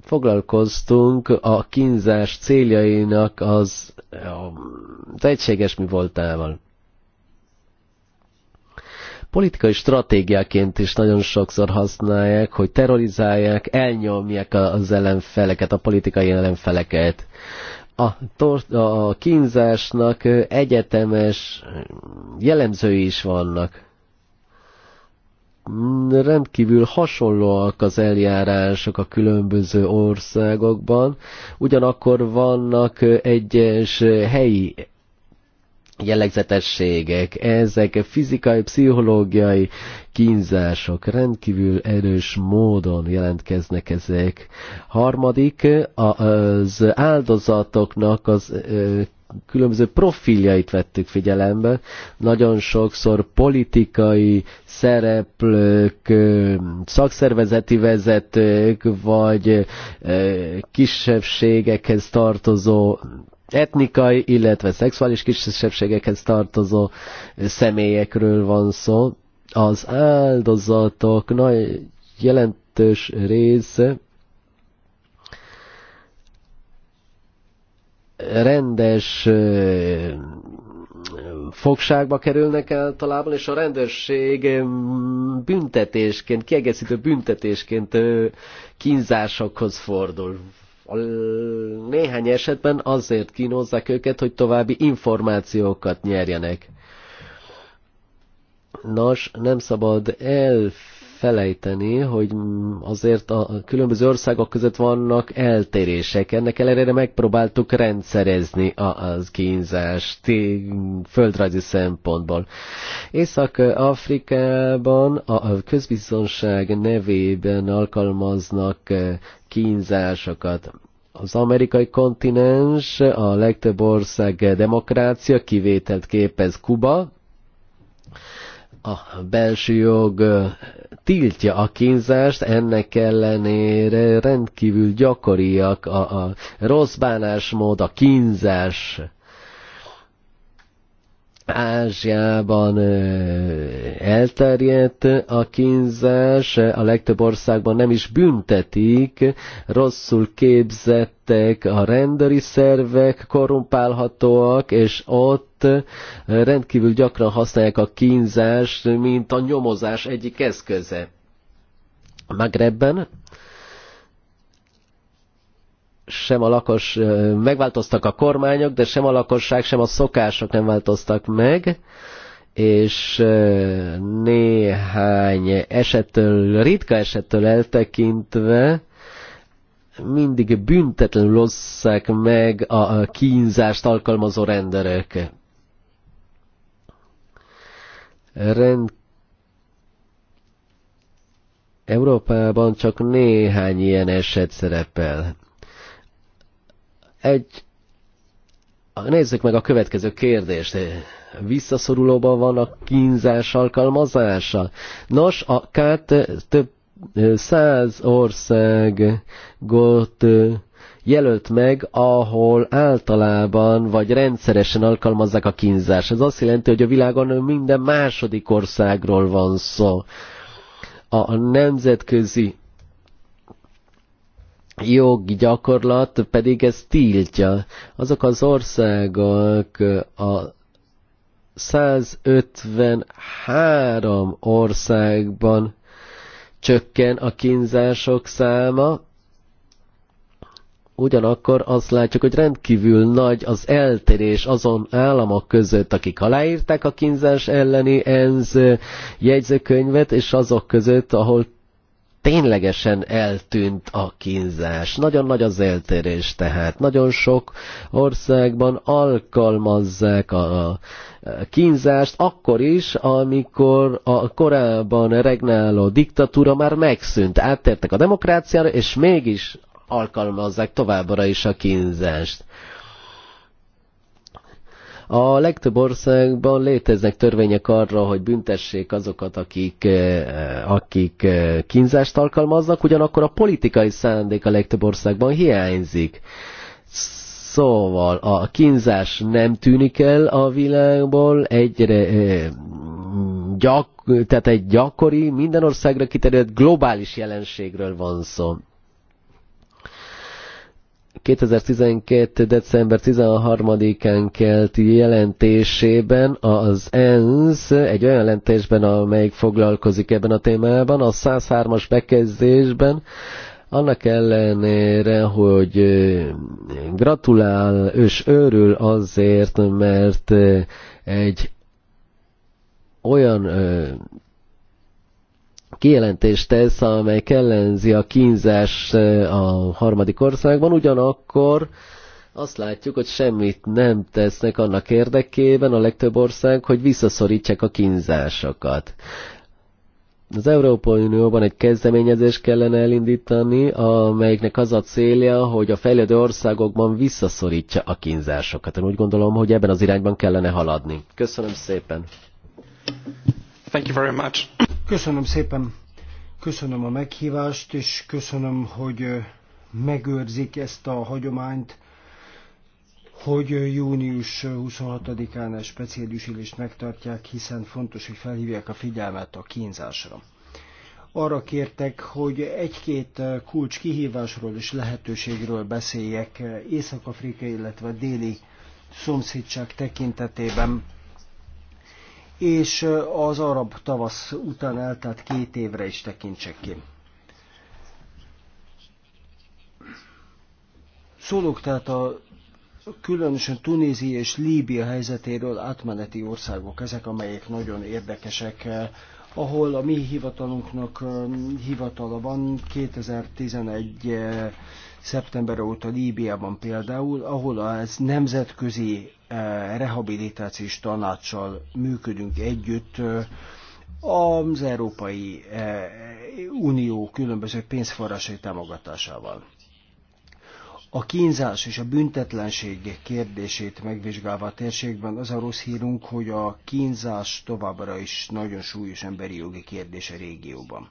foglalkoztunk a kínzás céljainak az, az egységes mi voltával politikai stratégiaként is nagyon sokszor használják, hogy terrorizálják, elnyomják az ellenfeleket, a politikai ellenfeleket. A, a kínzásnak egyetemes jellemzői is vannak rendkívül hasonlóak az eljárások a különböző országokban, ugyanakkor vannak egyes helyi jellegzetességek, ezek fizikai, pszichológiai kínzások rendkívül erős módon jelentkeznek ezek. Harmadik, az áldozatoknak az különböző profiljait vettük figyelembe. Nagyon sokszor politikai szereplők, szakszervezeti vezetők, vagy kisebbségekhez tartozó etnikai, illetve szexuális kisebbségekhez tartozó személyekről van szó. Az áldozatok nagy jelentős része rendes fogságba kerülnek általában, és a rendőrség büntetésként, kiegészítő büntetésként kínzásokhoz fordul a néhány esetben azért kínozzák őket, hogy további információkat nyerjenek. Nos, nem szabad elfelejteni, hogy azért a különböző országok között vannak eltérések. Ennek ellenére megpróbáltuk rendszerezni az kínzást földrajzi szempontból. Észak-Afrikában a közbiztonság nevében alkalmaznak kínzásokat. Az amerikai kontinens a legtöbb ország demokrácia, kivételt képez Kuba, a belső jog tiltja a kínzást, ennek ellenére rendkívül gyakoriak a, a rossz bánásmód, a kínzás Ázsiában elterjedt, a kínzás a legtöbb országban nem is büntetik, rosszul képzettek a rendőri szervek, korrumpálhatóak, és ott rendkívül gyakran használják a kínzást, mint a nyomozás egyik eszköze. Magrebben sem a lakos, megváltoztak a kormányok, de sem a lakosság, sem a szokások nem változtak meg, és néhány esettől, ritka esettől eltekintve mindig büntetlenül osszák meg a kínzást alkalmazó rendőrök. Rend Európában csak néhány ilyen eset szerepel. Egy, nézzük meg a következő kérdést. Visszaszorulóban van a kínzás alkalmazása. Nos, a kát több száz országot jelölt meg, ahol általában vagy rendszeresen alkalmazzák a kínzást. Ez azt jelenti, hogy a világon minden második országról van szó. A nemzetközi jogi gyakorlat pedig ez tiltja. Azok az országok a 153 országban csökken a kínzások száma, ugyanakkor azt látjuk, hogy rendkívül nagy az eltérés azon államok között, akik aláírták a kínzás elleni ENSZ jegyzőkönyvet, és azok között, ahol ténylegesen eltűnt a kínzás. Nagyon nagy az eltérés tehát. Nagyon sok országban alkalmazzák a kínzást akkor is, amikor a korábban regnáló diktatúra már megszűnt. Áttértek a demokráciára, és mégis alkalmazzák továbbra is a kínzást. A legtöbb országban léteznek törvények arra, hogy büntessék azokat, akik, eh, akik eh, kínzást alkalmaznak, ugyanakkor a politikai szándék a legtöbb országban hiányzik. Szóval a kínzás nem tűnik el a világból, egyre eh, gyak, tehát egy gyakori, minden országra kiterjedt globális jelenségről van szó. 2012. december 13-án kelt jelentésében az ENSZ egy olyan jelentésben, amelyik foglalkozik ebben a témában, a 103-as bekezdésben, annak ellenére, hogy gratulál és örül azért, mert egy olyan kijelentést tesz, amely ellenzi a kínzás e, a harmadik országban, ugyanakkor azt látjuk, hogy semmit nem tesznek annak érdekében a legtöbb ország, hogy visszaszorítsák a kínzásokat. Az Európai Unióban egy kezdeményezést kellene elindítani, amelyiknek az a célja, hogy a fejlődő országokban visszaszorítsa a kínzásokat. Én úgy gondolom, hogy ebben az irányban kellene haladni. Köszönöm szépen! Thank you very much. Köszönöm szépen, köszönöm a meghívást, és köszönöm, hogy megőrzik ezt a hagyományt, hogy június 26-án egy speciális ülést megtartják, hiszen fontos, hogy felhívják a figyelmet a kínzásra. Arra kértek, hogy egy-két kulcs kihívásról és lehetőségről beszéljek Észak-Afrika, illetve déli szomszédság tekintetében és az arab tavasz után eltelt két évre is tekintsek ki. Szólok tehát a különösen Tunézia és Líbia helyzetéről átmeneti országok, ezek amelyek nagyon érdekesek, eh, ahol a mi hivatalunknak eh, hivatala van 2011 eh, szeptember óta Líbiában például, ahol az nemzetközi rehabilitációs tanácssal működünk együtt, az Európai e, Unió különböző pénzforrásai támogatásával. A kínzás és a büntetlenség kérdését megvizsgálva a térségben az a rossz hírunk, hogy a kínzás továbbra is nagyon súlyos emberi jogi kérdés a régióban.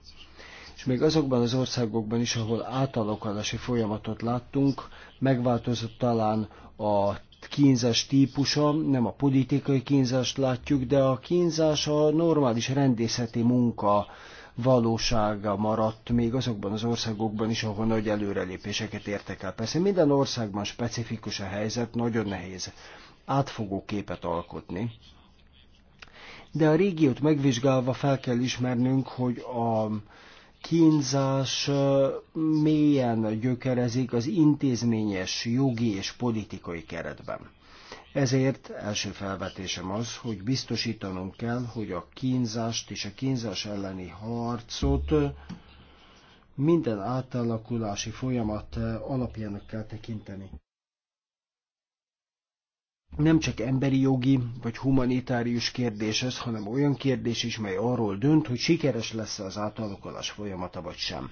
És még azokban az országokban is, ahol átalakulási folyamatot láttunk, megváltozott talán a kínzás típusa, nem a politikai kínzást látjuk, de a kínzás a normális rendészeti munka valósága maradt még azokban az országokban is, ahol nagy előrelépéseket értek el. Persze minden országban specifikus a helyzet, nagyon nehéz átfogó képet alkotni. De a régiót megvizsgálva fel kell ismernünk, hogy a kínzás mélyen gyökerezik az intézményes jogi és politikai keretben. Ezért első felvetésem az, hogy biztosítanunk kell, hogy a kínzást és a kínzás elleni harcot minden átalakulási folyamat alapjának kell tekinteni nem csak emberi jogi vagy humanitárius kérdés ez, hanem olyan kérdés is, mely arról dönt, hogy sikeres lesz az átalakulás folyamata vagy sem.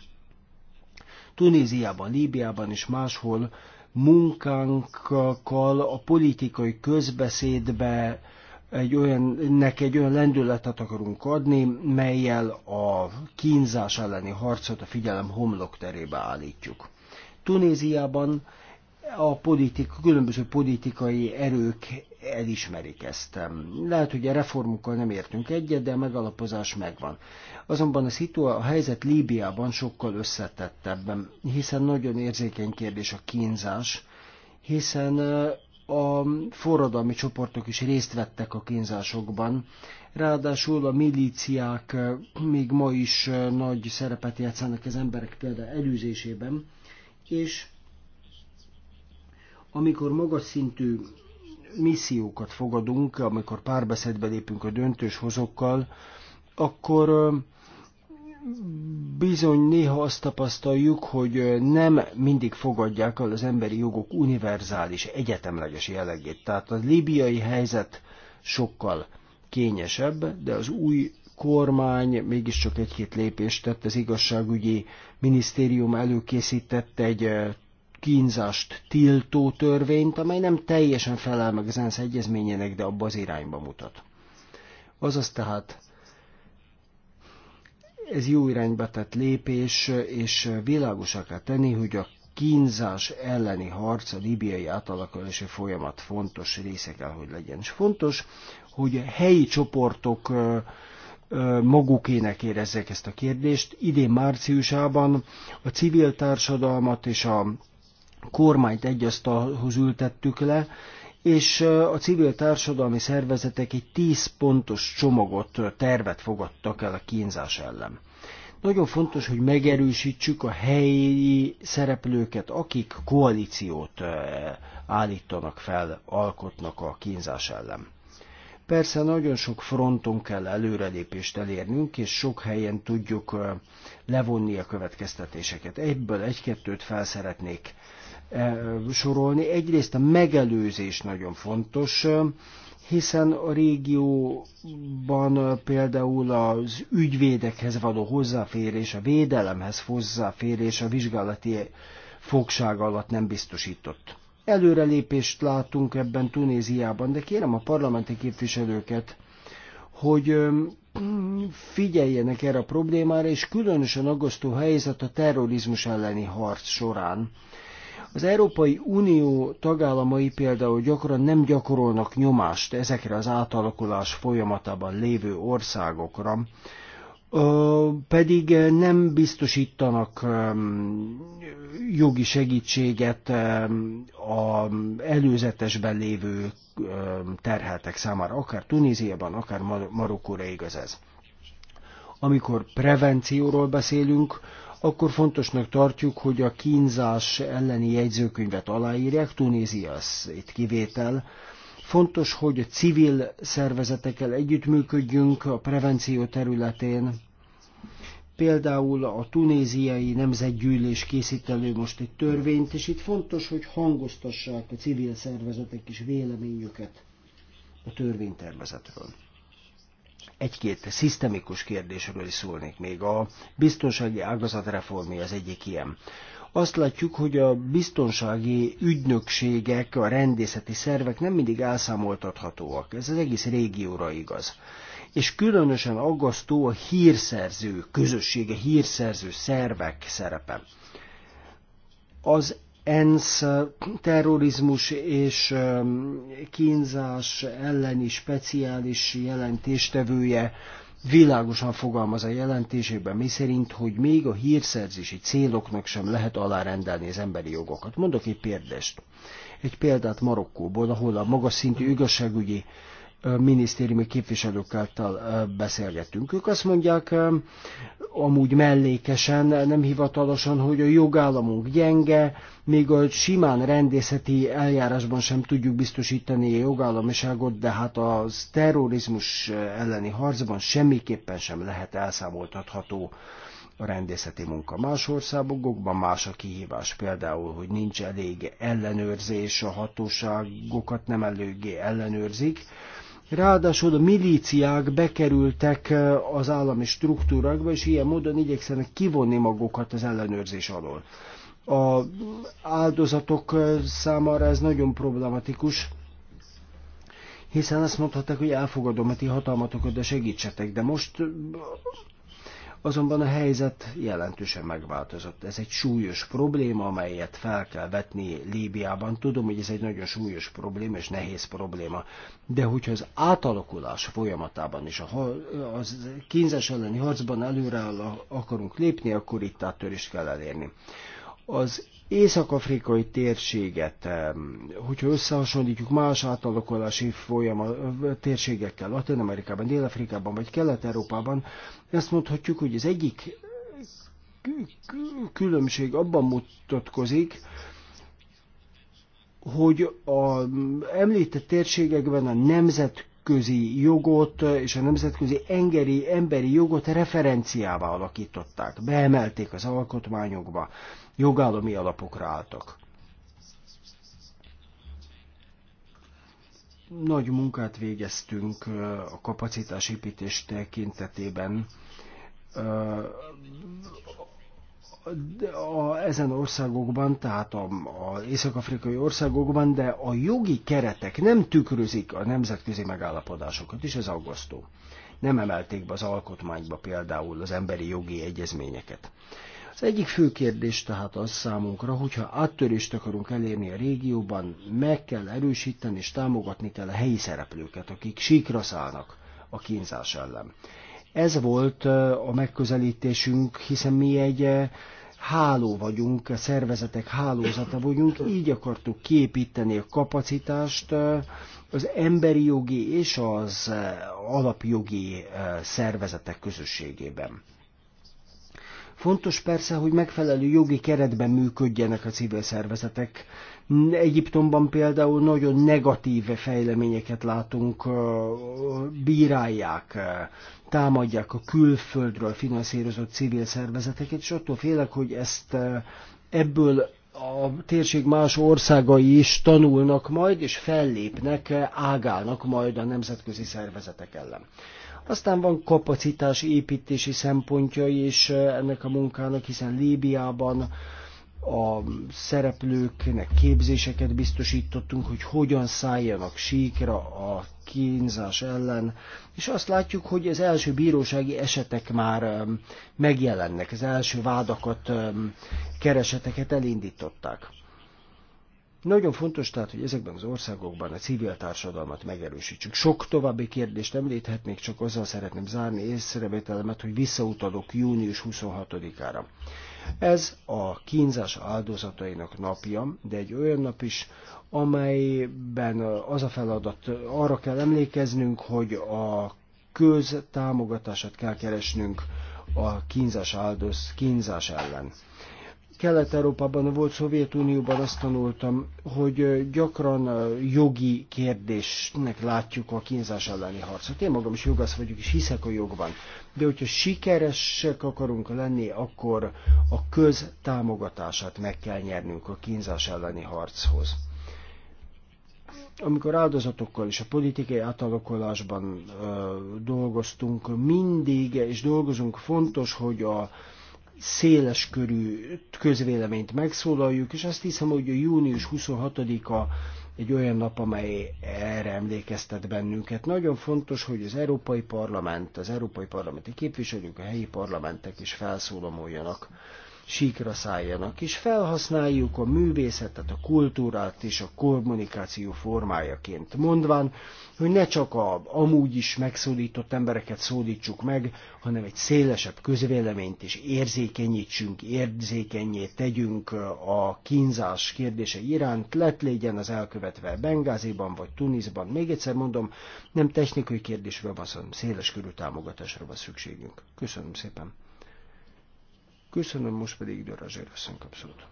Tunéziában, Líbiában és máshol munkánkkal a politikai közbeszédbe egy olyan, nek egy olyan lendületet akarunk adni, melyel a kínzás elleni harcot a figyelem homlok terébe állítjuk. Tunéziában a politik, különböző politikai erők elismerik ezt. Lehet, hogy a reformokkal nem értünk egyet, de a megalapozás megvan. Azonban a, szitua- a helyzet Líbiában sokkal összetettebben, hiszen nagyon érzékeny kérdés a kínzás, hiszen a forradalmi csoportok is részt vettek a kínzásokban. Ráadásul a milíciák még ma is nagy szerepet játszanak az emberek például előzésében, és amikor magas szintű missziókat fogadunk, amikor párbeszédbe lépünk a hozokkal, akkor bizony néha azt tapasztaljuk, hogy nem mindig fogadják el az emberi jogok univerzális, egyetemleges jellegét. Tehát a libiai helyzet sokkal kényesebb, de az új kormány mégiscsak egy-két lépést tett, az igazságügyi minisztérium előkészített egy kínzást tiltó törvényt, amely nem teljesen felel meg az ENSZ egyezményének, de abba az irányba mutat. Azaz tehát ez jó irányba tett lépés, és világosá kell tenni, hogy a kínzás elleni harc a libiai átalakulási folyamat fontos része kell, hogy legyen. És fontos, hogy helyi csoportok magukének érezzek ezt a kérdést. Idén márciusában a civil társadalmat és a kormányt egy asztalhoz ültettük le, és a civil társadalmi szervezetek egy tíz pontos csomagot, tervet fogadtak el a kínzás ellen. Nagyon fontos, hogy megerősítsük a helyi szereplőket, akik koalíciót állítanak fel, alkotnak a kínzás ellen. Persze nagyon sok fronton kell előrelépést elérnünk, és sok helyen tudjuk levonni a következtetéseket. Ebből egy-kettőt fel szeretnék sorolni. Egyrészt a megelőzés nagyon fontos, hiszen a régióban például az ügyvédekhez való hozzáférés, a védelemhez hozzáférés a vizsgálati fogság alatt nem biztosított. Előrelépést látunk ebben Tunéziában, de kérem a parlamenti képviselőket, hogy figyeljenek erre a problémára, és különösen aggasztó helyzet a terrorizmus elleni harc során az Európai Unió tagállamai például gyakran nem gyakorolnak nyomást ezekre az átalakulás folyamatában lévő országokra, pedig nem biztosítanak jogi segítséget az előzetesben lévő terheltek számára, akár Tunéziában, akár Marokkóra igaz ez. Amikor prevencióról beszélünk, akkor fontosnak tartjuk, hogy a kínzás elleni jegyzőkönyvet aláírják, Tunézia az itt kivétel. Fontos, hogy a civil szervezetekkel együttműködjünk a prevenció területén. Például a tunéziai nemzetgyűlés készít elő most egy törvényt, és itt fontos, hogy hangoztassák a civil szervezetek is véleményüket a törvénytervezetről egy-két szisztemikus kérdésről is szólnék még. A biztonsági ágazat reformja az egyik ilyen. Azt látjuk, hogy a biztonsági ügynökségek, a rendészeti szervek nem mindig elszámoltathatóak. Ez az egész régióra igaz. És különösen aggasztó a hírszerző közössége, hírszerző szervek szerepe. Az ENSZ terrorizmus és kínzás elleni speciális jelentéstevője világosan fogalmaz a jelentésében, szerint, hogy még a hírszerzési céloknak sem lehet alárendelni az emberi jogokat. Mondok egy példát. Egy példát Marokkóból, ahol a magas szintű igazságügyi minisztériumi képviselőkkel beszélgettünk. Ők azt mondják, amúgy mellékesen, nem hivatalosan, hogy a jogállamunk gyenge, még a simán rendészeti eljárásban sem tudjuk biztosítani a jogállamiságot, de hát a terrorizmus elleni harcban semmiképpen sem lehet elszámoltatható a rendészeti munka. Más országokban más a kihívás, például, hogy nincs elég ellenőrzés, a hatóságokat nem eléggé ellenőrzik, Ráadásul a milíciák bekerültek az állami struktúrákba, és ilyen módon igyekszenek kivonni magukat az ellenőrzés alól. A áldozatok számára ez nagyon problematikus, hiszen azt mondhatták, hogy elfogadom a ti hatalmatokat, de segítsetek. De most Azonban a helyzet jelentősen megváltozott. Ez egy súlyos probléma, amelyet fel kell vetni Líbiában. Tudom, hogy ez egy nagyon súlyos probléma és nehéz probléma, de hogyha az átalakulás folyamatában és a az kínzás elleni harcban előre akarunk lépni, akkor itt áttörést kell elérni. Az észak-afrikai térséget, hogyha összehasonlítjuk más átalakulási folyamat, térségekkel Latin-Amerikában, Dél-Afrikában vagy Kelet-Európában, ezt mondhatjuk, hogy az egyik különbség abban mutatkozik, hogy a említett térségekben a nemzetközi jogot és a nemzetközi engeri, emberi jogot referenciává alakították, beemelték az alkotmányokba, jogállami alapokra álltak. Nagy munkát végeztünk a kapacitásépítés tekintetében a, ezen országokban, tehát az észak-afrikai országokban, de a jogi keretek nem tükrözik a nemzetközi megállapodásokat, és ez aggasztó. Nem emelték be az alkotmányba például az emberi jogi egyezményeket. Az egyik fő kérdés tehát az számunkra, hogyha áttörést akarunk elérni a régióban, meg kell erősíteni és támogatni kell a helyi szereplőket, akik síkra szállnak a kínzás ellen. Ez volt a megközelítésünk, hiszen mi egy háló vagyunk, a szervezetek hálózata vagyunk, így akartuk képíteni a kapacitást az emberi jogi és az alapjogi szervezetek közösségében. Fontos persze, hogy megfelelő jogi keretben működjenek a civil szervezetek. Egyiptomban például nagyon negatív fejleményeket látunk, bírálják, támadják a külföldről finanszírozott civil szervezeteket, és attól félek, hogy ezt ebből a térség más országai is tanulnak majd, és fellépnek, ágálnak majd a nemzetközi szervezetek ellen. Aztán van kapacitási építési szempontja is eh, ennek a munkának, hiszen Líbiában a szereplőknek képzéseket biztosítottunk, hogy hogyan szálljanak síkra a kínzás ellen, és azt látjuk, hogy az első bírósági esetek már eh, megjelennek, az első vádakat, eh, kereseteket elindították. Nagyon fontos tehát, hogy ezekben az országokban a civil társadalmat megerősítsük. Sok további kérdést említhetnék, csak azzal szeretném zárni észrevételemet, hogy visszautalok június 26-ára. Ez a kínzás áldozatainak napja, de egy olyan nap is, amelyben az a feladat, arra kell emlékeznünk, hogy a támogatását kell keresnünk a kínzás áldoz, kínzás ellen. Kelet-Európában, volt Szovjetunióban azt tanultam, hogy gyakran jogi kérdésnek látjuk a kínzás elleni harcot. Én magam is jogász vagyok, és hiszek a jogban. De hogyha sikeresek akarunk lenni, akkor a köz támogatását meg kell nyernünk a kínzás elleni harchoz amikor áldozatokkal és a politikai átalakulásban ö, dolgoztunk, mindig és dolgozunk, fontos, hogy a széles körű közvéleményt megszólaljuk, és azt hiszem, hogy a június 26-a egy olyan nap, amely erre emlékeztet bennünket. Nagyon fontos, hogy az Európai Parlament, az Európai Parlamenti képviselők, a helyi parlamentek is felszólomoljanak síkra szálljanak, és felhasználjuk a művészetet, a kultúrát és a kommunikáció formájaként, mondván, hogy ne csak a amúgy is megszólított embereket szólítsuk meg, hanem egy szélesebb közvéleményt is érzékenyítsünk, érzékenyé tegyünk a kínzás kérdése iránt, lett legyen az elkövetve Bengáziban vagy Tunisban. Még egyszer mondom, nem technikai kérdésről van szó, széles körű támogatásra van szükségünk. Köszönöm szépen! Köszönöm, most pedig Dörazsér asszony kapszott.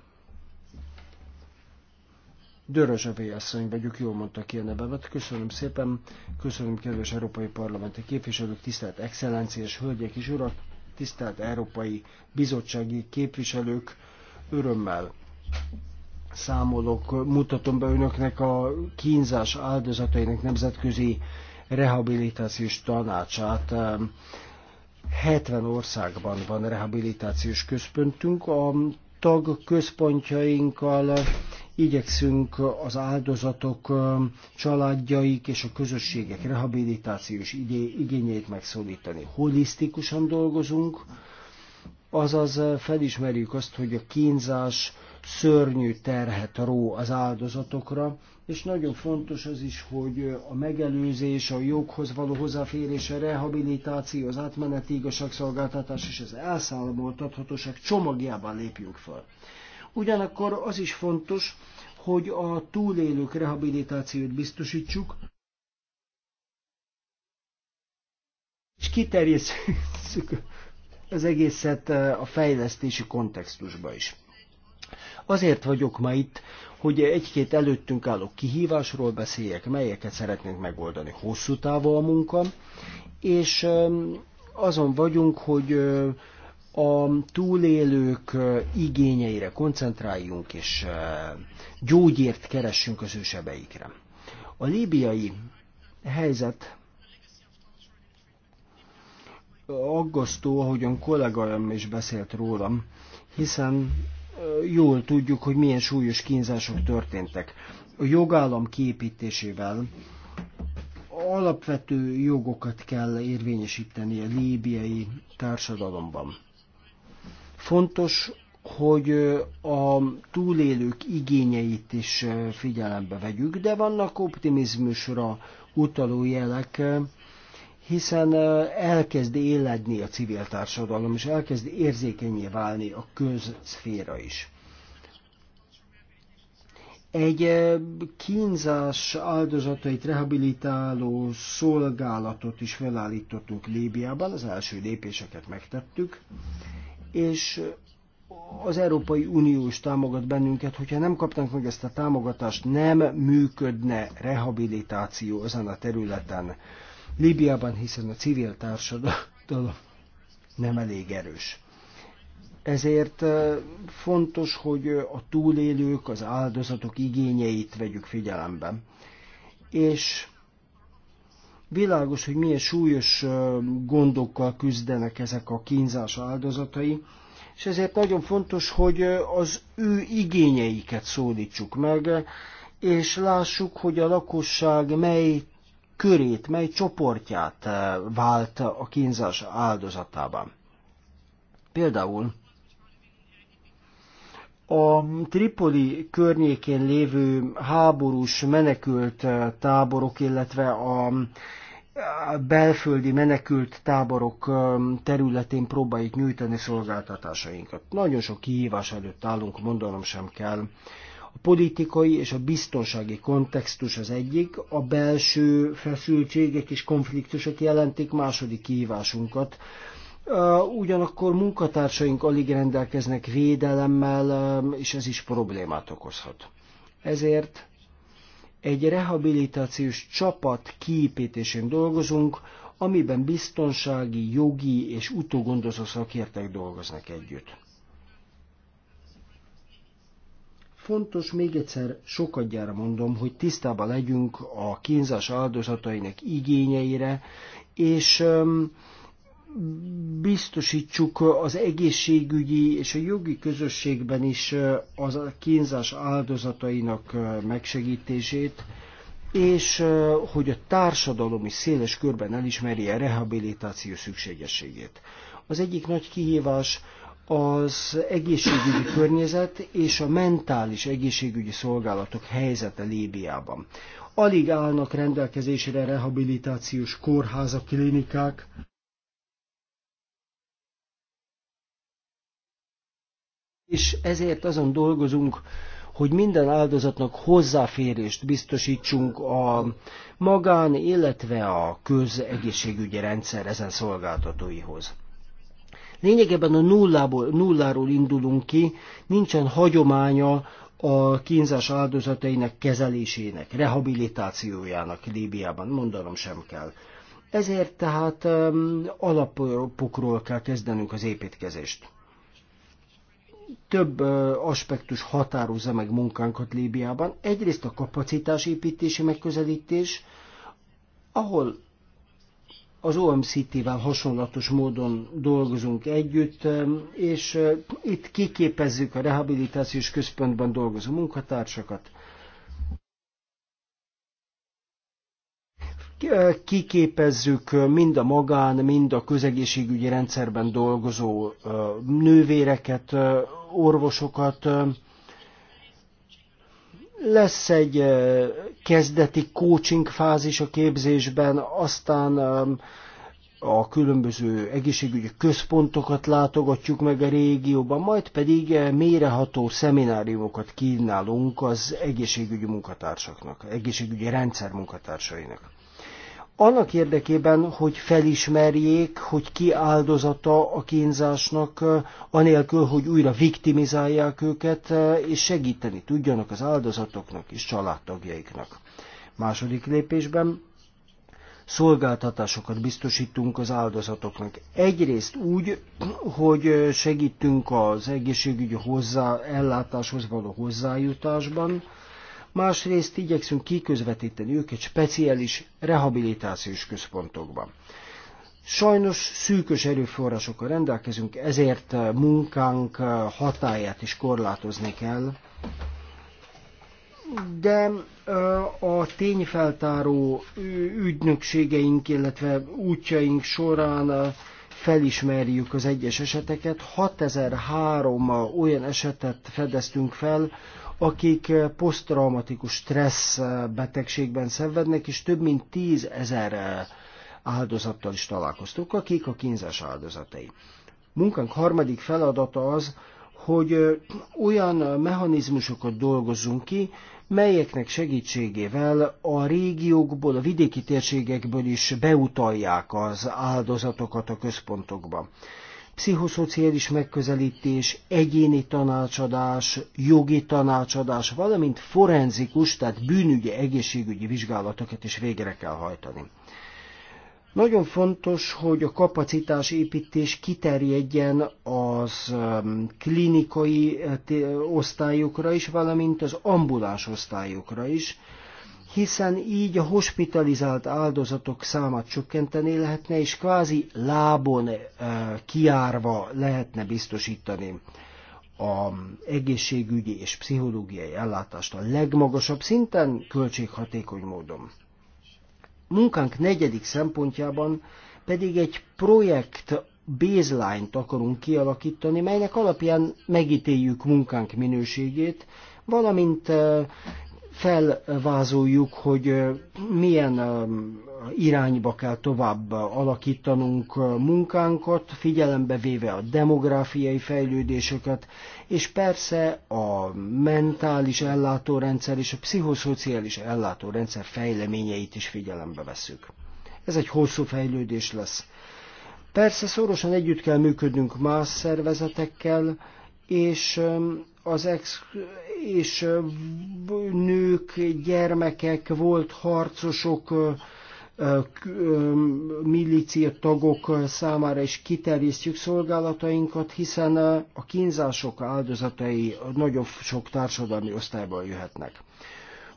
Dörözsövé asszony vagyok, jól mondta ki a nevemet. Köszönöm szépen, köszönöm kedves európai parlamenti képviselők, tisztelt excellenciás hölgyek és urak, tisztelt európai bizottsági képviselők, örömmel számolok, mutatom be önöknek a kínzás áldozatainak nemzetközi rehabilitációs tanácsát 70 országban van rehabilitációs központunk. A tag központjainkkal igyekszünk az áldozatok, családjaik és a közösségek rehabilitációs igényeit megszólítani. Holisztikusan dolgozunk, azaz felismerjük azt, hogy a kínzás, szörnyű terhet ró az áldozatokra, és nagyon fontos az is, hogy a megelőzés, a joghoz való hozzáférés, a rehabilitáció, az átmeneti igazságszolgáltatás és az elszámoltathatóság csomagjában lépjünk fel. Ugyanakkor az is fontos, hogy a túlélők rehabilitációt biztosítsuk, és kiterjesszük az egészet a fejlesztési kontextusba is. Azért vagyok ma itt, hogy egy-két előttünk álló kihívásról beszéljek, melyeket szeretnénk megoldani. Hosszú távú a munka, és azon vagyunk, hogy a túlélők igényeire koncentráljunk, és gyógyért keressünk az ősebeikre. A líbiai helyzet aggasztó, ahogyan kollégám is beszélt rólam, hiszen jól tudjuk, hogy milyen súlyos kínzások történtek. A jogállam kiépítésével alapvető jogokat kell érvényesíteni a líbiai társadalomban. Fontos, hogy a túlélők igényeit is figyelembe vegyük, de vannak optimizmusra utaló jelek, hiszen elkezd éledni a civil társadalom, és elkezd érzékenyé válni a közszféra is. Egy kínzás áldozatait rehabilitáló szolgálatot is felállítottunk Líbiában, az első lépéseket megtettük, és az Európai Unió is támogat bennünket, hogyha nem kapnánk meg ezt a támogatást, nem működne rehabilitáció ezen a területen Líbiában, hiszen a civil társadalom nem elég erős. Ezért fontos, hogy a túlélők, az áldozatok igényeit vegyük figyelembe. És világos, hogy milyen súlyos gondokkal küzdenek ezek a kínzás áldozatai, és ezért nagyon fontos, hogy az ő igényeiket szólítsuk meg, és lássuk, hogy a lakosság mely körét, mely csoportját eh, vált a kínzás áldozatában. Például a Tripoli környékén lévő háborús menekült eh, táborok, illetve a belföldi menekült táborok eh, területén próbáljuk nyújtani szolgáltatásainkat. Nagyon sok kihívás előtt állunk, mondanom sem kell a politikai és a biztonsági kontextus az egyik, a belső feszültségek és konfliktusok jelentik második kihívásunkat. Ugyanakkor munkatársaink alig rendelkeznek védelemmel, és ez is problémát okozhat. Ezért egy rehabilitációs csapat kiépítésén dolgozunk, amiben biztonsági, jogi és utógondozó szakértek dolgoznak együtt. Fontos, még egyszer sokadjára mondom, hogy tisztában legyünk a kínzás áldozatainak igényeire, és biztosítsuk az egészségügyi és a jogi közösségben is az a kínzás áldozatainak megsegítését, és hogy a társadalom is széles körben elismeri a rehabilitáció szükségességét. Az egyik nagy kihívás, az egészségügyi környezet és a mentális egészségügyi szolgálatok helyzete Líbiában. Alig állnak rendelkezésre rehabilitációs kórházak, klinikák, és ezért azon dolgozunk, hogy minden áldozatnak hozzáférést biztosítsunk a magán, illetve a közegészségügyi rendszer ezen szolgáltatóihoz. Lényegében a nullából, nulláról indulunk ki, nincsen hagyománya a kínzás áldozatainak kezelésének, rehabilitációjának Líbiában, mondanom sem kell. Ezért tehát um, alapokról kell kezdenünk az építkezést. Több uh, aspektus határozza meg munkánkat Líbiában. Egyrészt a kapacitásépítési megközelítés, ahol az OMCT-vel hasonlatos módon dolgozunk együtt, és itt kiképezzük a rehabilitációs központban dolgozó munkatársakat, kiképezzük mind a magán, mind a közegészségügyi rendszerben dolgozó nővéreket, orvosokat, lesz egy kezdeti coaching fázis a képzésben, aztán a különböző egészségügyi központokat látogatjuk meg a régióban, majd pedig méreható szemináriumokat kínálunk az egészségügyi munkatársaknak, egészségügyi rendszer munkatársainak annak érdekében, hogy felismerjék, hogy ki áldozata a kínzásnak, anélkül, hogy újra viktimizálják őket, és segíteni tudjanak az áldozatoknak és családtagjaiknak. Második lépésben szolgáltatásokat biztosítunk az áldozatoknak. Egyrészt úgy, hogy segítünk az egészségügyi hozzá, ellátáshoz való hozzájutásban, másrészt igyekszünk kiközvetíteni őket speciális rehabilitációs központokban. Sajnos szűkös erőforrásokkal rendelkezünk, ezért munkánk hatáját is korlátozni kell, de a tényfeltáró ügynökségeink, illetve útjaink során felismerjük az egyes eseteket. 6003 olyan esetet fedeztünk fel, akik eh, poszttraumatikus stressz eh, betegségben szenvednek, és több mint tízezer eh, áldozattal is találkoztuk, akik a kínzás áldozatai. Munkánk harmadik feladata az, hogy olyan mechanizmusokat dolgozzunk ki, melyeknek segítségével a régiókból, a vidéki térségekből is beutalják az áldozatokat a központokba pszichoszociális megközelítés, egyéni tanácsadás, jogi tanácsadás, valamint forenzikus, tehát bűnügyi, egészségügyi vizsgálatokat is végre kell hajtani. Nagyon fontos, hogy a kapacitás építés kiterjedjen az um, klinikai eh, osztályokra is, valamint az ambuláns osztályokra is, hiszen így a hospitalizált áldozatok számát csökkenteni lehetne, és kvázi lábon eh, kiárva lehetne biztosítani a egészségügyi és pszichológiai ellátást a legmagasabb szinten költséghatékony módon. Munkánk negyedik szempontjában pedig egy projekt baseline-t akarunk kialakítani, melynek alapján megítéljük munkánk minőségét, valamint eh, felvázoljuk, hogy milyen irányba kell tovább alakítanunk munkánkat, figyelembe véve a demográfiai fejlődéseket, és persze a mentális ellátórendszer és a pszichoszociális ellátórendszer fejleményeit is figyelembe veszük. Ez egy hosszú fejlődés lesz. Persze szorosan együtt kell működnünk más szervezetekkel, és az ex és nők, gyermekek, volt harcosok, milícia tagok számára is kiterjesztjük szolgálatainkat, hiszen a kínzások áldozatai nagyon sok társadalmi osztályban jöhetnek.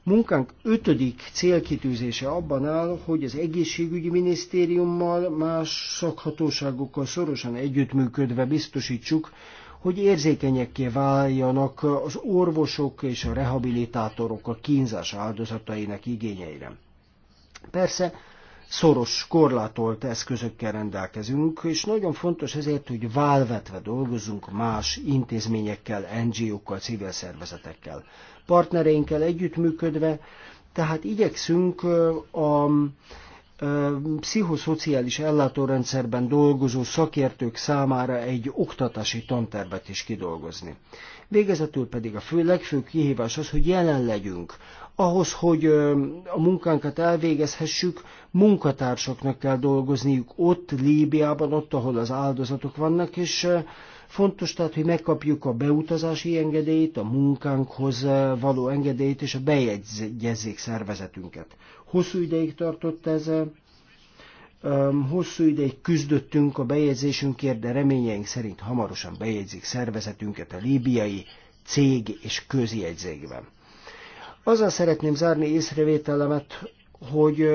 Munkánk ötödik célkitűzése abban áll, hogy az egészségügyi minisztériummal, más szakhatóságokkal szorosan együttműködve biztosítsuk, hogy érzékenyekké váljanak az orvosok és a rehabilitátorok a kínzás áldozatainak igényeire. Persze, szoros, korlátolt eszközökkel rendelkezünk, és nagyon fontos ezért, hogy válvetve dolgozunk más intézményekkel, NGO-kkal, civil szervezetekkel. Partnereinkkel együttműködve, tehát igyekszünk a pszichoszociális ellátórendszerben dolgozó szakértők számára egy oktatási tantervet is kidolgozni. Végezetül pedig a fő legfőbb kihívás az, hogy jelen legyünk. Ahhoz, hogy a munkánkat elvégezhessük, munkatársaknak kell dolgozniuk ott, Líbiában, ott, ahol az áldozatok vannak, és Fontos tehát, hogy megkapjuk a beutazási engedélyt, a munkánkhoz való engedélyt, és a bejegyezzék szervezetünket. Hosszú ideig tartott ez, hosszú ideig küzdöttünk a bejegyzésünkért, de reményeink szerint hamarosan bejegyzik szervezetünket a líbiai cég és közjegyzékben. Azzal szeretném zárni észrevételemet, hogy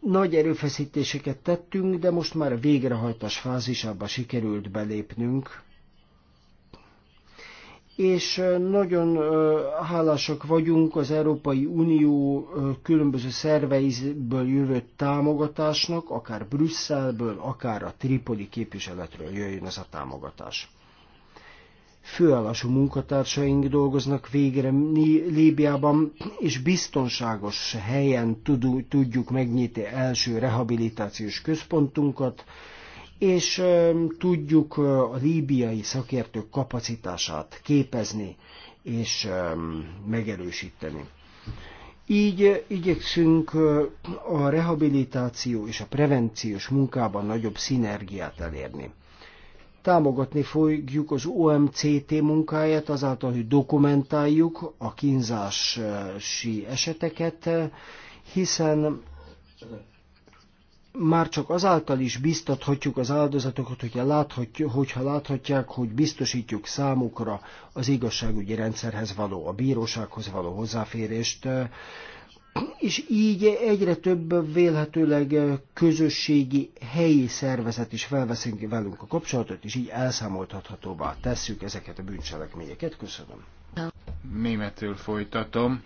nagy erőfeszítéseket tettünk, de most már a végrehajtás fázisába sikerült belépnünk és nagyon hálásak vagyunk az Európai Unió különböző szerveiből jövő támogatásnak, akár Brüsszelből, akár a Tripoli képviseletről jöjjön ez a támogatás. Főállású munkatársaink dolgoznak végre Líbiában, és biztonságos helyen tudjuk megnyitni első rehabilitációs központunkat, és tudjuk a líbiai szakértők kapacitását képezni és megerősíteni. Így igyekszünk a rehabilitáció és a prevenciós munkában nagyobb szinergiát elérni. Támogatni fogjuk az OMCT munkáját azáltal, hogy dokumentáljuk a kínzási eseteket, hiszen már csak azáltal is biztathatjuk az áldozatokat, hogyha, láthatjuk, hogyha láthatják, hogy biztosítjuk számukra az igazságügyi rendszerhez való, a bírósághoz való hozzáférést, és így egyre több vélhetőleg közösségi helyi szervezet is felveszünk velünk a kapcsolatot, és így elszámoltathatóvá tesszük ezeket a bűncselekményeket. Köszönöm. Németül folytatom.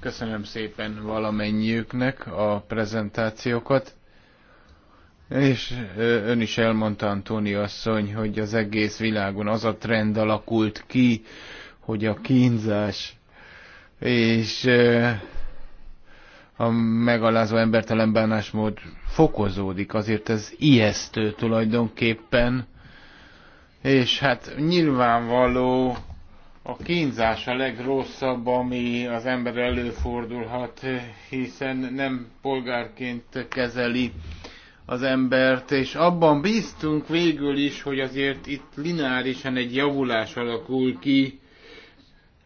Köszönöm szépen valamennyiüknek a prezentációkat és ön is elmondta, Antóni asszony, hogy az egész világon az a trend alakult ki, hogy a kínzás és a megalázó embertelen bánásmód fokozódik. Azért ez ijesztő tulajdonképpen. És hát nyilvánvaló a kínzás a legrosszabb, ami az ember előfordulhat, hiszen nem polgárként kezeli az embert, és abban bíztunk végül is, hogy azért itt lineárisan egy javulás alakul ki.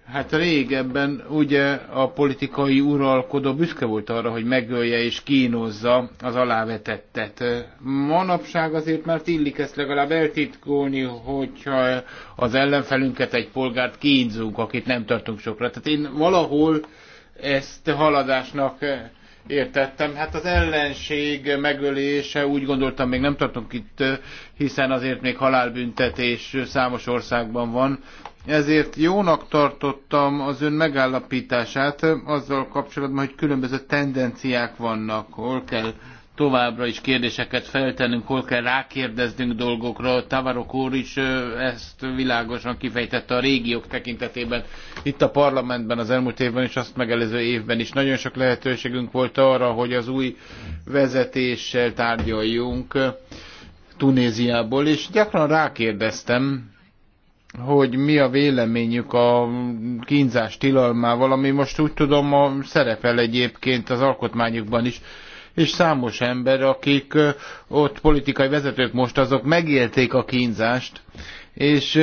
Hát régebben ugye a politikai uralkodó büszke volt arra, hogy megölje és kínozza az alávetettet. Manapság azért már illik ezt legalább eltitkolni, hogyha az ellenfelünket egy polgárt kínzunk, akit nem tartunk sokra. Tehát én valahol ezt haladásnak értettem. Hát az ellenség megölése, úgy gondoltam, még nem tartunk itt, hiszen azért még halálbüntetés számos országban van. Ezért jónak tartottam az ön megállapítását azzal kapcsolatban, hogy különböző tendenciák vannak, hol kell továbbra is kérdéseket feltennünk, hol kell rákérdeznünk dolgokra. Tavarok úr is ezt világosan kifejtette a régiók tekintetében. Itt a parlamentben az elmúlt évben és azt megelőző évben is nagyon sok lehetőségünk volt arra, hogy az új vezetéssel tárgyaljunk Tunéziából, és gyakran rákérdeztem, hogy mi a véleményük a kínzás tilalmával, ami most úgy tudom, a szerepel egyébként az alkotmányukban is és számos ember, akik ott politikai vezetők most, azok megélték a kínzást, és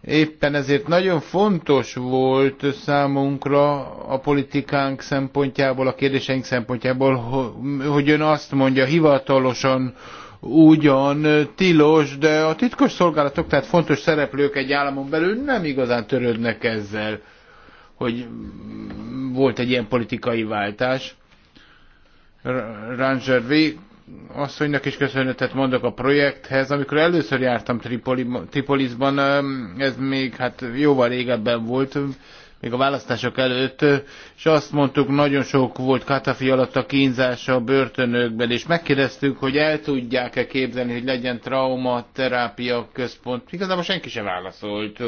éppen ezért nagyon fontos volt számunkra a politikánk szempontjából, a kérdéseink szempontjából, hogy ön azt mondja hivatalosan, ugyan tilos, de a titkos szolgálatok, tehát fontos szereplők egy államon belül nem igazán törődnek ezzel, hogy volt egy ilyen politikai váltás. Rangervi asszonynak is köszönetet mondok a projekthez. Amikor először jártam Tripolisban, ez még hát jóval régebben volt, még a választások előtt, és azt mondtuk, nagyon sok volt Katafi alatt a kínzása a börtönökben, és megkérdeztük, hogy el tudják-e képzelni, hogy legyen traumaterápia központ. Igazából senki sem válaszolt.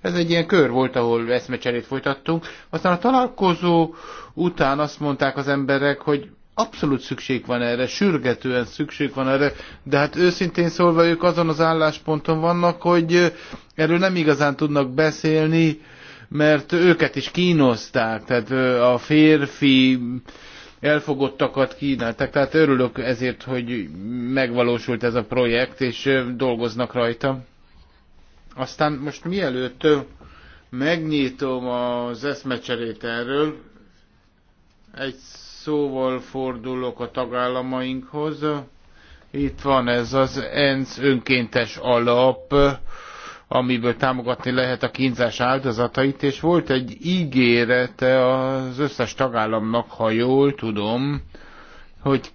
Ez egy ilyen kör volt, ahol eszmecserét folytattunk. Aztán a találkozó után azt mondták az emberek, hogy Abszolút szükség van erre, sürgetően szükség van erre, de hát őszintén szólva ők azon az állásponton vannak, hogy erről nem igazán tudnak beszélni, mert őket is kínozták, tehát a férfi elfogottakat kínálták, tehát örülök ezért, hogy megvalósult ez a projekt, és dolgoznak rajta. Aztán most mielőtt megnyitom az eszmecserét erről, egy szóval fordulok a tagállamainkhoz. Itt van ez az ENSZ önkéntes alap, amiből támogatni lehet a kínzás áldozatait, és volt egy ígérete az összes tagállamnak, ha jól tudom, hogy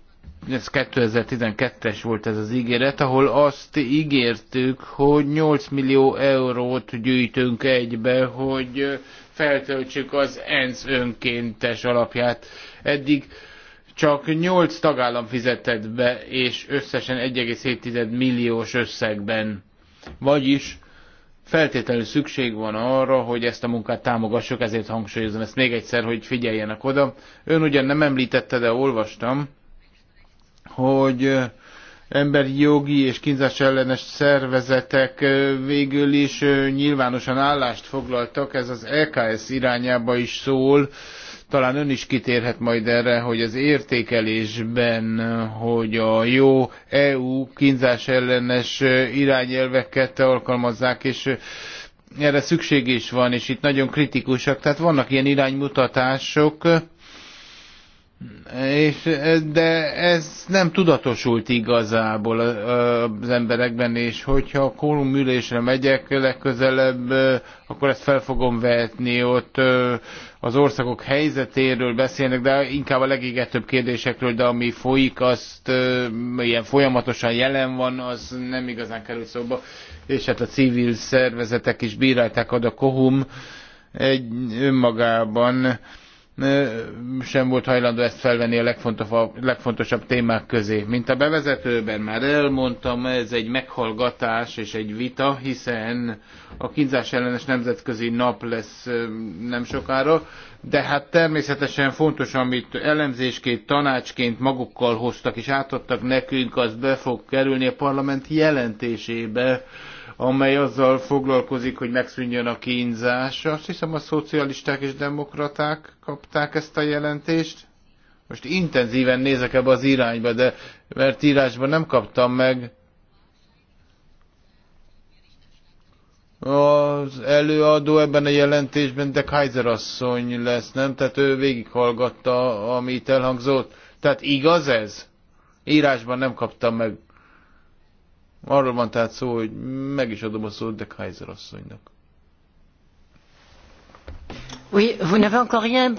ez 2012-es volt ez az ígéret, ahol azt ígértük, hogy 8 millió eurót gyűjtünk egybe, hogy feltöltsük az ENSZ önkéntes alapját. Eddig csak 8 tagállam fizetett be, és összesen 1,7 milliós összegben. Vagyis feltétlenül szükség van arra, hogy ezt a munkát támogassuk, ezért hangsúlyozom ezt még egyszer, hogy figyeljenek oda. Ön ugyan nem említette, de olvastam, hogy emberi jogi és kínzás ellenes szervezetek végül is nyilvánosan állást foglaltak, ez az EKS irányába is szól, talán ön is kitérhet majd erre, hogy az értékelésben, hogy a jó EU kínzás ellenes irányelveket alkalmazzák, és erre szükség is van, és itt nagyon kritikusak, tehát vannak ilyen iránymutatások, és, de ez nem tudatosult igazából az emberekben, és hogyha a kórum ülésre megyek legközelebb, akkor ezt fel fogom vetni, ott az országok helyzetéről beszélnek, de inkább a legégetőbb kérdésekről, de ami folyik, azt ö, ilyen folyamatosan jelen van, az nem igazán kerül szóba. És hát a civil szervezetek is bírálták ad a kohum egy önmagában sem volt hajlandó ezt felvenni a legfontosabb, témák közé. Mint a bevezetőben már elmondtam, ez egy meghallgatás és egy vita, hiszen a kínzás ellenes nemzetközi nap lesz nem sokára, de hát természetesen fontos, amit elemzésként, tanácsként magukkal hoztak és átadtak nekünk, az be fog kerülni a parlament jelentésébe amely azzal foglalkozik, hogy megszűnjön a kínzás. Azt hiszem a szocialisták és demokraták kapták ezt a jelentést. Most intenzíven nézek ebbe az irányba, de mert írásban nem kaptam meg. Az előadó ebben a jelentésben de Kaiser asszony lesz, nem? Tehát ő végighallgatta, amit elhangzott. Tehát igaz ez? Írásban nem kaptam meg. Arról van tehát szó, hogy meg is adom a szót de Kaiser asszonynak. Oui, vous n'avez encore rien...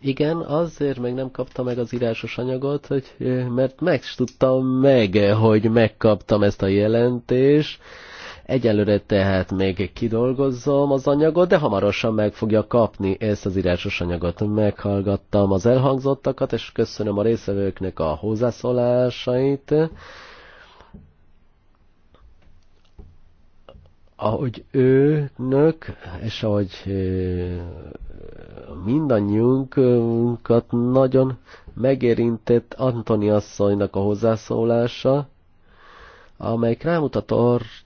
Igen, azért még nem kapta meg az írásos anyagot, hogy, eh, mert meg tudtam meg, eh, hogy megkaptam ezt a jelentést. Egyelőre tehát még kidolgozzom az anyagot, de hamarosan meg fogja kapni ezt az írásos anyagot. Meghallgattam az elhangzottakat, és köszönöm a részvevőknek a hozzászólásait. ahogy őnök, és ahogy mindannyiunkat nagyon megérintett Antoni asszonynak a hozzászólása, amely rámutat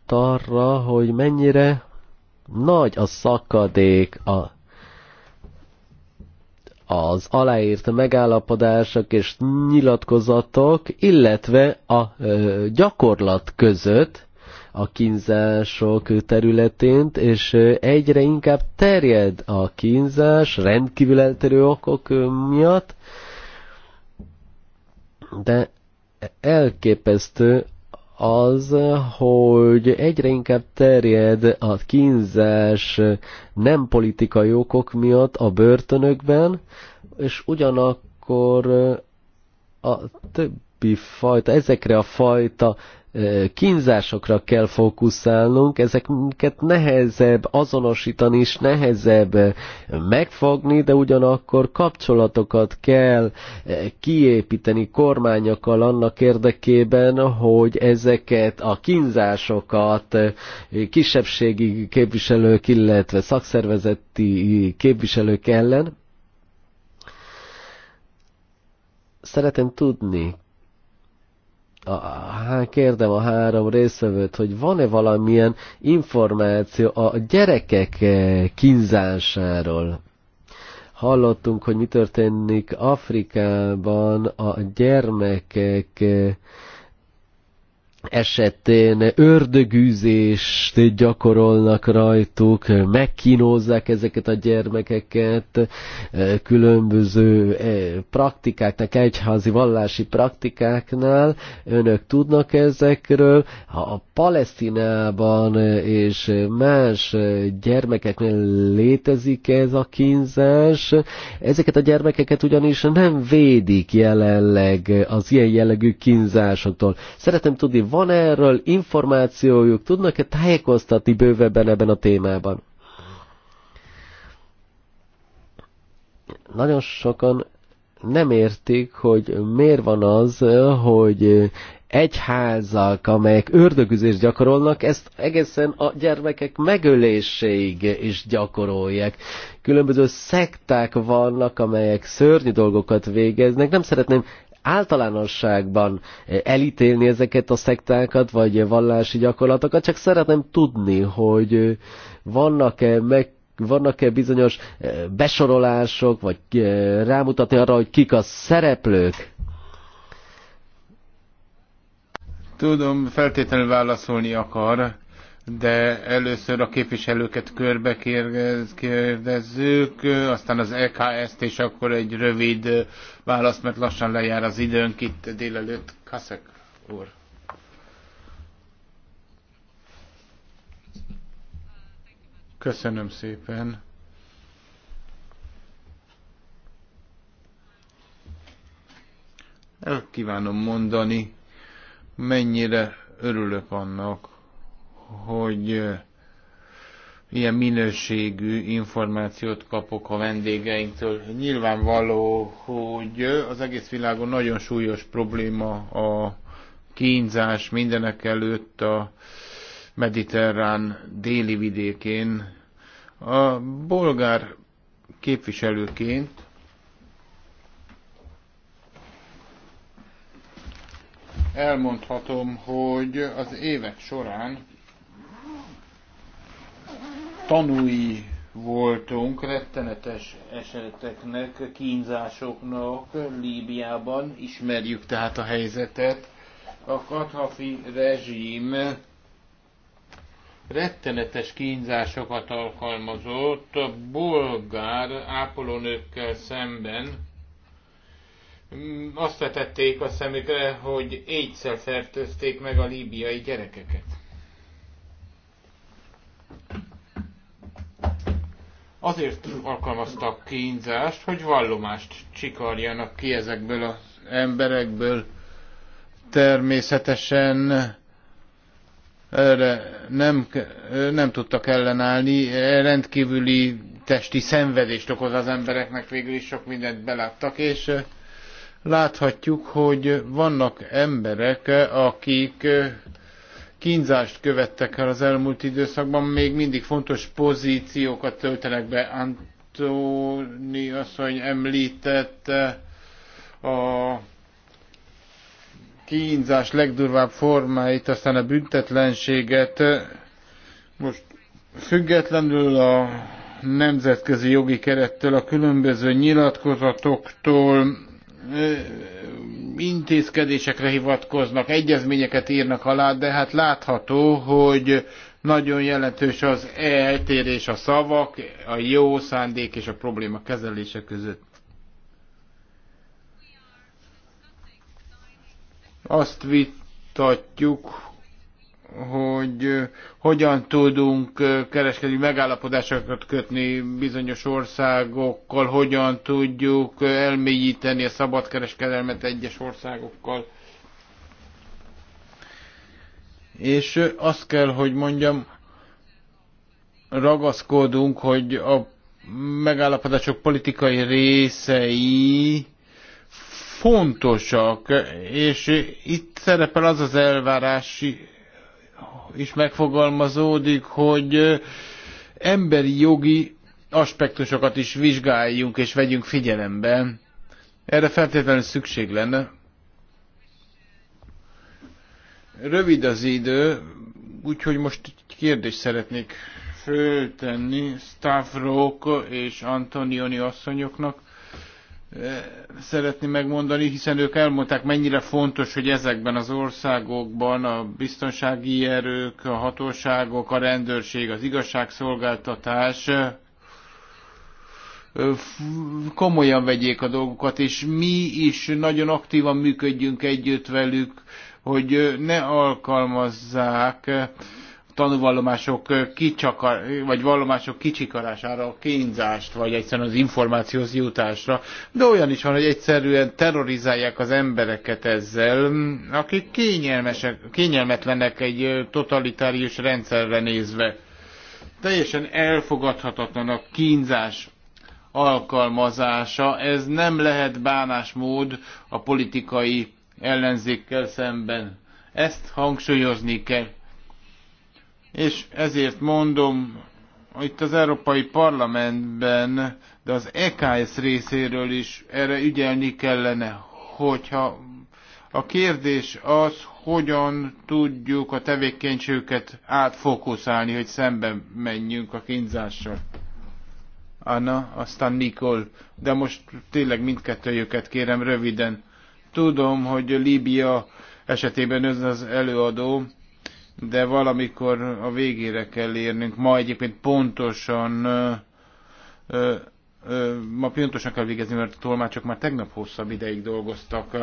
arra, hogy mennyire nagy a szakadék a, az aláírt megállapodások és nyilatkozatok, illetve a ö, gyakorlat között, a kínzások területén, és egyre inkább terjed a kínzás rendkívül elterő okok miatt, de elképesztő az, hogy egyre inkább terjed a kínzás nem politikai okok miatt a börtönökben, és ugyanakkor a többi fajta, ezekre a fajta kínzásokra kell fókuszálnunk, ezeket nehezebb azonosítani és nehezebb megfogni, de ugyanakkor kapcsolatokat kell kiépíteni kormányokkal annak érdekében, hogy ezeket a kínzásokat kisebbségi képviselők, illetve szakszervezeti képviselők ellen szeretem tudni, a, kérdem a három részvevőt, hogy van-e valamilyen információ a gyerekek eh, kínzásáról? Hallottunk, hogy mi történik Afrikában a gyermekek eh, esetén ördögűzést gyakorolnak rajtuk, megkínozzák ezeket a gyermekeket, e, különböző e, praktikáknak, egyházi vallási praktikáknál önök tudnak ezekről. Ha a Palesztinában és más gyermekeknél létezik ez a kínzás, ezeket a gyermekeket ugyanis nem védik jelenleg az ilyen jellegű kínzásoktól. Szeretem tudni, van erről információjuk, tudnak-e tájékoztatni bővebben ebben a témában? Nagyon sokan nem értik, hogy miért van az, hogy egyházak, amelyek ördögüzést gyakorolnak, ezt egészen a gyermekek megöléséig is gyakorolják. Különböző szekták vannak, amelyek szörnyű dolgokat végeznek. Nem szeretném általánosságban eh, elítélni ezeket a szektákat, vagy vallási gyakorlatokat, csak szeretném tudni, hogy eh, vannak-e meg vannak-e bizonyos eh, besorolások, vagy rámutatni arra, hogy kik a szereplők? Tudom, feltétlenül válaszolni akar, de először a képviselőket körbe kérdezzük, aztán az EKS-t, és akkor egy rövid válasz, mert lassan lejár az időnk itt délelőtt. Kaszek úr. Köszönöm szépen. El kívánom mondani, mennyire örülök annak, hogy ilyen minőségű információt kapok a vendégeinktől. Nyilvánvaló, hogy az egész világon nagyon súlyos probléma a kínzás mindenek előtt a mediterrán déli vidékén. A bolgár képviselőként elmondhatom, hogy az évek során tanúi voltunk rettenetes eseteknek, kínzásoknak Líbiában, ismerjük tehát a helyzetet. A Kadhafi rezsim rettenetes kínzásokat alkalmazott a bolgár ápolónőkkel szemben. Mm, azt vetették a szemükre, hogy égyszer fertőzték meg a líbiai gyerekeket azért alkalmaztak kínzást, hogy vallomást csikarjanak ki ezekből az emberekből. Természetesen erre nem, nem tudtak ellenállni, rendkívüli testi szenvedést okoz az embereknek, végül is sok mindent beláttak, és láthatjuk, hogy vannak emberek, akik kínzást követtek el az elmúlt időszakban, még mindig fontos pozíciókat töltenek be. Antóni asszony említette a kínzás legdurvább formáit, aztán a büntetlenséget. Most függetlenül a nemzetközi jogi kerettől, a különböző nyilatkozatoktól intézkedésekre hivatkoznak, egyezményeket írnak alá, de hát látható, hogy nagyon jelentős az eltérés a szavak, a jó szándék és a probléma kezelése között. Azt vitatjuk, hogy hogyan tudunk kereskedelmi megállapodásokat kötni bizonyos országokkal, hogyan tudjuk elmélyíteni a szabadkereskedelmet egyes országokkal. És azt kell, hogy mondjam, ragaszkodunk, hogy a megállapodások politikai részei fontosak, és itt szerepel az az elvárási is megfogalmazódik, hogy emberi jogi aspektusokat is vizsgáljunk és vegyünk figyelembe. Erre feltétlenül szükség lenne. Rövid az idő, úgyhogy most egy kérdést szeretnék föltenni Stavrok és Antonioni asszonyoknak. Eh, szeretni megmondani, hiszen ők elmondták, mennyire fontos, hogy ezekben az országokban a biztonsági erők, a hatóságok, a rendőrség, az igazságszolgáltatás eh, eh, komolyan vegyék a dolgokat, és mi is nagyon aktívan működjünk együtt velük, hogy ne alkalmazzák tanúvallomások kicsakar, vagy vallomások kicsikarására, a kínzást, vagy egyszerűen az információhoz jutásra. De olyan is van, hogy egyszerűen terrorizálják az embereket ezzel, akik kényelmesek, kényelmetlenek egy totalitárius rendszerre nézve. Teljesen elfogadhatatlan a kínzás alkalmazása, ez nem lehet bánásmód a politikai ellenzékkel szemben. Ezt hangsúlyozni kell. És ezért mondom, itt az Európai Parlamentben, de az EKS részéről is erre ügyelni kellene, hogyha a kérdés az, hogyan tudjuk a tevékenységüket átfókuszálni, hogy szemben menjünk a kínzással. Anna, aztán Nikol. De most tényleg mindkettőjüket kérem röviden. Tudom, hogy Líbia esetében ez az előadó, de valamikor a végére kell érnünk. Ma egyébként pontosan ö, ö, ma pontosan kell végezni, mert a tolmácsok már tegnap hosszabb ideig dolgoztak.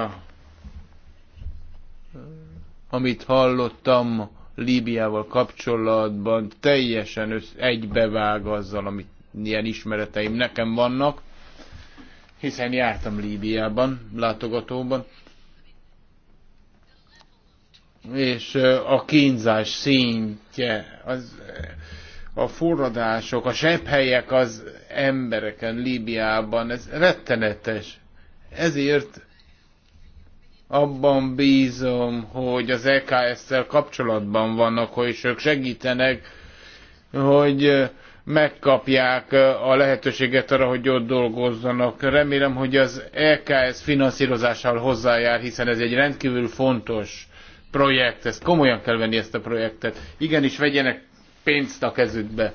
Amit hallottam Líbiával kapcsolatban, teljesen össz, egybevág azzal, amit ilyen ismereteim nekem vannak, hiszen jártam Líbiában, látogatóban, és a kínzás szintje, az, a forradások, a sebhelyek az embereken Líbiában, ez rettenetes. Ezért abban bízom, hogy az EKS-szel kapcsolatban vannak, hogy ők segítenek, hogy megkapják a lehetőséget arra, hogy ott dolgozzanak. Remélem, hogy az EKS finanszírozással hozzájár, hiszen ez egy rendkívül fontos projekt, ezt komolyan kell venni ezt a projektet. Igenis vegyenek pénzt a kezükbe.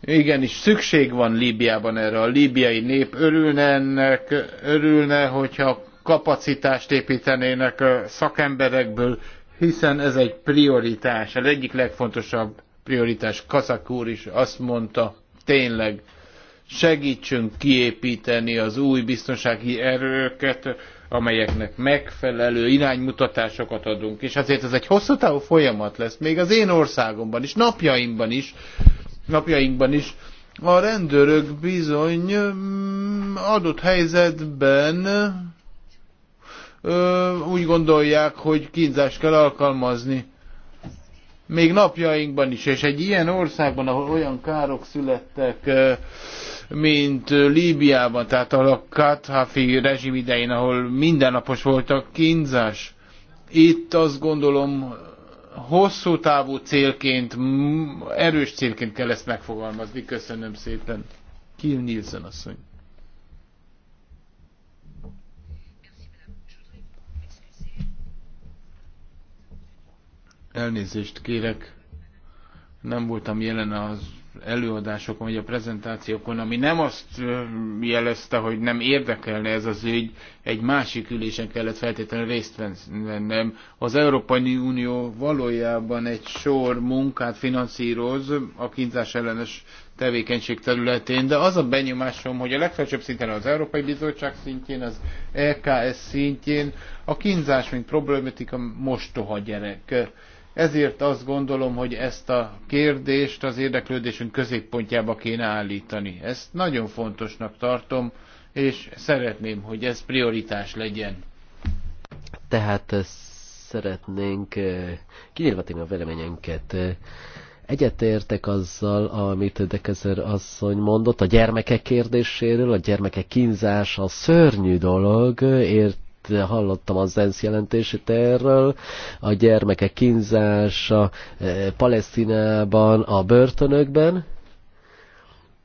Igenis, szükség van Líbiában erre. A líbiai nép örülne ennek, örülne, hogyha kapacitást építenének szakemberekből, hiszen ez egy prioritás, az egyik legfontosabb prioritás. Kazak úr is azt mondta, tényleg segítsünk kiépíteni az új biztonsági erőket, amelyeknek megfelelő iránymutatásokat adunk, és azért ez egy hosszú távú folyamat lesz, még az én országomban is, napjaimban is, napjainkban is, a rendőrök bizony mm, adott helyzetben úgy gondolják, hogy kínzást kell alkalmazni. Még napjainkban is, és egy ilyen országban, ahol olyan károk születtek, ö, mint Líbiában, tehát a Kadhafi rezsim idején, ahol mindennapos volt a kínzás. Itt azt gondolom, hosszú távú célként, erős célként kell ezt megfogalmazni. Köszönöm szépen. Kill Nielsen asszony. Elnézést kérek, nem voltam jelen az előadásokon, vagy a prezentációkon, ami nem azt jelezte, hogy nem érdekelne ez az ügy, egy másik ülésen kellett feltétlenül részt vennem. Az Európai Unió valójában egy sor munkát finanszíroz a kínzás ellenes tevékenység területén, de az a benyomásom, hogy a legfelsőbb szinten az Európai Bizottság szintjén, az EKS szintjén a kínzás, mint problematika mostoha gyerek ezért azt gondolom, hogy ezt a kérdést az érdeklődésünk középpontjába kéne állítani. Ezt nagyon fontosnak tartom, és szeretném, hogy ez prioritás legyen. Tehát eh, szeretnénk eh, kinyilvatni a véleményünket. Eh, egyetértek azzal, amit Dekezer asszony mondott a gyermekek kérdéséről, a gyermekek kínzása szörnyű dolog, ért hallottam az ENSZ jelentését erről, a gyermekek kínzása eh, Palesztinában, a börtönökben.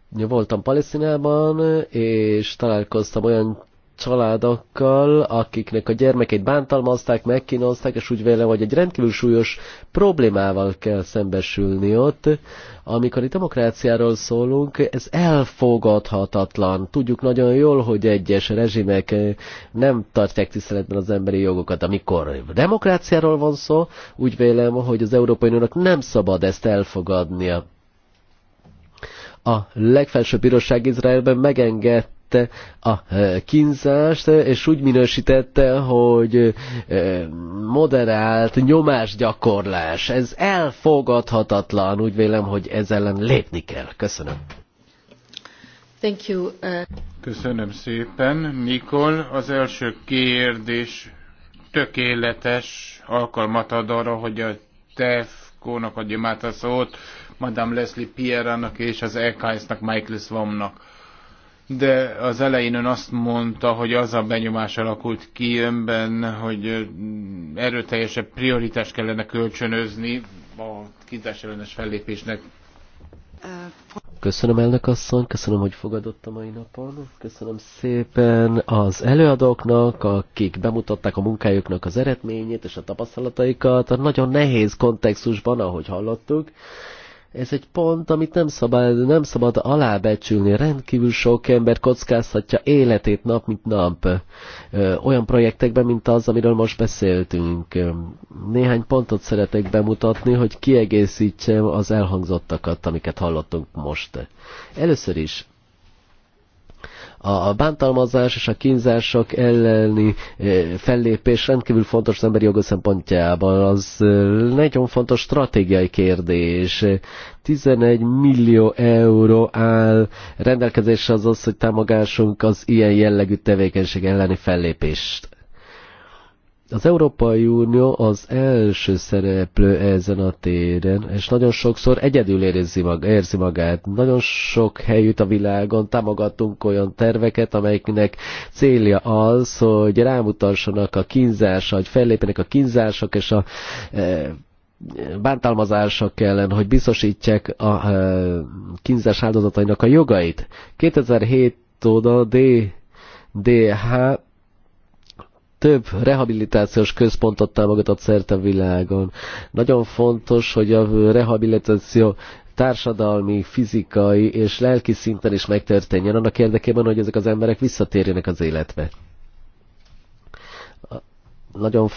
Voltam Palesztinában, és találkoztam olyan családokkal, akiknek a gyermekét bántalmazták, megkínozták, és úgy vélem, hogy egy rendkívül súlyos problémával kell szembesülni ott. Amikor itt demokráciáról szólunk, ez elfogadhatatlan. Tudjuk nagyon jól, hogy egyes rezsimek nem tartják tiszteletben az emberi jogokat. Amikor demokráciáról van szó, úgy vélem, hogy az Európai Uniónak nem szabad ezt elfogadnia a legfelsőbb bíróság Izraelben megenged minősítette a e, kínzást, és úgy minősítette, hogy e, moderált nyomásgyakorlás. Ez elfogadhatatlan, úgy vélem, hogy ez ellen lépni kell. Köszönöm. Thank you. Uh, Köszönöm szépen. Nikol, az első kérdés tökéletes alkalmat ad arra, hogy a TEFCO-nak adjam át a szót, Madame Leslie Pierre-nak és az EKS-nak Michael Swamnak de az elején ön azt mondta, hogy az a benyomás alakult ki önben, hogy erőteljesebb prioritást kellene kölcsönözni a kintás ellenes fellépésnek. Köszönöm elnök asszony, köszönöm, hogy fogadott a mai napon. Köszönöm szépen az előadóknak, akik bemutatták a munkájuknak az eredményét és a tapasztalataikat. Nagyon nehéz kontextusban, ahogy hallottuk. Ez egy pont, amit nem szabad, nem szabad alábecsülni. Rendkívül sok ember kockázhatja életét nap mint nap olyan projektekben, mint az, amiről most beszéltünk. Néhány pontot szeretek bemutatni, hogy kiegészítsem az elhangzottakat, amiket hallottunk most. Először is, a bántalmazás és a kínzások elleni e, fellépés rendkívül fontos az emberi jogok szempontjában. Az e, nagyon fontos stratégiai kérdés. 11 millió euró áll rendelkezésre az az, hogy támogásunk az ilyen jellegű tevékenység elleni fellépést az Európai Unió az első szereplő ezen a téren, és nagyon sokszor egyedül érzi, mag, érzi magát. Nagyon sok helyütt a világon támogatunk olyan terveket, amelyeknek célja az, hogy rámutassanak a kínzás, hogy fellépjenek a kínzások és a e, bántalmazások ellen, hogy biztosítják a e, kínzás áldozatainak a jogait. 2007 óta D, DH több rehabilitációs központot támogatott szerte a világon. Nagyon fontos, hogy a rehabilitáció társadalmi, fizikai és lelki szinten is megtörténjen annak érdekében, hogy ezek az emberek visszatérjenek az életbe nagyon,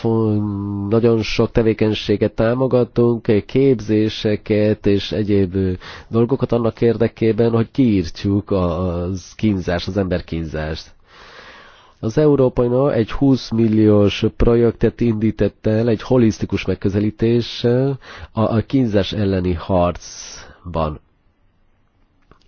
nagyon sok tevékenységet támogatunk, képzéseket és egyéb dolgokat annak érdekében, hogy kiírtjuk az kínzást, az emberkínzást. Az Európai Unió egy 20 milliós projektet indített el, egy holisztikus megközelítéssel a kínzás elleni harcban.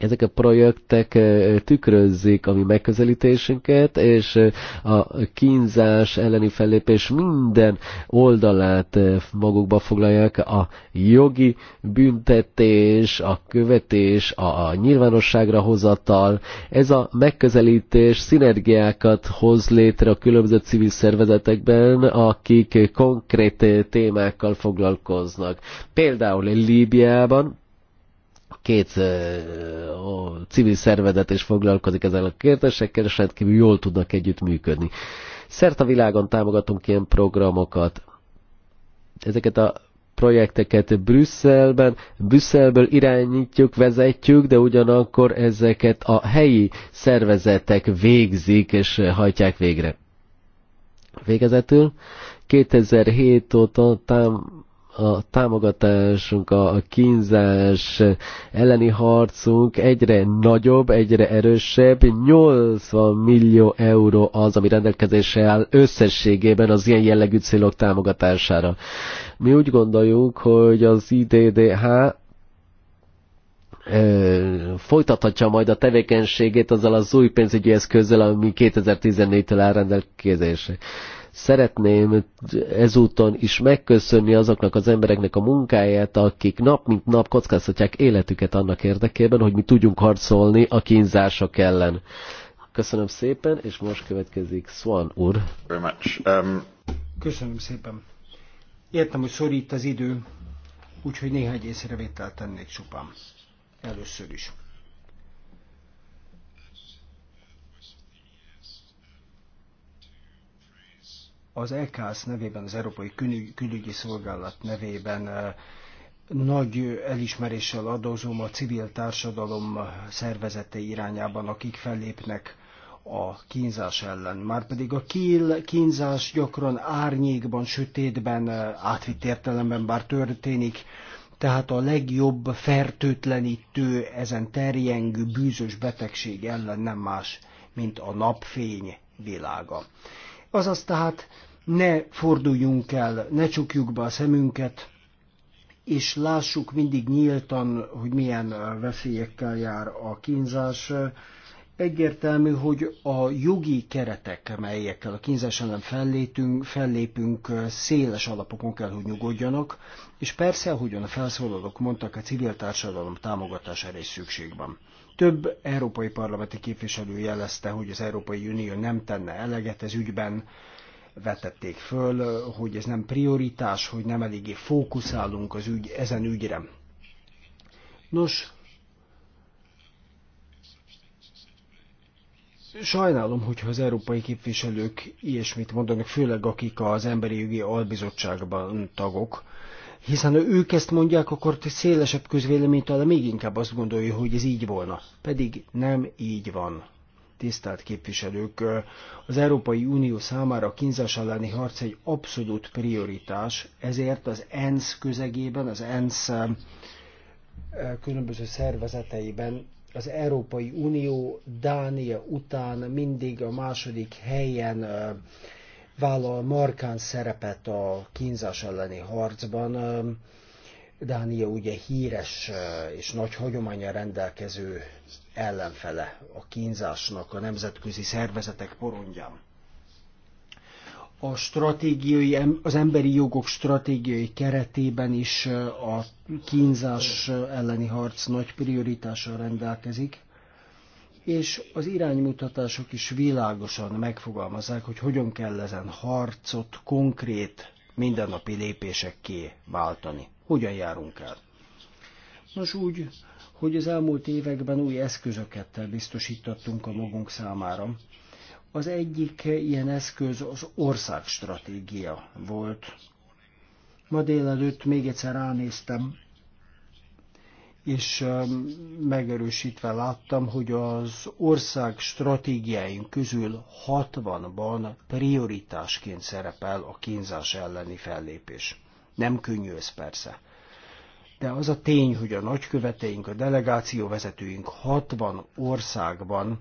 Ezek a projektek tükrözzik a mi megközelítésünket, és a kínzás elleni fellépés minden oldalát magukba foglalják, a jogi büntetés, a követés, a nyilvánosságra hozatal. Ez a megközelítés szinergiákat hoz létre a különböző civil szervezetekben, akik konkrét témákkal foglalkoznak. Például Líbiában két a civil szervezet is foglalkozik ezzel a kérdésekkel, és rendkívül hát jól tudnak együttműködni. Szert a világon támogatunk ilyen programokat. Ezeket a projekteket Brüsszelben, Brüsszelből irányítjuk, vezetjük, de ugyanakkor ezeket a helyi szervezetek végzik és hajtják végre. Végezetül 2007 óta tám a támogatásunk, a kínzás elleni harcunk egyre nagyobb, egyre erősebb. 80 millió euró az, ami rendelkezésre áll összességében az ilyen jellegű célok támogatására. Mi úgy gondoljuk, hogy az IDDH folytathatja majd a tevékenységét azzal az új pénzügyi eszközzel, ami 2014-től áll rendelkezésre. Szeretném ezúton is megköszönni azoknak az embereknek a munkáját, akik nap mint nap kockáztatják életüket annak érdekében, hogy mi tudjunk harcolni a kínzások ellen. Köszönöm szépen, és most következik Swan úr. Very much. Um... Köszönöm szépen. Értem, hogy szorít az idő, úgyhogy néhány észrevételt tennék csupán. Először is. az EKSZ nevében, az Európai Külügy, Külügyi Szolgálat nevében nagy elismeréssel adózom a civil társadalom szervezetei irányában, akik fellépnek a kínzás ellen. Márpedig a kíl, kínzás gyakran árnyékban, sötétben, átvitt értelemben bár történik, tehát a legjobb fertőtlenítő, ezen terjengő bűzös betegség ellen nem más, mint a napfény világa. Azaz tehát ne forduljunk el, ne csukjuk be a szemünket, és lássuk mindig nyíltan, hogy milyen veszélyekkel jár a kínzás. Egyértelmű, hogy a jogi keretek, melyekkel a kínzás ellen fellépünk, fellépünk széles alapokon kell, hogy nyugodjanak, és persze, ahogyan a felszólalók mondtak, a civil társadalom támogatására is szükség van. Több európai parlamenti képviselő jelezte, hogy az Európai Unió nem tenne eleget ez ügyben, vetették föl, hogy ez nem prioritás, hogy nem eléggé fókuszálunk az ügy, ezen ügyre. Nos, Sajnálom, hogyha az európai képviselők ilyesmit mondanak, főleg akik az Emberi Jogi Albizottságban tagok, hiszen ha ők ezt mondják, akkor szélesebb közvéleményt, talán még inkább azt gondolja, hogy ez így volna. Pedig nem így van tisztelt képviselők, az Európai Unió számára a kínzás elleni harc egy abszolút prioritás, ezért az ENSZ közegében, az ENSZ eh, különböző szervezeteiben az Európai Unió Dánia után mindig a második helyen eh, vállal markán szerepet a kínzás elleni harcban eh, Dánia ugye híres eh, és nagy hagyománya rendelkező ellenfele a kínzásnak a nemzetközi szervezetek porondján. A stratégiai, az emberi jogok stratégiai keretében is eh, a kínzás eh, elleni harc nagy prioritással rendelkezik, és az iránymutatások is világosan megfogalmazzák, hogy hogyan kell ezen harcot konkrét mindennapi lépésekké váltani. Hogyan járunk el? Nos úgy, hogy az elmúlt években új eszközöket biztosítottunk a magunk számára. Az egyik ilyen eszköz az országstratégia volt. Ma délelőtt még egyszer ránéztem, és um, megerősítve láttam, hogy az ország stratégiáink közül 60-ban prioritásként szerepel a kínzás elleni fellépés. Nem könnyű ez persze. De az a tény, hogy a nagyköveteink, a delegáció vezetőink 60 országban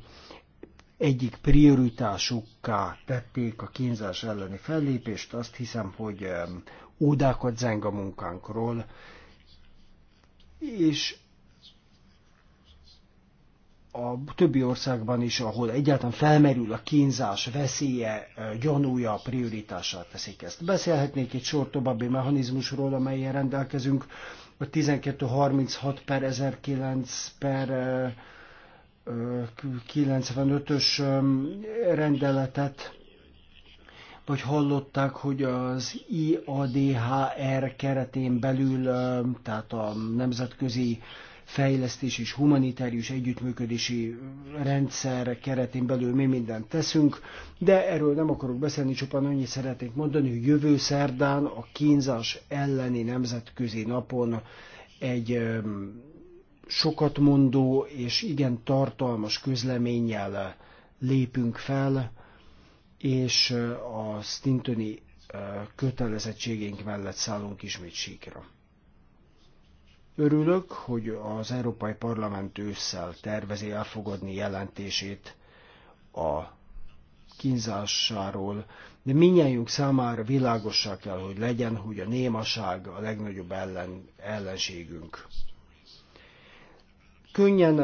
egyik prioritásukká tették a kínzás elleni fellépést, azt hiszem, hogy ódákat zeng a munkánkról, és a többi országban is, ahol egyáltalán felmerül a kínzás veszélye, gyanúja, prioritását teszik ezt. Beszélhetnék egy sor további mechanizmusról, amelyen rendelkezünk, a 1236 per 1009 per 95-ös rendeletet, vagy hallották, hogy az IADHR keretén belül, tehát a nemzetközi uh, fejlesztés és humanitárius együttműködési rendszer keretén belül mi mindent teszünk, de erről nem akarok beszélni, csupán annyit szeretnék mondani, hogy jövő szerdán a kínzás elleni nemzetközi napon egy sokat mondó és igen tartalmas közleménnyel lépünk fel, és a Stintoni kötelezettségénk mellett szállunk ismét síkra. Örülök, hogy az Európai Parlament ősszel tervezi elfogadni jelentését a kínzásáról, de minnyájunk számára világossá kell, hogy legyen, hogy a némaság a legnagyobb ellen, ellenségünk. Könnyen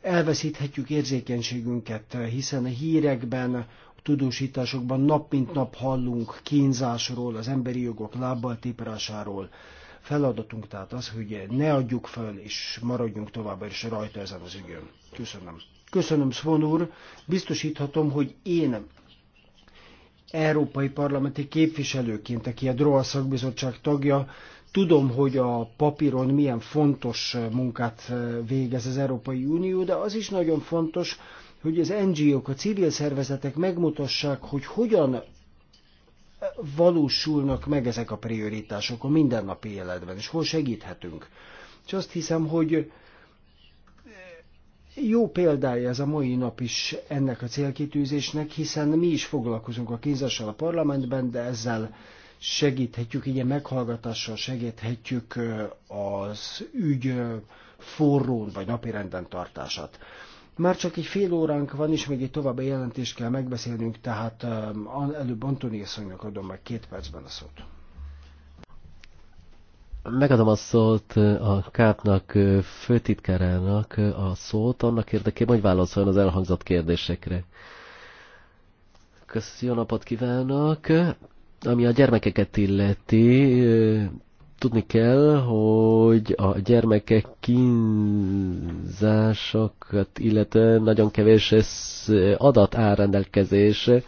elveszíthetjük érzékenységünket, hiszen a hírekben, a tudósításokban nap mint nap hallunk kínzásról, az emberi jogok lábbal tiprásáról, Feladatunk tehát az, hogy ne adjuk fel, és maradjunk tovább, és rajta ezen az ügyön. Köszönöm. Köszönöm, Szvon úr. Biztosíthatom, hogy én európai parlamenti képviselőként, aki a DROA szakbizottság tagja, tudom, hogy a papíron milyen fontos munkát végez az Európai Unió, de az is nagyon fontos, hogy az NGO-k, a civil szervezetek megmutassák, hogy hogyan valósulnak meg ezek a prioritások a mindennapi életben, és hol segíthetünk. És azt hiszem, hogy jó példája ez a mai nap is ennek a célkitűzésnek, hiszen mi is foglalkozunk a kínzással a parlamentben, de ezzel segíthetjük, ilyen meghallgatással segíthetjük az ügy forrón vagy napirenden tartását. Már csak egy fél óránk van, és még egy további jelentést kell megbeszélnünk, tehát um, előbb Antoni asszonynak adom meg két percben a szót. Megadom a szót uh, a kápnak, uh, főtitkárának uh, a szót annak érdekében, hogy válaszoljon az elhangzott kérdésekre. Köszönöm, jó napot kívánok! Ami a gyermekeket illeti, Tudni kell, hogy a gyermekek kínzásokat, illetve nagyon kevés eh, adat áll rendelkezésre,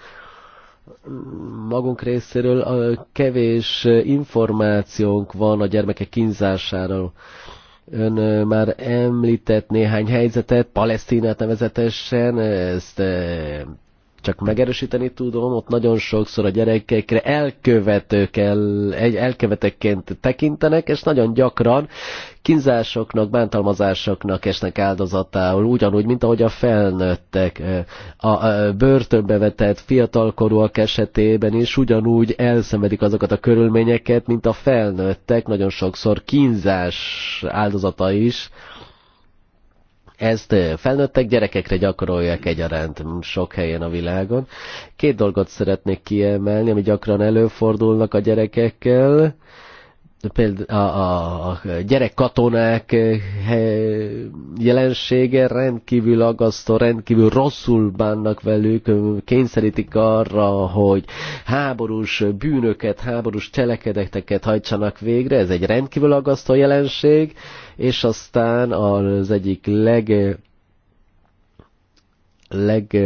magunk részéről eh, kevés eh, információnk van a gyermekek kínzásáról. Ön már említett néhány helyzetet, Palesztinát nevezetesen, ezt csak megerősíteni tudom, ott nagyon sokszor a gyerekekre elkövetők el, egy elkövetekként tekintenek, és nagyon gyakran kínzásoknak, bántalmazásoknak esnek áldozatául, ugyanúgy, mint ahogy a felnőttek. A börtönbe vetett fiatalkorúak esetében is ugyanúgy elszenvedik azokat a körülményeket, mint a felnőttek, nagyon sokszor kínzás áldozata is. Ezt felnőttek gyerekekre gyakorolják egyaránt sok helyen a világon. Két dolgot szeretnék kiemelni, ami gyakran előfordulnak a gyerekekkel például a, a gyerekkatonák eh, jelensége rendkívül agasztó, rendkívül rosszul bánnak velük, kényszerítik arra, hogy háborús bűnöket, háborús cselekedeteket hajtsanak végre, ez egy rendkívül agasztó jelenség, és aztán az egyik leg leg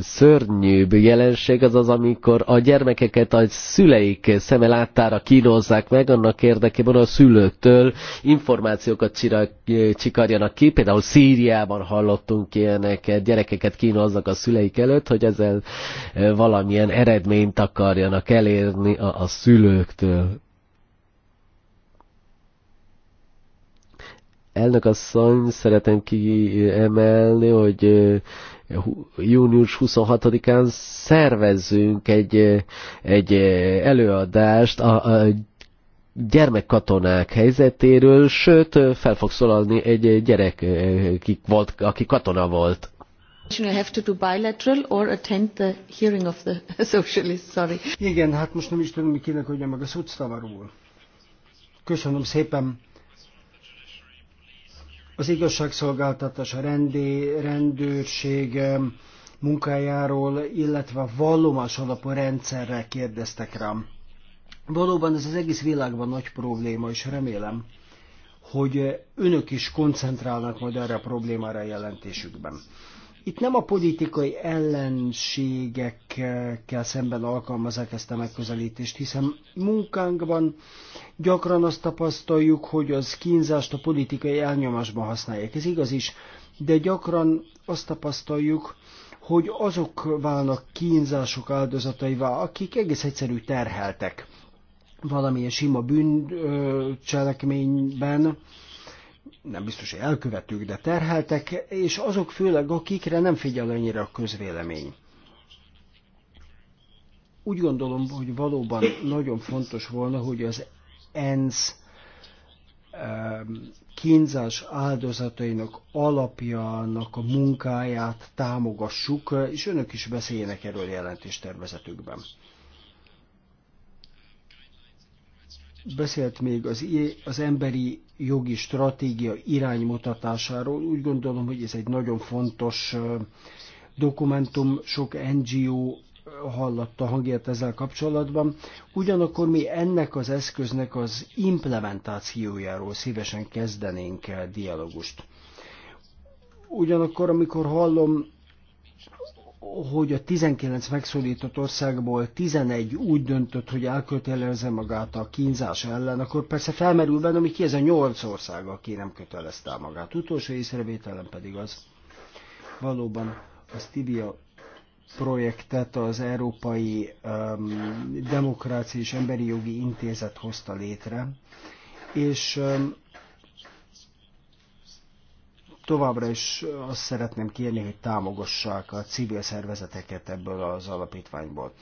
szörnyűbb jelenség az az, amikor a gyermekeket a szüleik szeme láttára kínozzák meg, annak érdekében a szülőktől információkat csikarjanak ki. Például Szíriában hallottunk ilyeneket, gyerekeket kínoznak a szüleik előtt, hogy ezzel e, valamilyen eredményt akarjanak elérni a, a szülőktől. Elnök asszony, szeretem kiemelni, hogy e, június 26-án szervezzünk egy, egy előadást a, a gyermekkatonák helyzetéről, sőt, fel fog szólalni egy gyerek, aki, volt, aki katona volt. Igen, hát most nem is tudom, mi kinek hogy meg a szót Köszönöm szépen az igazságszolgáltatás, a rendi, rendőrség munkájáról, illetve a vallomás alapú rendszerre kérdeztek rám. Valóban ez az egész világban nagy probléma, és remélem, hogy önök is koncentrálnak majd erre a problémára a jelentésükben. Itt nem a politikai ellenségekkel szemben alkalmazzák ezt a megközelítést, hiszen munkánkban gyakran azt tapasztaljuk, hogy az kínzást a politikai elnyomásban használják. Ez igaz is, de gyakran azt tapasztaljuk, hogy azok válnak kínzások áldozataival, akik egész egyszerű terheltek valamilyen sima bűncselekményben, nem biztos, hogy elkövetők, de terheltek, és azok főleg, akikre nem figyel annyira a közvélemény. Úgy gondolom, hogy valóban nagyon fontos volna, hogy az ENSZ kínzás áldozatainak alapjának a munkáját támogassuk, és önök is beszéljenek erről jelentéstervezetükben. Beszélt még az, az emberi jogi stratégia iránymutatásáról. Úgy gondolom, hogy ez egy nagyon fontos dokumentum, sok NGO hallatta hangját ezzel kapcsolatban. Ugyanakkor mi ennek az eszköznek az implementációjáról szívesen kezdenénk dialogust. Ugyanakkor, amikor hallom hogy a 19 megszólított országból 11 úgy döntött, hogy elkötelezze magát a kínzás ellen, akkor persze felmerül benne, hogy ki ez a 8 ország, aki nem kötelezte el magát. Utolsó észrevételem pedig az, valóban a Stibia projektet az Európai um, Demokrácia és Emberi Jogi Intézet hozta létre, és um, továbbra is azt szeretném kérni, hogy támogassák a civil szervezeteket ebből az alapítványból.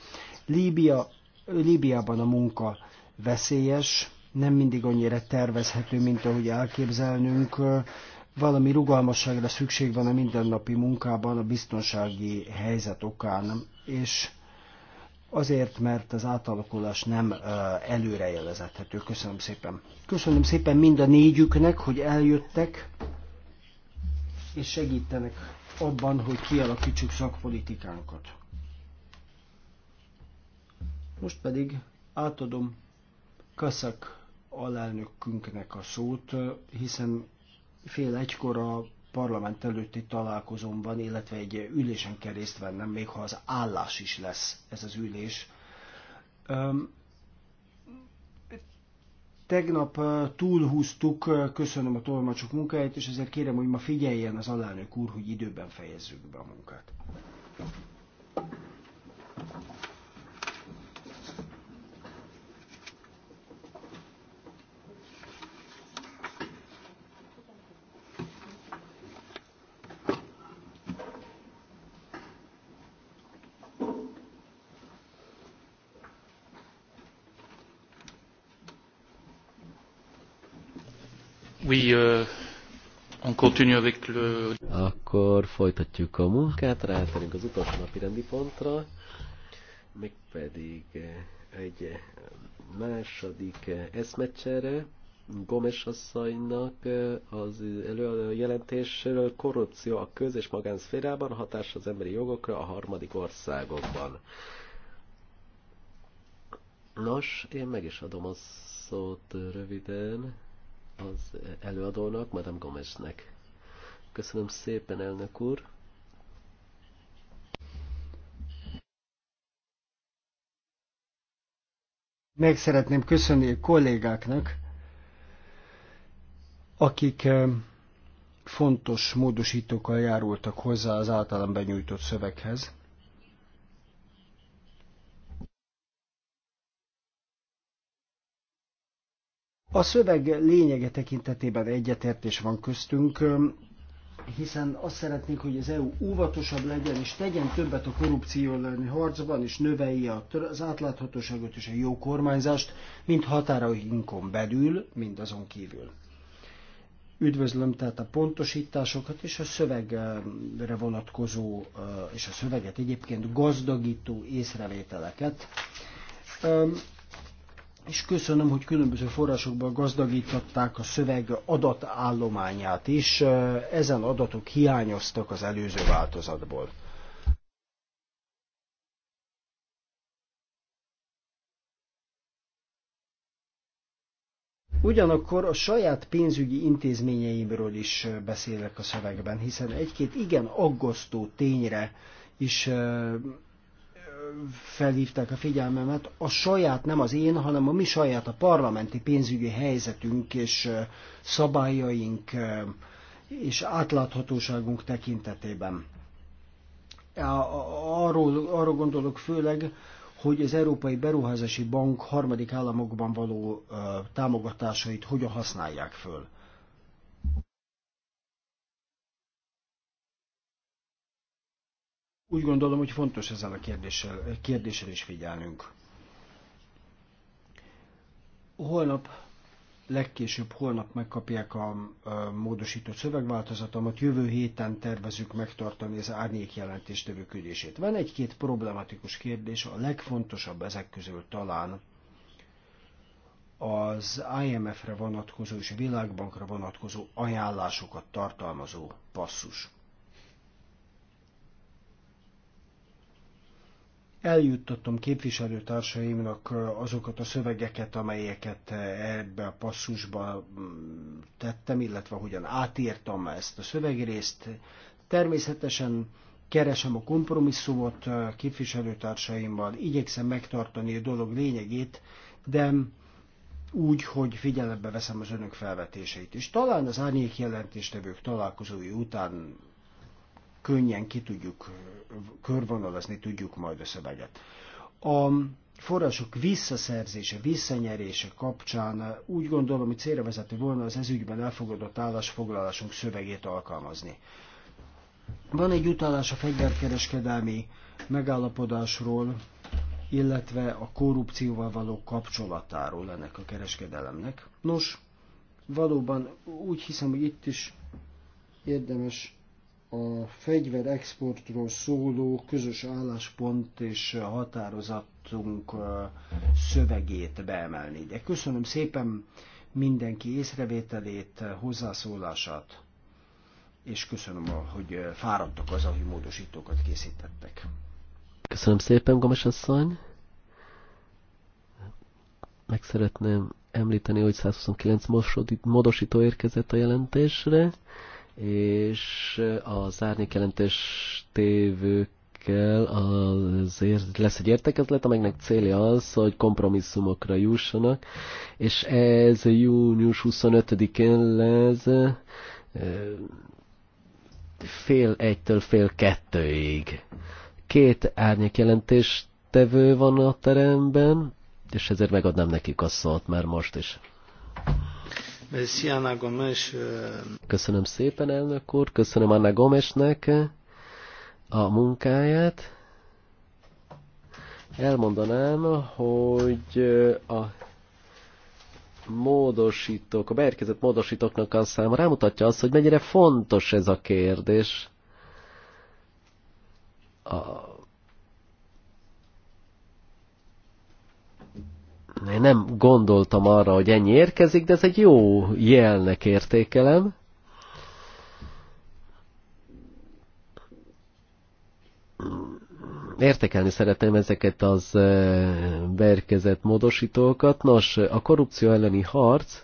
Líbia, Líbiában a munka veszélyes, nem mindig annyira tervezhető, mint ahogy elképzelnünk. Valami rugalmasságra szükség van a mindennapi munkában a biztonsági helyzet okán, és azért, mert az átalakulás nem előrejelezethető. Köszönöm szépen. Köszönöm szépen mind a négyüknek, hogy eljöttek és segítenek abban, hogy kialakítsuk szakpolitikánkat. Most pedig átadom Kaszak alelnökünknek a szót, hiszen fél egykor a parlament előtti találkozomban, illetve egy ülésen kell részt vennem, még ha az állás is lesz ez az ülés. Tegnap túlhúztuk, köszönöm a tolmacsok munkáját, és ezért kérem, hogy ma figyeljen az alelnök úr, hogy időben fejezzük be a munkát. continue avec le... Akkor folytatjuk a munkát, ráterünk az utolsó napi rendi pontra, pedig eh, egy eh, második eh, eszmecsere, Gomes asszonynak az elő jelentésről korrupció a köz- és magánszférában hatás az emberi jogokra a harmadik országokban. Nos, én meg is adom a szót röviden az előadónak, Madame Gomesnek. Köszönöm szépen, elnök úr. Meg szeretném köszönni a kollégáknak, akik fontos módosítókkal járultak hozzá az általam benyújtott szöveghez. A szöveg lényege tekintetében egyetértés van köztünk, hiszen azt szeretnénk, hogy az EU óvatosabb legyen, és tegyen többet a korrupció elleni harcban, és növelje az átláthatóságot és a jó kormányzást, mind határainkon belül, mind azon kívül. Üdvözlöm tehát a pontosításokat és a szövegre vonatkozó, és a szöveget egyébként gazdagító észrevételeket és köszönöm, hogy különböző forrásokban gazdagították a szöveg adatállományát is. Ezen adatok hiányoztak az előző változatból. Ugyanakkor a saját pénzügyi intézményeimről is beszélek a szövegben, hiszen egy-két igen aggasztó tényre is felhívták a figyelmemet, a saját, nem az én, hanem a mi saját, a parlamenti pénzügyi helyzetünk és szabályaink és átláthatóságunk tekintetében. Arról, arról gondolok főleg, hogy az Európai Beruházási Bank harmadik államokban való támogatásait hogyan használják föl. Úgy gondolom, hogy fontos ezzel a kérdéssel, kérdéssel is figyelnünk. Holnap, legkésőbb holnap megkapják a, a módosított szövegváltozatomat, jövő héten tervezünk megtartani az árnyék jelentéstevők ülését. Van egy-két problematikus kérdés, a legfontosabb ezek közül talán az IMF-re vonatkozó és a Világbankra vonatkozó ajánlásokat tartalmazó passzus. eljuttattam képviselőtársaimnak azokat a szövegeket, amelyeket ebbe a passzusba mm, tettem, illetve hogyan átírtam ezt a szövegrészt. Természetesen keresem a kompromisszumot képviselőtársaimmal, igyekszem megtartani a dolog lényegét, de úgy, hogy figyelembe veszem az önök felvetéseit. És talán az árnyék jelentéstevők találkozói után könnyen ki tudjuk, körvonalazni tudjuk majd a szöveget. A források visszaszerzése, visszanyerése kapcsán úgy gondolom, hogy célra vezető volna az ezügyben elfogadott állásfoglalásunk szövegét alkalmazni. Van egy utalás a fegyverkereskedelmi megállapodásról, illetve a korrupcióval való kapcsolatáról ennek a kereskedelemnek. Nos, valóban úgy hiszem, hogy itt is érdemes a fegyver exportról szóló közös álláspont és határozatunk szövegét beemelni. De köszönöm szépen mindenki észrevételét, hozzászólását, és köszönöm, hogy fáradtak az, ahogy módosítókat készítettek. Köszönöm szépen, Gomes asszony! Meg szeretném említeni, hogy 129 módosító érkezett a jelentésre és az árnyékjelentős tévők tévőkkel azért lesz egy értekezlet, amelynek célja az, hogy kompromisszumokra jussanak, és ez június 25-én lesz fél egytől fél kettőig. Két árnyék tevő van a teremben, és ezért megadnám nekik a szót már most is. Köszönöm szépen, elnök úr, köszönöm Anna Gomesnek a munkáját. Elmondanám, hogy a módosítók, a beérkezett módosítóknak a száma rámutatja azt, hogy mennyire fontos ez a kérdés. A Én nem gondoltam arra, hogy ennyi érkezik, de ez egy jó jelnek értékelem. értékelni szeretem ezeket az eh, berkezett módosítókat. Nos, a korrupció elleni harc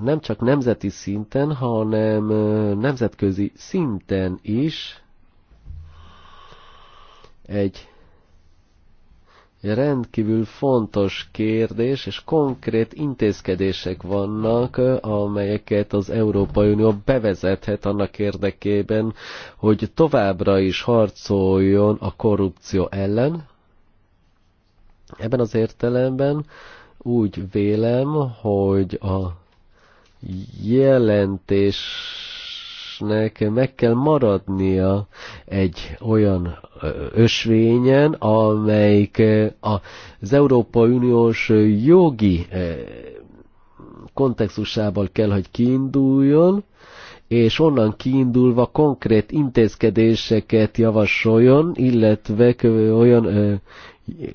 nem csak nemzeti szinten, hanem eh, nemzetközi szinten is egy rendkívül fontos kérdés, és konkrét intézkedések vannak, amelyeket az Európai Unió bevezethet annak érdekében, hogy továbbra is harcoljon a korrupció ellen. Ebben az értelemben úgy vélem, hogy a jelentés fellépésnek meg kell maradnia egy olyan ösvényen, amelyik az Európa Uniós jogi kontextusával kell, hogy kiinduljon, és onnan kiindulva konkrét intézkedéseket javasoljon, illetve olyan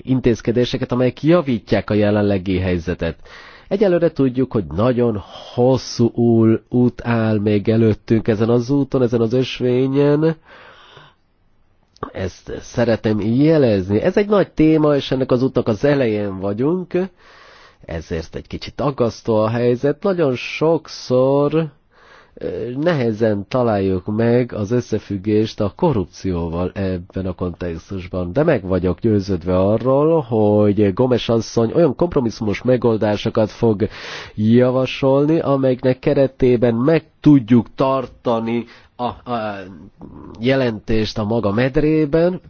intézkedéseket, amelyek javítják a jelenlegi helyzetet. Egyelőre tudjuk, hogy nagyon hosszú út áll még előttünk ezen az úton, ezen az ösvényen. Ezt szeretem jelezni. Ez egy nagy téma, és ennek az útnak az elején vagyunk, ezért egy kicsit aggasztó a helyzet. Nagyon sokszor nehezen találjuk meg az összefüggést a korrupcióval ebben a kontextusban. De meg vagyok győződve arról, hogy Gomes asszony olyan kompromisszumos megoldásokat fog javasolni, amelynek keretében meg tudjuk tartani a, a jelentést a maga medrében,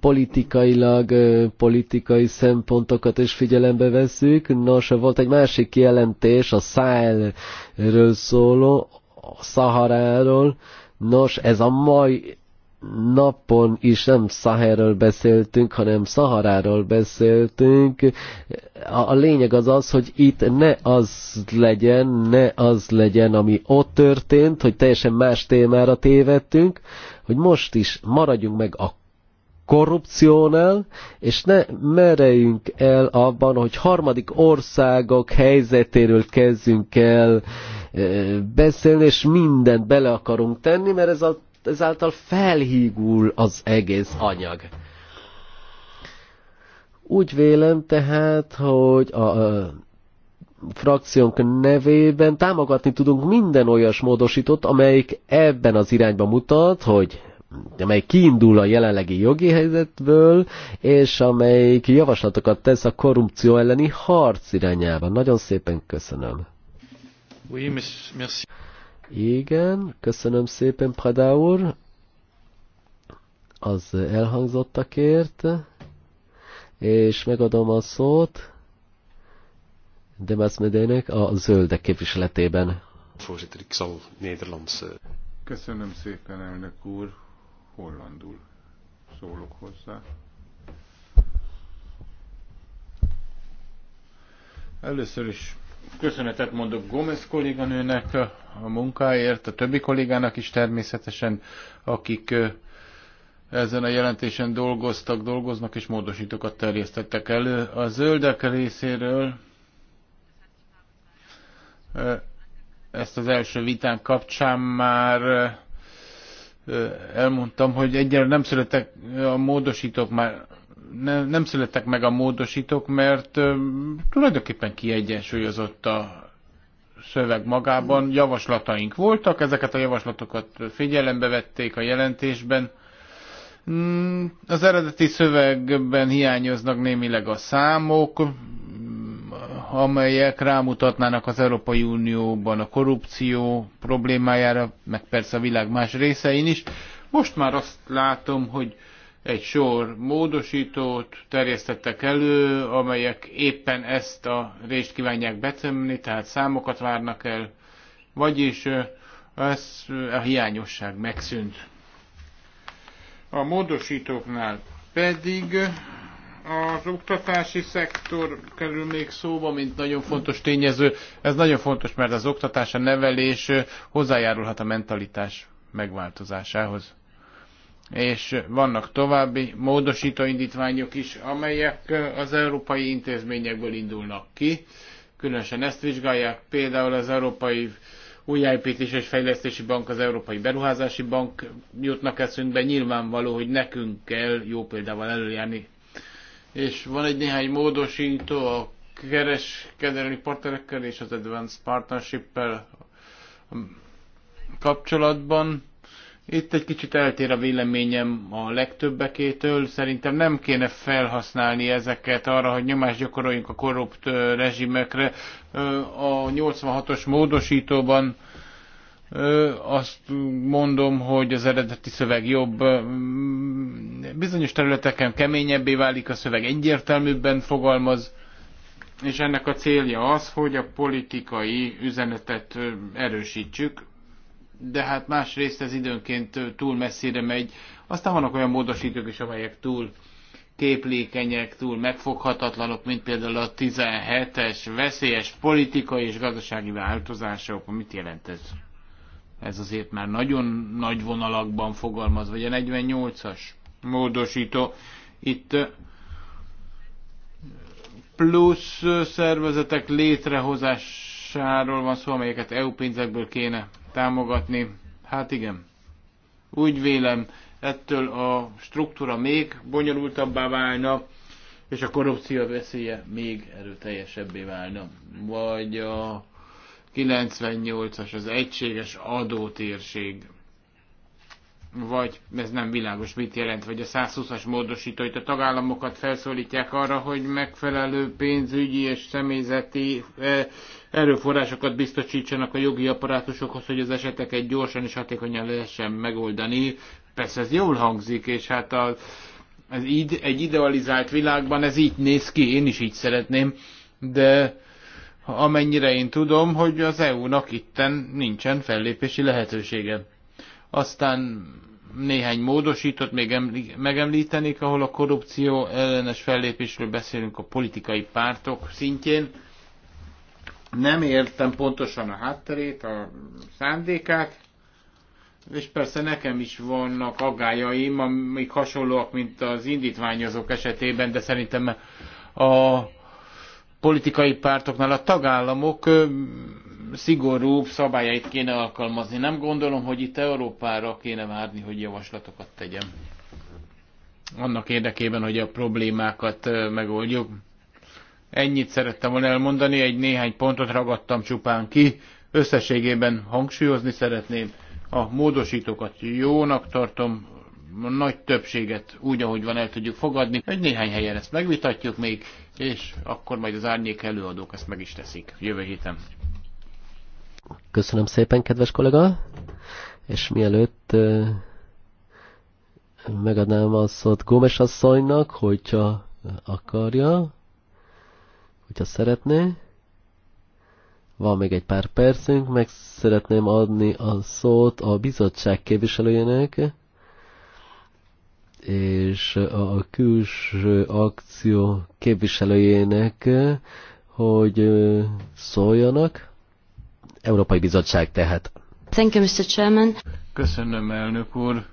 politikailag, politikai szempontokat is figyelembe veszük. Nos, volt egy másik jelentés a Száhelről szóló, a Szaharáról. Nos, ez a mai napon is nem Szaherről beszéltünk, hanem Szaharáról beszéltünk. A, a lényeg az az, hogy itt ne az legyen, ne az legyen, ami ott történt, hogy teljesen más témára tévedtünk, hogy most is maradjunk meg a korrupciónál, és ne merejünk el abban, hogy harmadik országok helyzetéről kezdjünk el eh, beszélni, és mindent bele akarunk tenni, mert ezáltal felhígul az egész anyag. Úgy vélem tehát, hogy a, a frakciónk nevében támogatni tudunk minden olyas módosítót, amelyik ebben az irányba mutat, hogy amely kiindul a jelenlegi jogi helyzetből, és amelyik javaslatokat tesz a korrupció elleni harc irányába. Nagyon szépen köszönöm. Oui, merci. Igen, köszönöm szépen, Prada úr, az elhangzottakért, és megadom a szót Demas Medének a zöldek képviseletében. Eh, köszönöm szépen, elnök úr hollandul szólok hozzá. Először is köszönetet mondok Gomez kolléganőnek a munkáért, a többi kollégának is természetesen, akik ezen a jelentésen dolgoztak, dolgoznak és módosítókat terjesztettek elő. A zöldek részéről ezt az első vitán kapcsán már elmondtam, hogy egyre nem születtek a módosítók már, nem, nem születtek meg a módosítók, mert tulajdonképpen kiegyensúlyozott a szöveg magában. Javaslataink voltak, ezeket a javaslatokat figyelembe vették a jelentésben. Mm, az eredeti szövegben hiányoznak némileg a számok, amelyek rámutatnának az Európai Unióban a korrupció problémájára, meg persze a világ más részein is. Most már azt látom, hogy egy sor módosítót terjesztettek elő, amelyek éppen ezt a részt kívánják becemni, tehát számokat várnak el, vagyis ez a hiányosság megszűnt. A módosítóknál pedig az oktatási szektor kerül még szóba, mint nagyon fontos tényező. Ez nagyon fontos, mert az oktatás, a nevelés hozzájárulhat a mentalitás megváltozásához. És vannak további módosító indítványok is, amelyek az európai intézményekből indulnak ki. Különösen ezt vizsgálják például az Európai Újjáépítés és Fejlesztési Bank, az Európai Beruházási Bank jutnak eszünkbe. Nyilvánvaló, hogy nekünk kell jó példával előjárni és van egy néhány módosító a kereskedelmi partnerekkel és az Advanced partnership el kapcsolatban. Itt egy kicsit eltér a véleményem a legtöbbekétől. Szerintem nem kéne felhasználni ezeket arra, hogy nyomást gyakoroljunk a korrupt eh, rezsimekre. A 86-os módosítóban azt mondom, hogy az eredeti szöveg jobb. Bizonyos területeken keményebbé válik a szöveg, egyértelműbben fogalmaz, és ennek a célja az, hogy a politikai üzenetet erősítsük, de hát másrészt ez időnként túl messzire megy. Aztán vannak olyan módosítók is, amelyek túl képlékenyek, túl megfoghatatlanok, mint például a 17-es veszélyes politikai és gazdasági változások. Mit jelent ez? Ez azért már nagyon nagy vonalakban fogalmaz, vagy a 48-as módosító. Itt plusz szervezetek létrehozásáról van szó, amelyeket EU pénzekből kéne támogatni. Hát igen, úgy vélem, ettől a struktúra még bonyolultabbá válna, és a korrupció veszélye még erőteljesebbé válna. Vagy a 98-as az egységes adótérség. Vagy ez nem világos, mit jelent, vagy a 120-as módosító, hogy a tagállamokat felszólítják arra, hogy megfelelő pénzügyi és személyzeti eh, erőforrásokat biztosítsanak a jogi apparátusokhoz, hogy az eseteket gyorsan és hatékonyan lehessen megoldani. Persze ez jól hangzik, és hát a, ez így, egy idealizált világban ez így néz ki, én is így szeretném, de amennyire én tudom, hogy az EU-nak itten nincsen fellépési lehetősége. Aztán néhány módosított még megemlítenék, ahol a korrupció ellenes fellépésről beszélünk a politikai pártok szintjén. Nem értem pontosan a hátterét, a szándékát, és persze nekem is vannak aggájaim, amik hasonlóak, mint az indítványozók esetében, de szerintem a politikai pártoknál a tagállamok szigorúbb szabályait kéne alkalmazni. Nem gondolom, hogy itt Európára kéne várni, hogy javaslatokat tegyen. Annak érdekében, hogy a problémákat megoldjuk. Ennyit szerettem volna elmondani, egy néhány pontot ragadtam csupán ki. Összességében hangsúlyozni szeretném, a módosítókat jónak tartom, nagy többséget úgy, ahogy van, el tudjuk fogadni, hogy néhány helyen ezt megvitatjuk még, és akkor majd az árnyék előadók ezt meg is teszik jövő héten. Köszönöm szépen, kedves kollega, és mielőtt megadnám a szót Gómez asszonynak, hogyha akarja, hogyha szeretné. Van még egy pár percünk, meg szeretném adni a szót a bizottság képviselőjének, és a külső akció képviselőjének, hogy szóljanak. Európai Bizottság tehát. Thank you, Mr. Chairman. Köszönöm, elnök úr.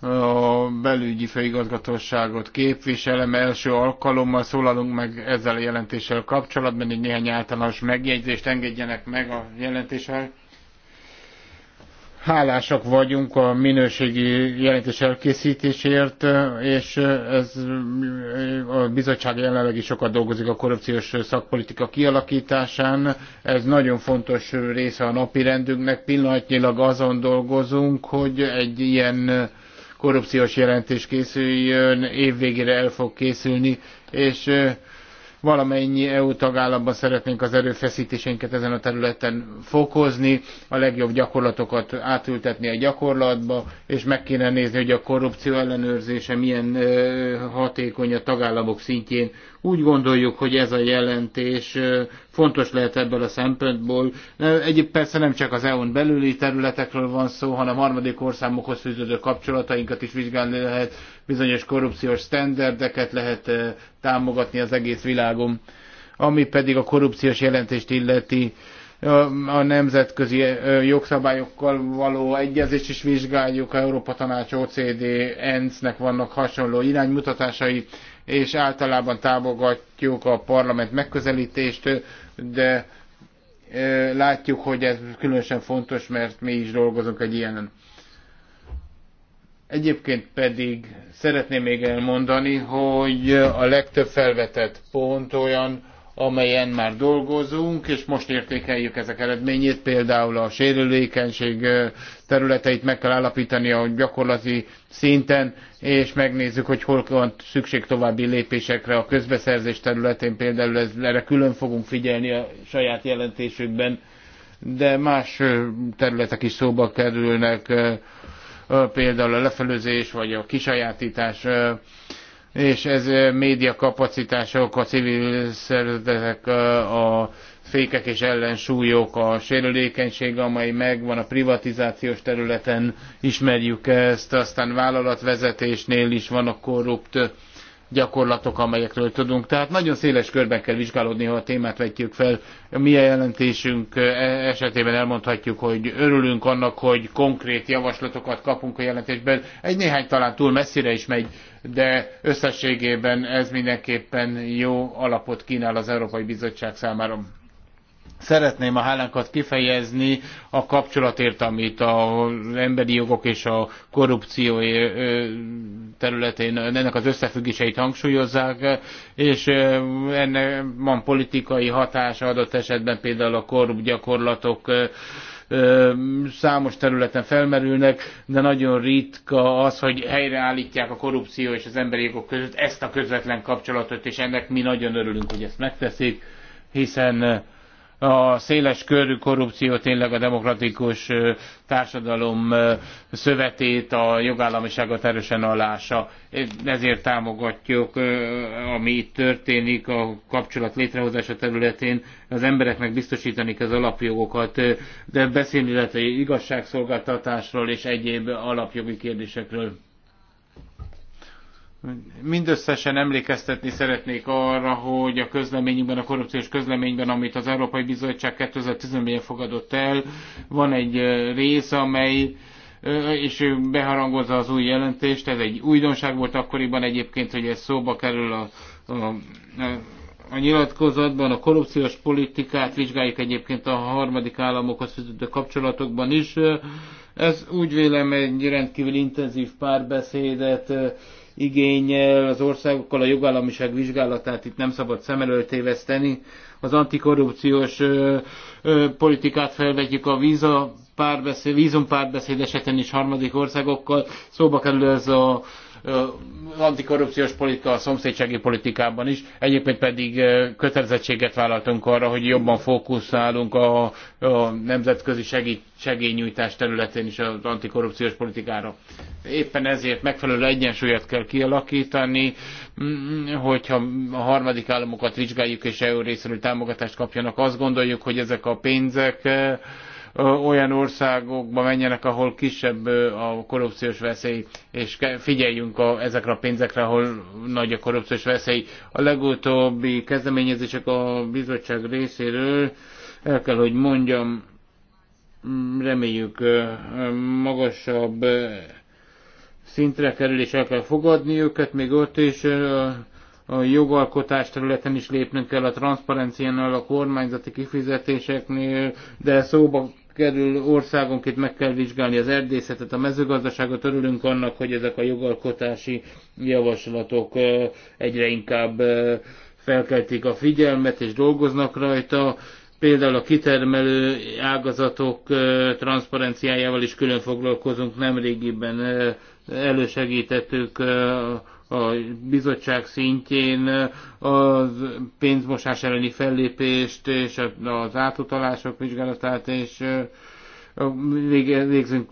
A belügyi főigazgatóságot képviselem. Első alkalommal szólalunk meg ezzel a jelentéssel kapcsolatban, egy néhány általános megjegyzést engedjenek meg a jelentéssel Hálásak vagyunk a minőségi jelentés elkészítésért, és ez a bizottság jelenleg is sokat dolgozik a korrupciós szakpolitika kialakításán. Ez nagyon fontos része a napi rendünknek. Pillanatnyilag azon dolgozunk, hogy egy ilyen korrupciós jelentés készüljön, évvégére el fog készülni, és Valamennyi EU tagállamban szeretnénk az erőfeszítéseinket ezen a területen fokozni, a legjobb gyakorlatokat átültetni a gyakorlatba, és meg kéne nézni, hogy a korrupció ellenőrzése milyen hatékony a tagállamok szintjén. Úgy gondoljuk, hogy ez a jelentés fontos lehet ebből a szempontból. Egyéb persze nem csak az EU-n belüli területekről van szó, hanem harmadik országokhoz fűződő kapcsolatainkat is vizsgálni lehet, bizonyos korrupciós sztenderdeket lehet eh, támogatni az egész világon. Ami pedig a korrupciós jelentést illeti, a nemzetközi eh, jogszabályokkal való egyezést is vizsgáljuk, a Európa Tanács, OCD, ENSZ-nek vannak hasonló iránymutatásai, és általában támogatjuk a parlament megközelítést, de eh, látjuk, hogy ez különösen fontos, mert mi is dolgozunk egy ilyenen. Egyébként pedig szeretném még elmondani, hogy a legtöbb felvetett pont olyan, amelyen már dolgozunk, és most értékeljük ezek eredményét, például a sérülékenység területeit meg kell állapítani a gyakorlati szinten, és megnézzük, hogy hol van szükség további lépésekre a közbeszerzés területén, például ez, erre külön fogunk figyelni a saját jelentésükben, de más területek is szóba kerülnek, például a lefelőzés vagy a kisajátítás, és ez kapacitások, a civil szervezetek, a fékek és ellensúlyok, a sérülékenység, amely megvan a privatizációs területen, ismerjük ezt, aztán vállalatvezetésnél is van a korrupt gyakorlatok, amelyekről tudunk. Tehát nagyon széles körben kell vizsgálódni, ha a témát vetjük fel. Mi a jelentésünk e, esetében elmondhatjuk, hogy örülünk annak, hogy konkrét javaslatokat kapunk a jelentésben. Egy néhány talán túl messzire is megy, de összességében ez mindenképpen jó alapot kínál az Európai Bizottság számára szeretném a hálánkat kifejezni a kapcsolatért, amit az emberi jogok és a korrupció területén ennek az összefüggéseit hangsúlyozzák, és ennek van politikai hatása adott esetben például a korrupt gyakorlatok számos területen felmerülnek, de nagyon ritka az, hogy helyreállítják a korrupció és az emberi jogok között ezt a közvetlen kapcsolatot, és ennek mi nagyon örülünk, hogy ezt megteszik, hiszen a széles körű korrupció tényleg a demokratikus társadalom szövetét, a jogállamiságot erősen aláássa. Ezért támogatjuk, ami itt történik a kapcsolat létrehozása területén. Az embereknek biztosítani az alapjogokat, de beszélni lehet igazságszolgáltatásról és egyéb alapjogi kérdésekről Mindösszesen emlékeztetni szeretnék arra, hogy a közleményünkben, a korrupciós közleményben, amit az Európai Bizottság 2014-ben fogadott el, van egy rész, amely és ő beharangozza az új jelentést. Ez egy újdonság volt akkoriban egyébként, hogy ez szóba kerül a, a, a a nyilatkozatban a korrupciós politikát vizsgáljuk egyébként a harmadik államokhoz fűződő kapcsolatokban is. Ez úgy vélem egy rendkívül intenzív párbeszédet igényel az országokkal a jogállamiság vizsgálatát, itt nem szabad szem előtt téveszteni. Az antikorrupciós ö, ö, politikát felvetjük a víza párbeszéd, vízumpárbeszéd esetén is harmadik országokkal. Szóba kerül ez a antikorrupciós politika a szomszédsági politikában is, egyébként pedig kötelezettséget vállaltunk arra, hogy jobban fókuszálunk a, a nemzetközi segít, segélynyújtás területén is az antikorrupciós politikára. Éppen ezért megfelelő egyensúlyt kell kialakítani, mm, hogyha a harmadik államokat vizsgáljuk és EU részéről támogatást kapjanak, azt gondoljuk, hogy ezek a pénzek olyan országokba menjenek, ahol kisebb a korrupciós veszély, és figyeljünk a, ezekre a pénzekre, ahol nagy a korrupciós veszély. A legutóbbi kezdeményezések a bizottság részéről, el kell, hogy mondjam, reméljük magasabb szintre kerül, és el kell fogadni őket, még ott is a jogalkotás területen is lépnünk kell a transzparenciánál, a kormányzati kifizetéseknél, de szóba kerül országonként meg kell vizsgálni az erdészetet, a mezőgazdaságot, örülünk annak, hogy ezek a jogalkotási javaslatok egyre inkább felkeltik a figyelmet és dolgoznak rajta. Például a kitermelő ágazatok transzparenciájával is külön foglalkozunk, nemrégiben elősegítettük a bizottság szintjén a pénzmosás elleni fellépést és az átutalások vizsgálatát, és végzünk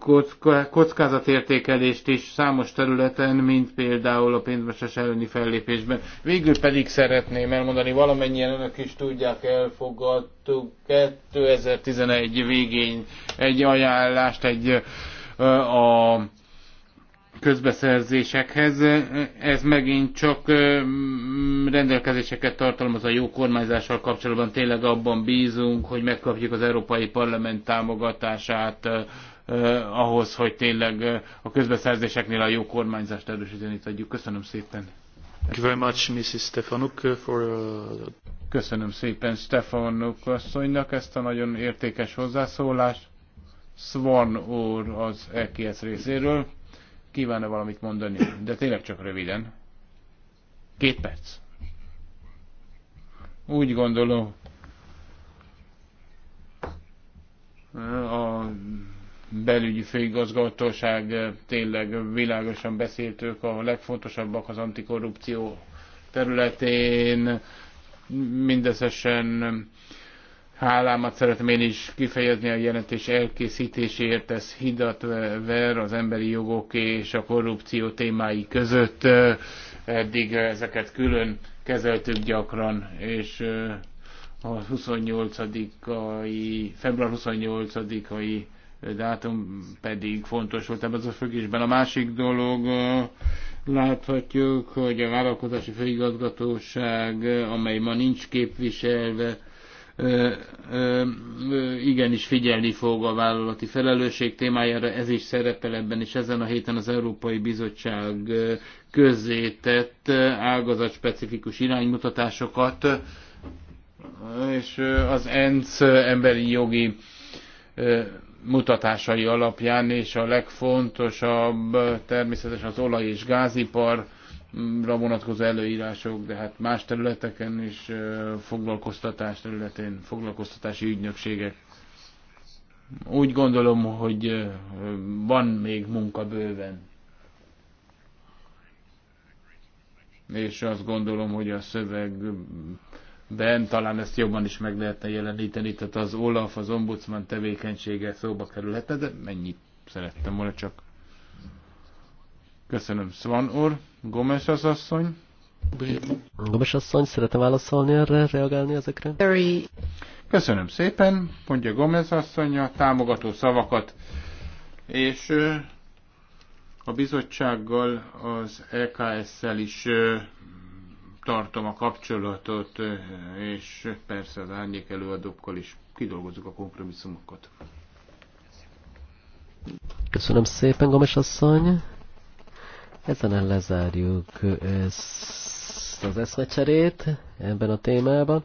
kockázatértékelést is számos területen, mint például a pénzmosás elleni fellépésben. Végül pedig szeretném elmondani, valamennyien önök is tudják, elfogadtuk 2011 végén egy ajánlást, egy a közbeszerzésekhez. Ez megint csak rendelkezéseket tartalmaz a jó kormányzással kapcsolatban. Tényleg abban bízunk, hogy megkapjuk az Európai Parlament támogatását ahhoz, hogy tényleg a közbeszerzéseknél a jó kormányzást erősíteni tudjuk. Köszönöm szépen. Thank you very much, Mrs. Stefanuk, uh, for, uh... Köszönöm szépen Stefanuk asszonynak ezt a nagyon értékes hozzászólást. Swan úr az EKS részéről kívánna valamit mondani, de tényleg csak röviden. Két perc. Úgy gondolom, a belügyi főigazgatóság eh, tényleg világosan beszélt ők a legfontosabbak az antikorrupció területén. Mindezesen Hálámat szeretném én is kifejezni a jelentés elkészítéséért, ez hidat ver az emberi jogok és a korrupció témái között. Eddig ezeket külön kezeltük gyakran, és a 28-ai, február 28-ai dátum pedig fontos volt ebben az a függésben. A másik dolog, láthatjuk, hogy a vállalkozási főigazgatóság, amely ma nincs képviselve, igenis figyelni fog a vállalati felelősség témájára, ez is szerepel ebben, és ezen a héten az Európai Bizottság közzétett ágazatspecifikus iránymutatásokat, és az ENSZ emberi jogi mutatásai alapján, és a legfontosabb természetesen az olaj- és gázipar, vonatkozó előírások, de hát más területeken is foglalkoztatás területén, foglalkoztatási ügynökségek. Úgy gondolom, hogy van még munka bőven. És azt gondolom, hogy a szövegben talán ezt jobban is meg lehetne jeleníteni, tehát az Olaf, az ombudsman tevékenysége szóba kerülhetne, de mennyit szerettem volna csak. Köszönöm, Svan úr. Gomes az asszony. Gomes asszony, szeretne válaszolni erre, reagálni ezekre? Köszönöm szépen, mondja Gomez asszony a támogató szavakat, és a bizottsággal, az EKS-szel is tartom a kapcsolatot, és persze az árnyék előadókkal is kidolgozunk a kompromisszumokat. Köszönöm szépen, Gomes asszony. Ezen lezárjuk ezt az eszmecserét ebben a témában.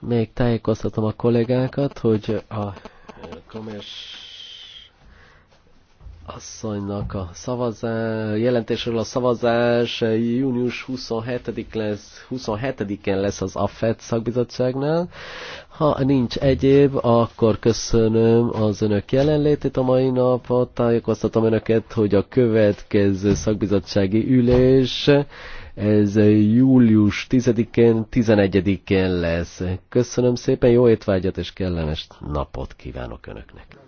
Még tájékoztatom a kollégákat, hogy a komers asszonynak a szavazás, jelentésről a szavazás június 27 lesz, 27-en lesz az AFET szakbizottságnál. Ha nincs egyéb, akkor köszönöm az önök jelenlétét a mai napot, tájékoztatom önöket, hogy a következő szakbizottsági ülés ez július 10-én, 11-én lesz. Köszönöm szépen, jó étvágyat és kellemes napot kívánok önöknek!